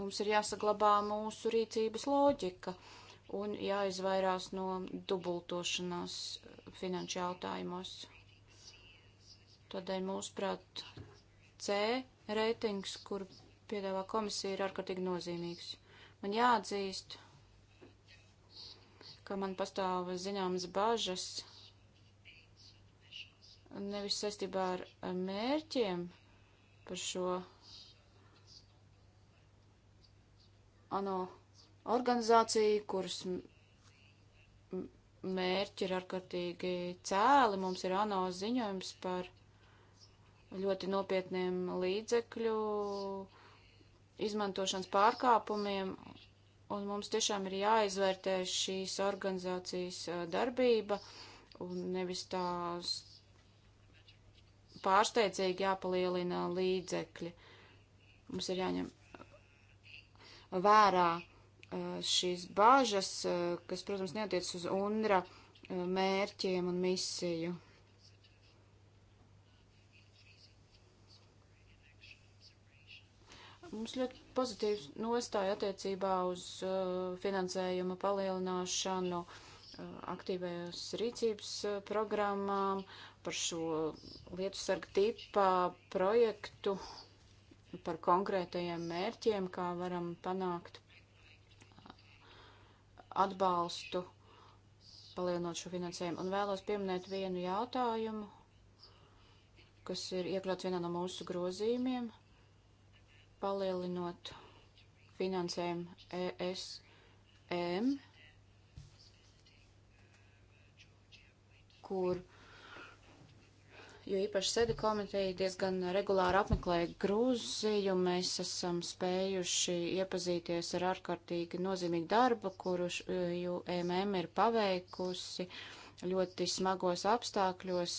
mums ir jāsaglabā mūsu rīcības loģika un jāizvairās no dubultošanās uh, finanšu jautājumos. Tādēļ mūsuprāt C reitings, kur piedāvā komisija, ir ārkārtīgi nozīmīgs. Man jāatzīst, ka man pastāv zināmas bažas nevis saistībā ar mērķiem par šo ANO organizāciju, kuras mērķi ir ārkārtīgi cēli. Mums ir ANO ziņojums par ļoti nopietniem līdzekļu izmantošanas pārkāpumiem, un mums tiešām ir jāizvērtē šīs organizācijas darbība, un nevis tās pārsteidzīgi jāpalielina līdzekļi. Mums ir jāņem vērā šīs bāžas, kas, protams, neatiec uz UNRA mērķiem un misiju. Mums ļoti pozitīvs nostāja attiecībā uz uh, finansējuma palielināšanu uh, aktīvējos rīcības uh, programmām, par šo lietu sarga tipā projektu, par konkrētajiem mērķiem, kā varam panākt uh, atbalstu, palielinot šo finansējumu. Un vēlos pieminēt vienu jautājumu, kas ir iekļauts vienā no mūsu grozījumiem – palielinot finansējumu ESM, kur jo īpaši sēdi komiteja diezgan regulāri apmeklēja Grūziju. Mēs esam spējuši iepazīties ar ārkārtīgi nozīmīgu darbu, kuru UMM ir paveikusi ļoti smagos apstākļos,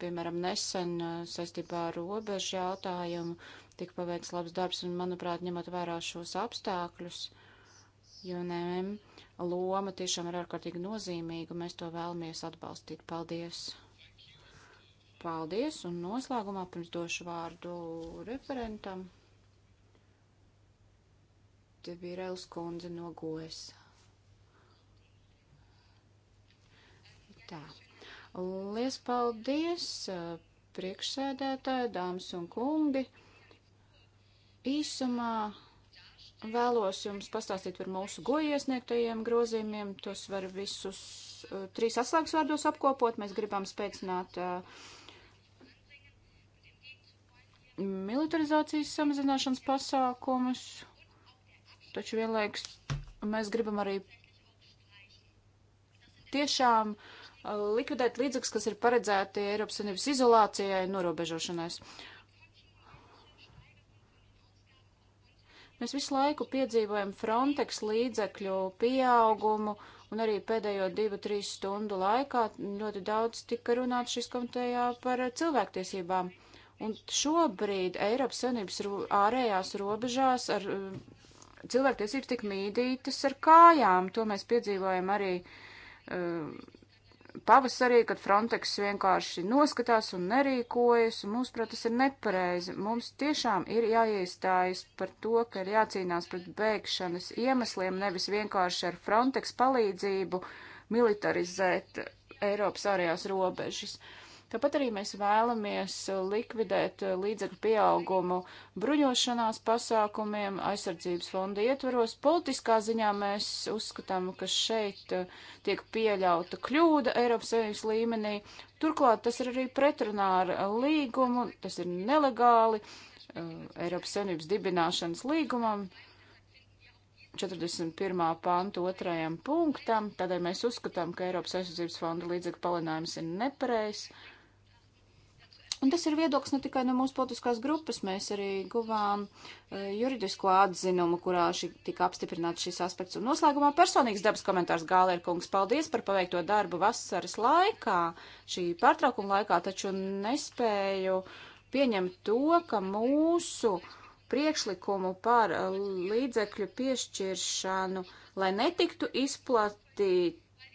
piemēram, nesen saistībā ar robežu jautājumu tika paveikts labs darbs, un, manuprāt, ņemot vērā šos apstākļus, UNM loma tiešām ir ārkārtīgi nozīmīga, un mēs to vēlamies atbalstīt. Paldies! Paldies, un noslēgumā pirms došu vārdu referentam. Te bija Rēls kundze no Gojas. Tā. Lies paldies priekšsēdētāji, dāmas un kungi. Īsumā vēlos jums pastāstīt par mūsu goju iesniegtajiem grozījumiem. Tos var visus uh, trīs atslēgas vārdos apkopot. Mēs gribam spēcināt uh, militarizācijas samazināšanas pasākumus, taču vienlaikus mēs gribam arī tiešām uh, likvidēt līdzekļus, kas ir paredzēti Eiropas Savienības izolācijai, norobežošanai. Uh, Mēs visu laiku piedzīvojam Frontex līdzekļu pieaugumu, un arī pēdējo divu, trīs stundu laikā ļoti daudz tika runāts šis komitejā par cilvēktiesībām. Un šobrīd Eiropas Savienības ārējās robežās ar uh, cilvēktiesības tik mīdītas ar kājām. To mēs piedzīvojam arī uh, pavasarī, kad Frontex vienkārši noskatās un nerīkojas, un mums, protams, ir nepareizi. Mums tiešām ir jāiestājas par to, ka ir jācīnās pret bēgšanas iemesliem, nevis vienkārši ar Frontex palīdzību militarizēt Eiropas ārējās robežas. Uh, Tāpat arī mēs vēlamies likvidēt līdzekļu pieaugumu bruņošanās pasākumiem, aizsardzības fonda ietvaros. Politiskā ziņā mēs uzskatām, ka šeit uh, tiek pieļauta kļūda Eiropas Savienības līmenī. Turklāt tas ir arī pretrunā ar līgumu, tas ir nelegāli uh, Eiropas Savienības dibināšanas līgumam. 41. pantu otrajam punktam, tādēļ mēs uzskatām, ka Eiropas aizsardzības fonda līdzekļu palinājums ir nepareizs. Un tas ir viedoklis ne tikai no mūsu politiskās grupas, mēs arī guvām e, juridisko atzinumu, kurā šī, tika apstiprināts šis aspekts. Un noslēgumā personīgs dabas komentārs Gālēra kungs. Paldies par paveikto darbu vasaras laikā, šī pārtraukuma laikā, taču nespēju pieņemt to, ka mūsu priekšlikumu par e, līdzekļu piešķiršanu, lai netiktu izplatīta,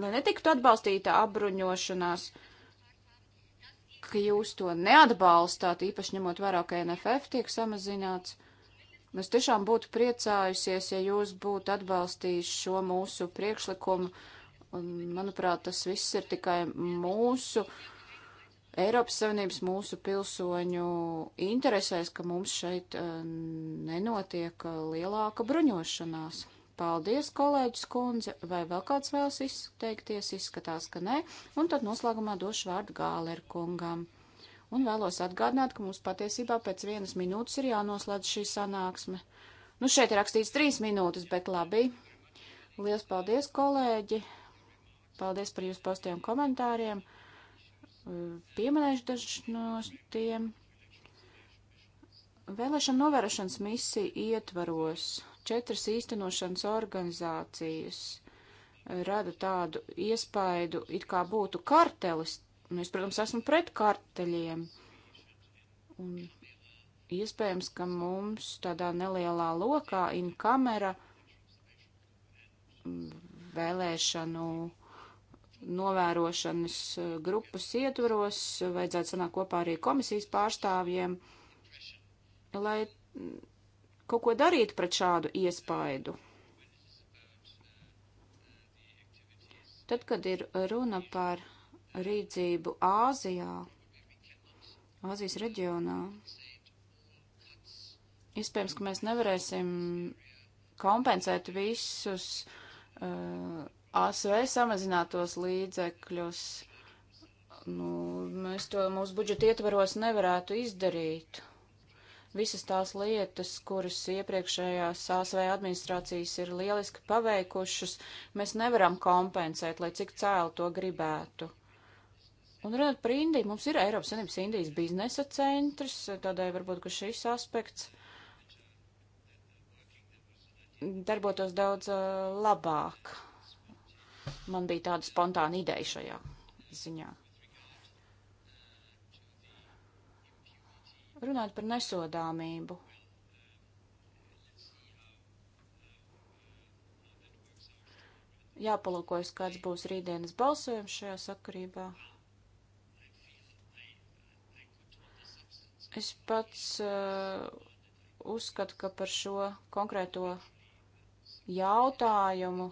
lai netiktu atbalstīta apbruņošanās. Uh, ka jūs to neatbalstāt, īpaši ņemot vērā, ka NFF tiek samazināts. Es tiešām būtu priecājusies, ja jūs būtu atbalstījuši šo mūsu priekšlikumu. Un, manuprāt, tas viss ir tikai mūsu, Eiropas Savienības, mūsu pilsoņu interesēs, ka mums šeit eh, nenotiek eh, lielāka bruņošanās. Paldies, kolēģis kundze, vai vēl kāds vēlas izteikties, izskatās, ka nē, un tad noslēgumā došu vārdu Gāleru kungam. Un vēlos atgādināt, ka mums patiesībā pēc vienas minūtes ir jānoslēdz šī sanāksme. Nu, šeit ir rakstīts trīs minūtes, bet labi. Lielas paldies, kolēģi! Paldies par jūsu postiem komentāriem. Pieminēšu dažus no tiem. Vēlēšana novērošanas misija ietvaros. Četras īstenošanas organizācijas rada tādu iespaidu, it kā būtu kartelis. Un es, protams, esmu pret karteļiem. Un iespējams, ka mums tādā nelielā lokā in kamera vēlēšanu novērošanas eh, grupas ietvaros vajadzētu sanākt kopā arī komisijas pārstāvjiem, lai kaut ko darīt pret šādu iespaidu. Tad, kad ir runa par rīdzību Āzijā, Āzijas reģionā, iespējams, ka mēs nevarēsim kompensēt visus uh, ASV samazinātos līdzekļus. Nu, mēs to mūsu budžeta ietvaros nevarētu izdarīt visas tās lietas, kuras iepriekšējās ASV administrācijas ir lieliski paveikušas, mēs nevaram kompensēt, lai cik cēli to gribētu. Un runāt par Indiju, mums ir Eiropas Savienības Indijas biznesa centrs, tādēļ varbūt, ka šis aspekts darbotos daudz labāk. Man bija tāda spontāna ideja šajā ziņā. Runāt par nesodāmību. Jāpalūkojas, kāds būs rītdienas balsojums šajā sakarībā. Es pats uh, uzskatu, ka par šo konkrēto jautājumu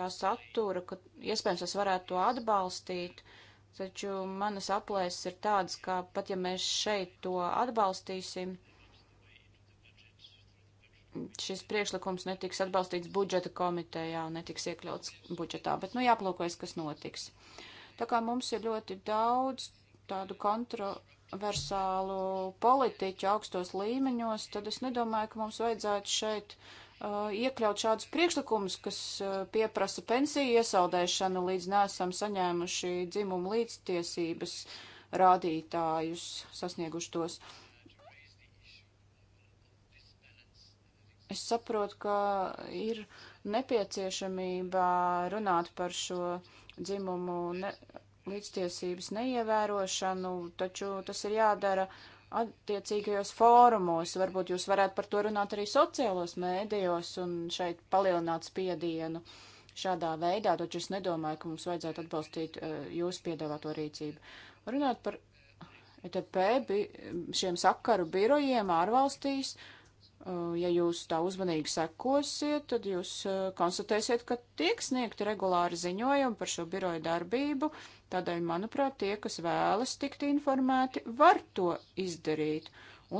tā satura, ka iespējams es varētu to atbalstīt. Uh, Taču manas aplēses ir tādas, ka pat ja mēs šeit to atbalstīsim, šis priekšlikums netiks atbalstīts budžeta komitejā un netiks iekļauts budžetā, bet nu jāplūkojas, kas notiks. Tā kā mums ir ļoti daudz tādu kontroversālu politiķu augstos līmeņos, tad es nedomāju, ka mums vajadzētu šeit uh, Uh, iekļaut šādus priekšlikumus, kas uh, pieprasa pensiju iesaldēšanu, līdz nesam saņēmuši dzimumu līdztiesības rādītājus, sasnieguši tos. Es saprotu, ka ir nepieciešamība runāt par šo dzimumu ne, līdztiesības neievērošanu, taču tas ir jādara uh, attiecīgajos fórumos. Varbūt jūs varētu par to runāt arī sociālos mēdījos un šeit palielināt spiedienu šādā veidā, taču es nedomāju, ka mums vajadzētu atbalstīt uh, eh, jūsu piedāvāto rīcību. Runāt par ETP, bi, šiem sakaru birojiem ārvalstīs, uh, ja jūs tā uzmanīgi sekosiet, tad jūs uh, konstatēsiet, ka tiek sniegti regulāri ziņojumi par šo biroju darbību. Uh, Tādēļ, manuprāt, tie, kas vēlas tikt informēti, var to izdarīt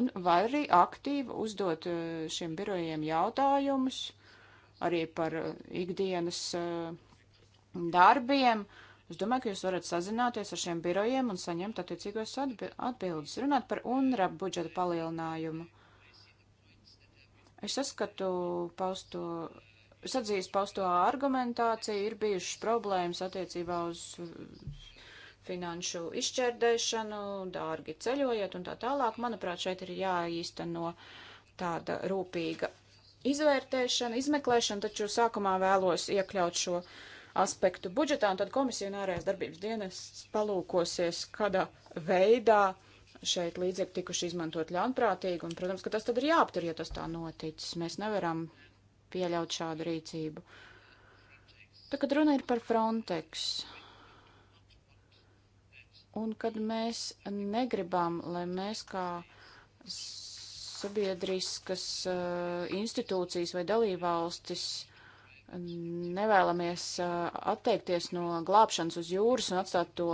un var arī aktīvi uzdot eh, šiem birojiem jautājumus arī par eh, ikdienas eh, darbiem. Es domāju, ka jūs varat sazināties ar šiem birojiem un saņemt attiecīgos atbildes. Runāt par UNRAP budžeta palielinājumu. Es saskatu pausto sadzīves pausto argumentāciju ir bijušas problēmas attiecībā uz finanšu izšķērdēšanu, dārgi ceļojiet un tā tālāk. Manuprāt, šeit ir jāīsteno tāda rūpīga izvērtēšana, izmeklēšana, taču sākumā vēlos iekļaut šo aspektu budžetā, un tad komisija un ārējās darbības dienests palūkosies, kādā veidā šeit līdzekļi tikuši izmantot ļaunprātīgi, un, protams, ka tas tad ir jāaptur, ja tas tā noticis. Mēs nevaram pieļaut šādu rīcību. Tagad runa ir par Frontex. Un kad mēs negribam, lai mēs kā sabiedriskas uh, institūcijas vai dalībvalstis nevēlamies uh, atteikties no glābšanas uz jūras un atstāt to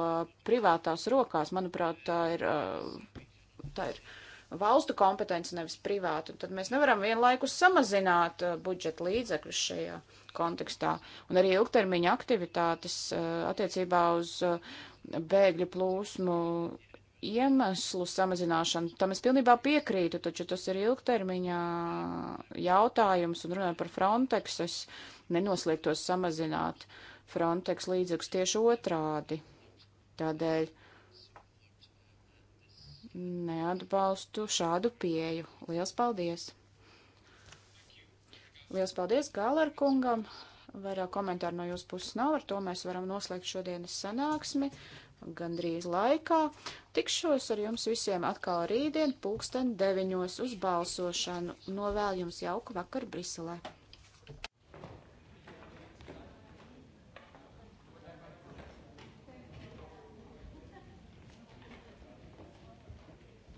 privātās rokās, manuprāt, tā ir, uh, tā ir valstu kompetenci, nevis privātu. Tad mēs nevaram vienlaikus samazināt uh, budžeta līdzekļus šajā kontekstā. Un arī ilgtermiņa aktivitātes uh, attiecībā uz uh, bēgļu plūsmu iemeslu samazināšanu, tam es pilnībā piekrītu, taču tas ir ilgtermiņā jautājums, un runājot par Frontex, es nenoslēgtos samazināt Frontex līdzekļus tieši otrādi. Tādēļ neatbalstu šādu pieju. Liels paldies! Liels paldies Gālar kungam! Vairāk komentāru no jūsu puses nav, ar to mēs varam noslēgt šodienas sanāksmi gandrīz laikā. Tikšos ar jums visiem atkal rītdien pulksten deviņos uz balsošanu. Novēl jums jauku vakaru Briselē!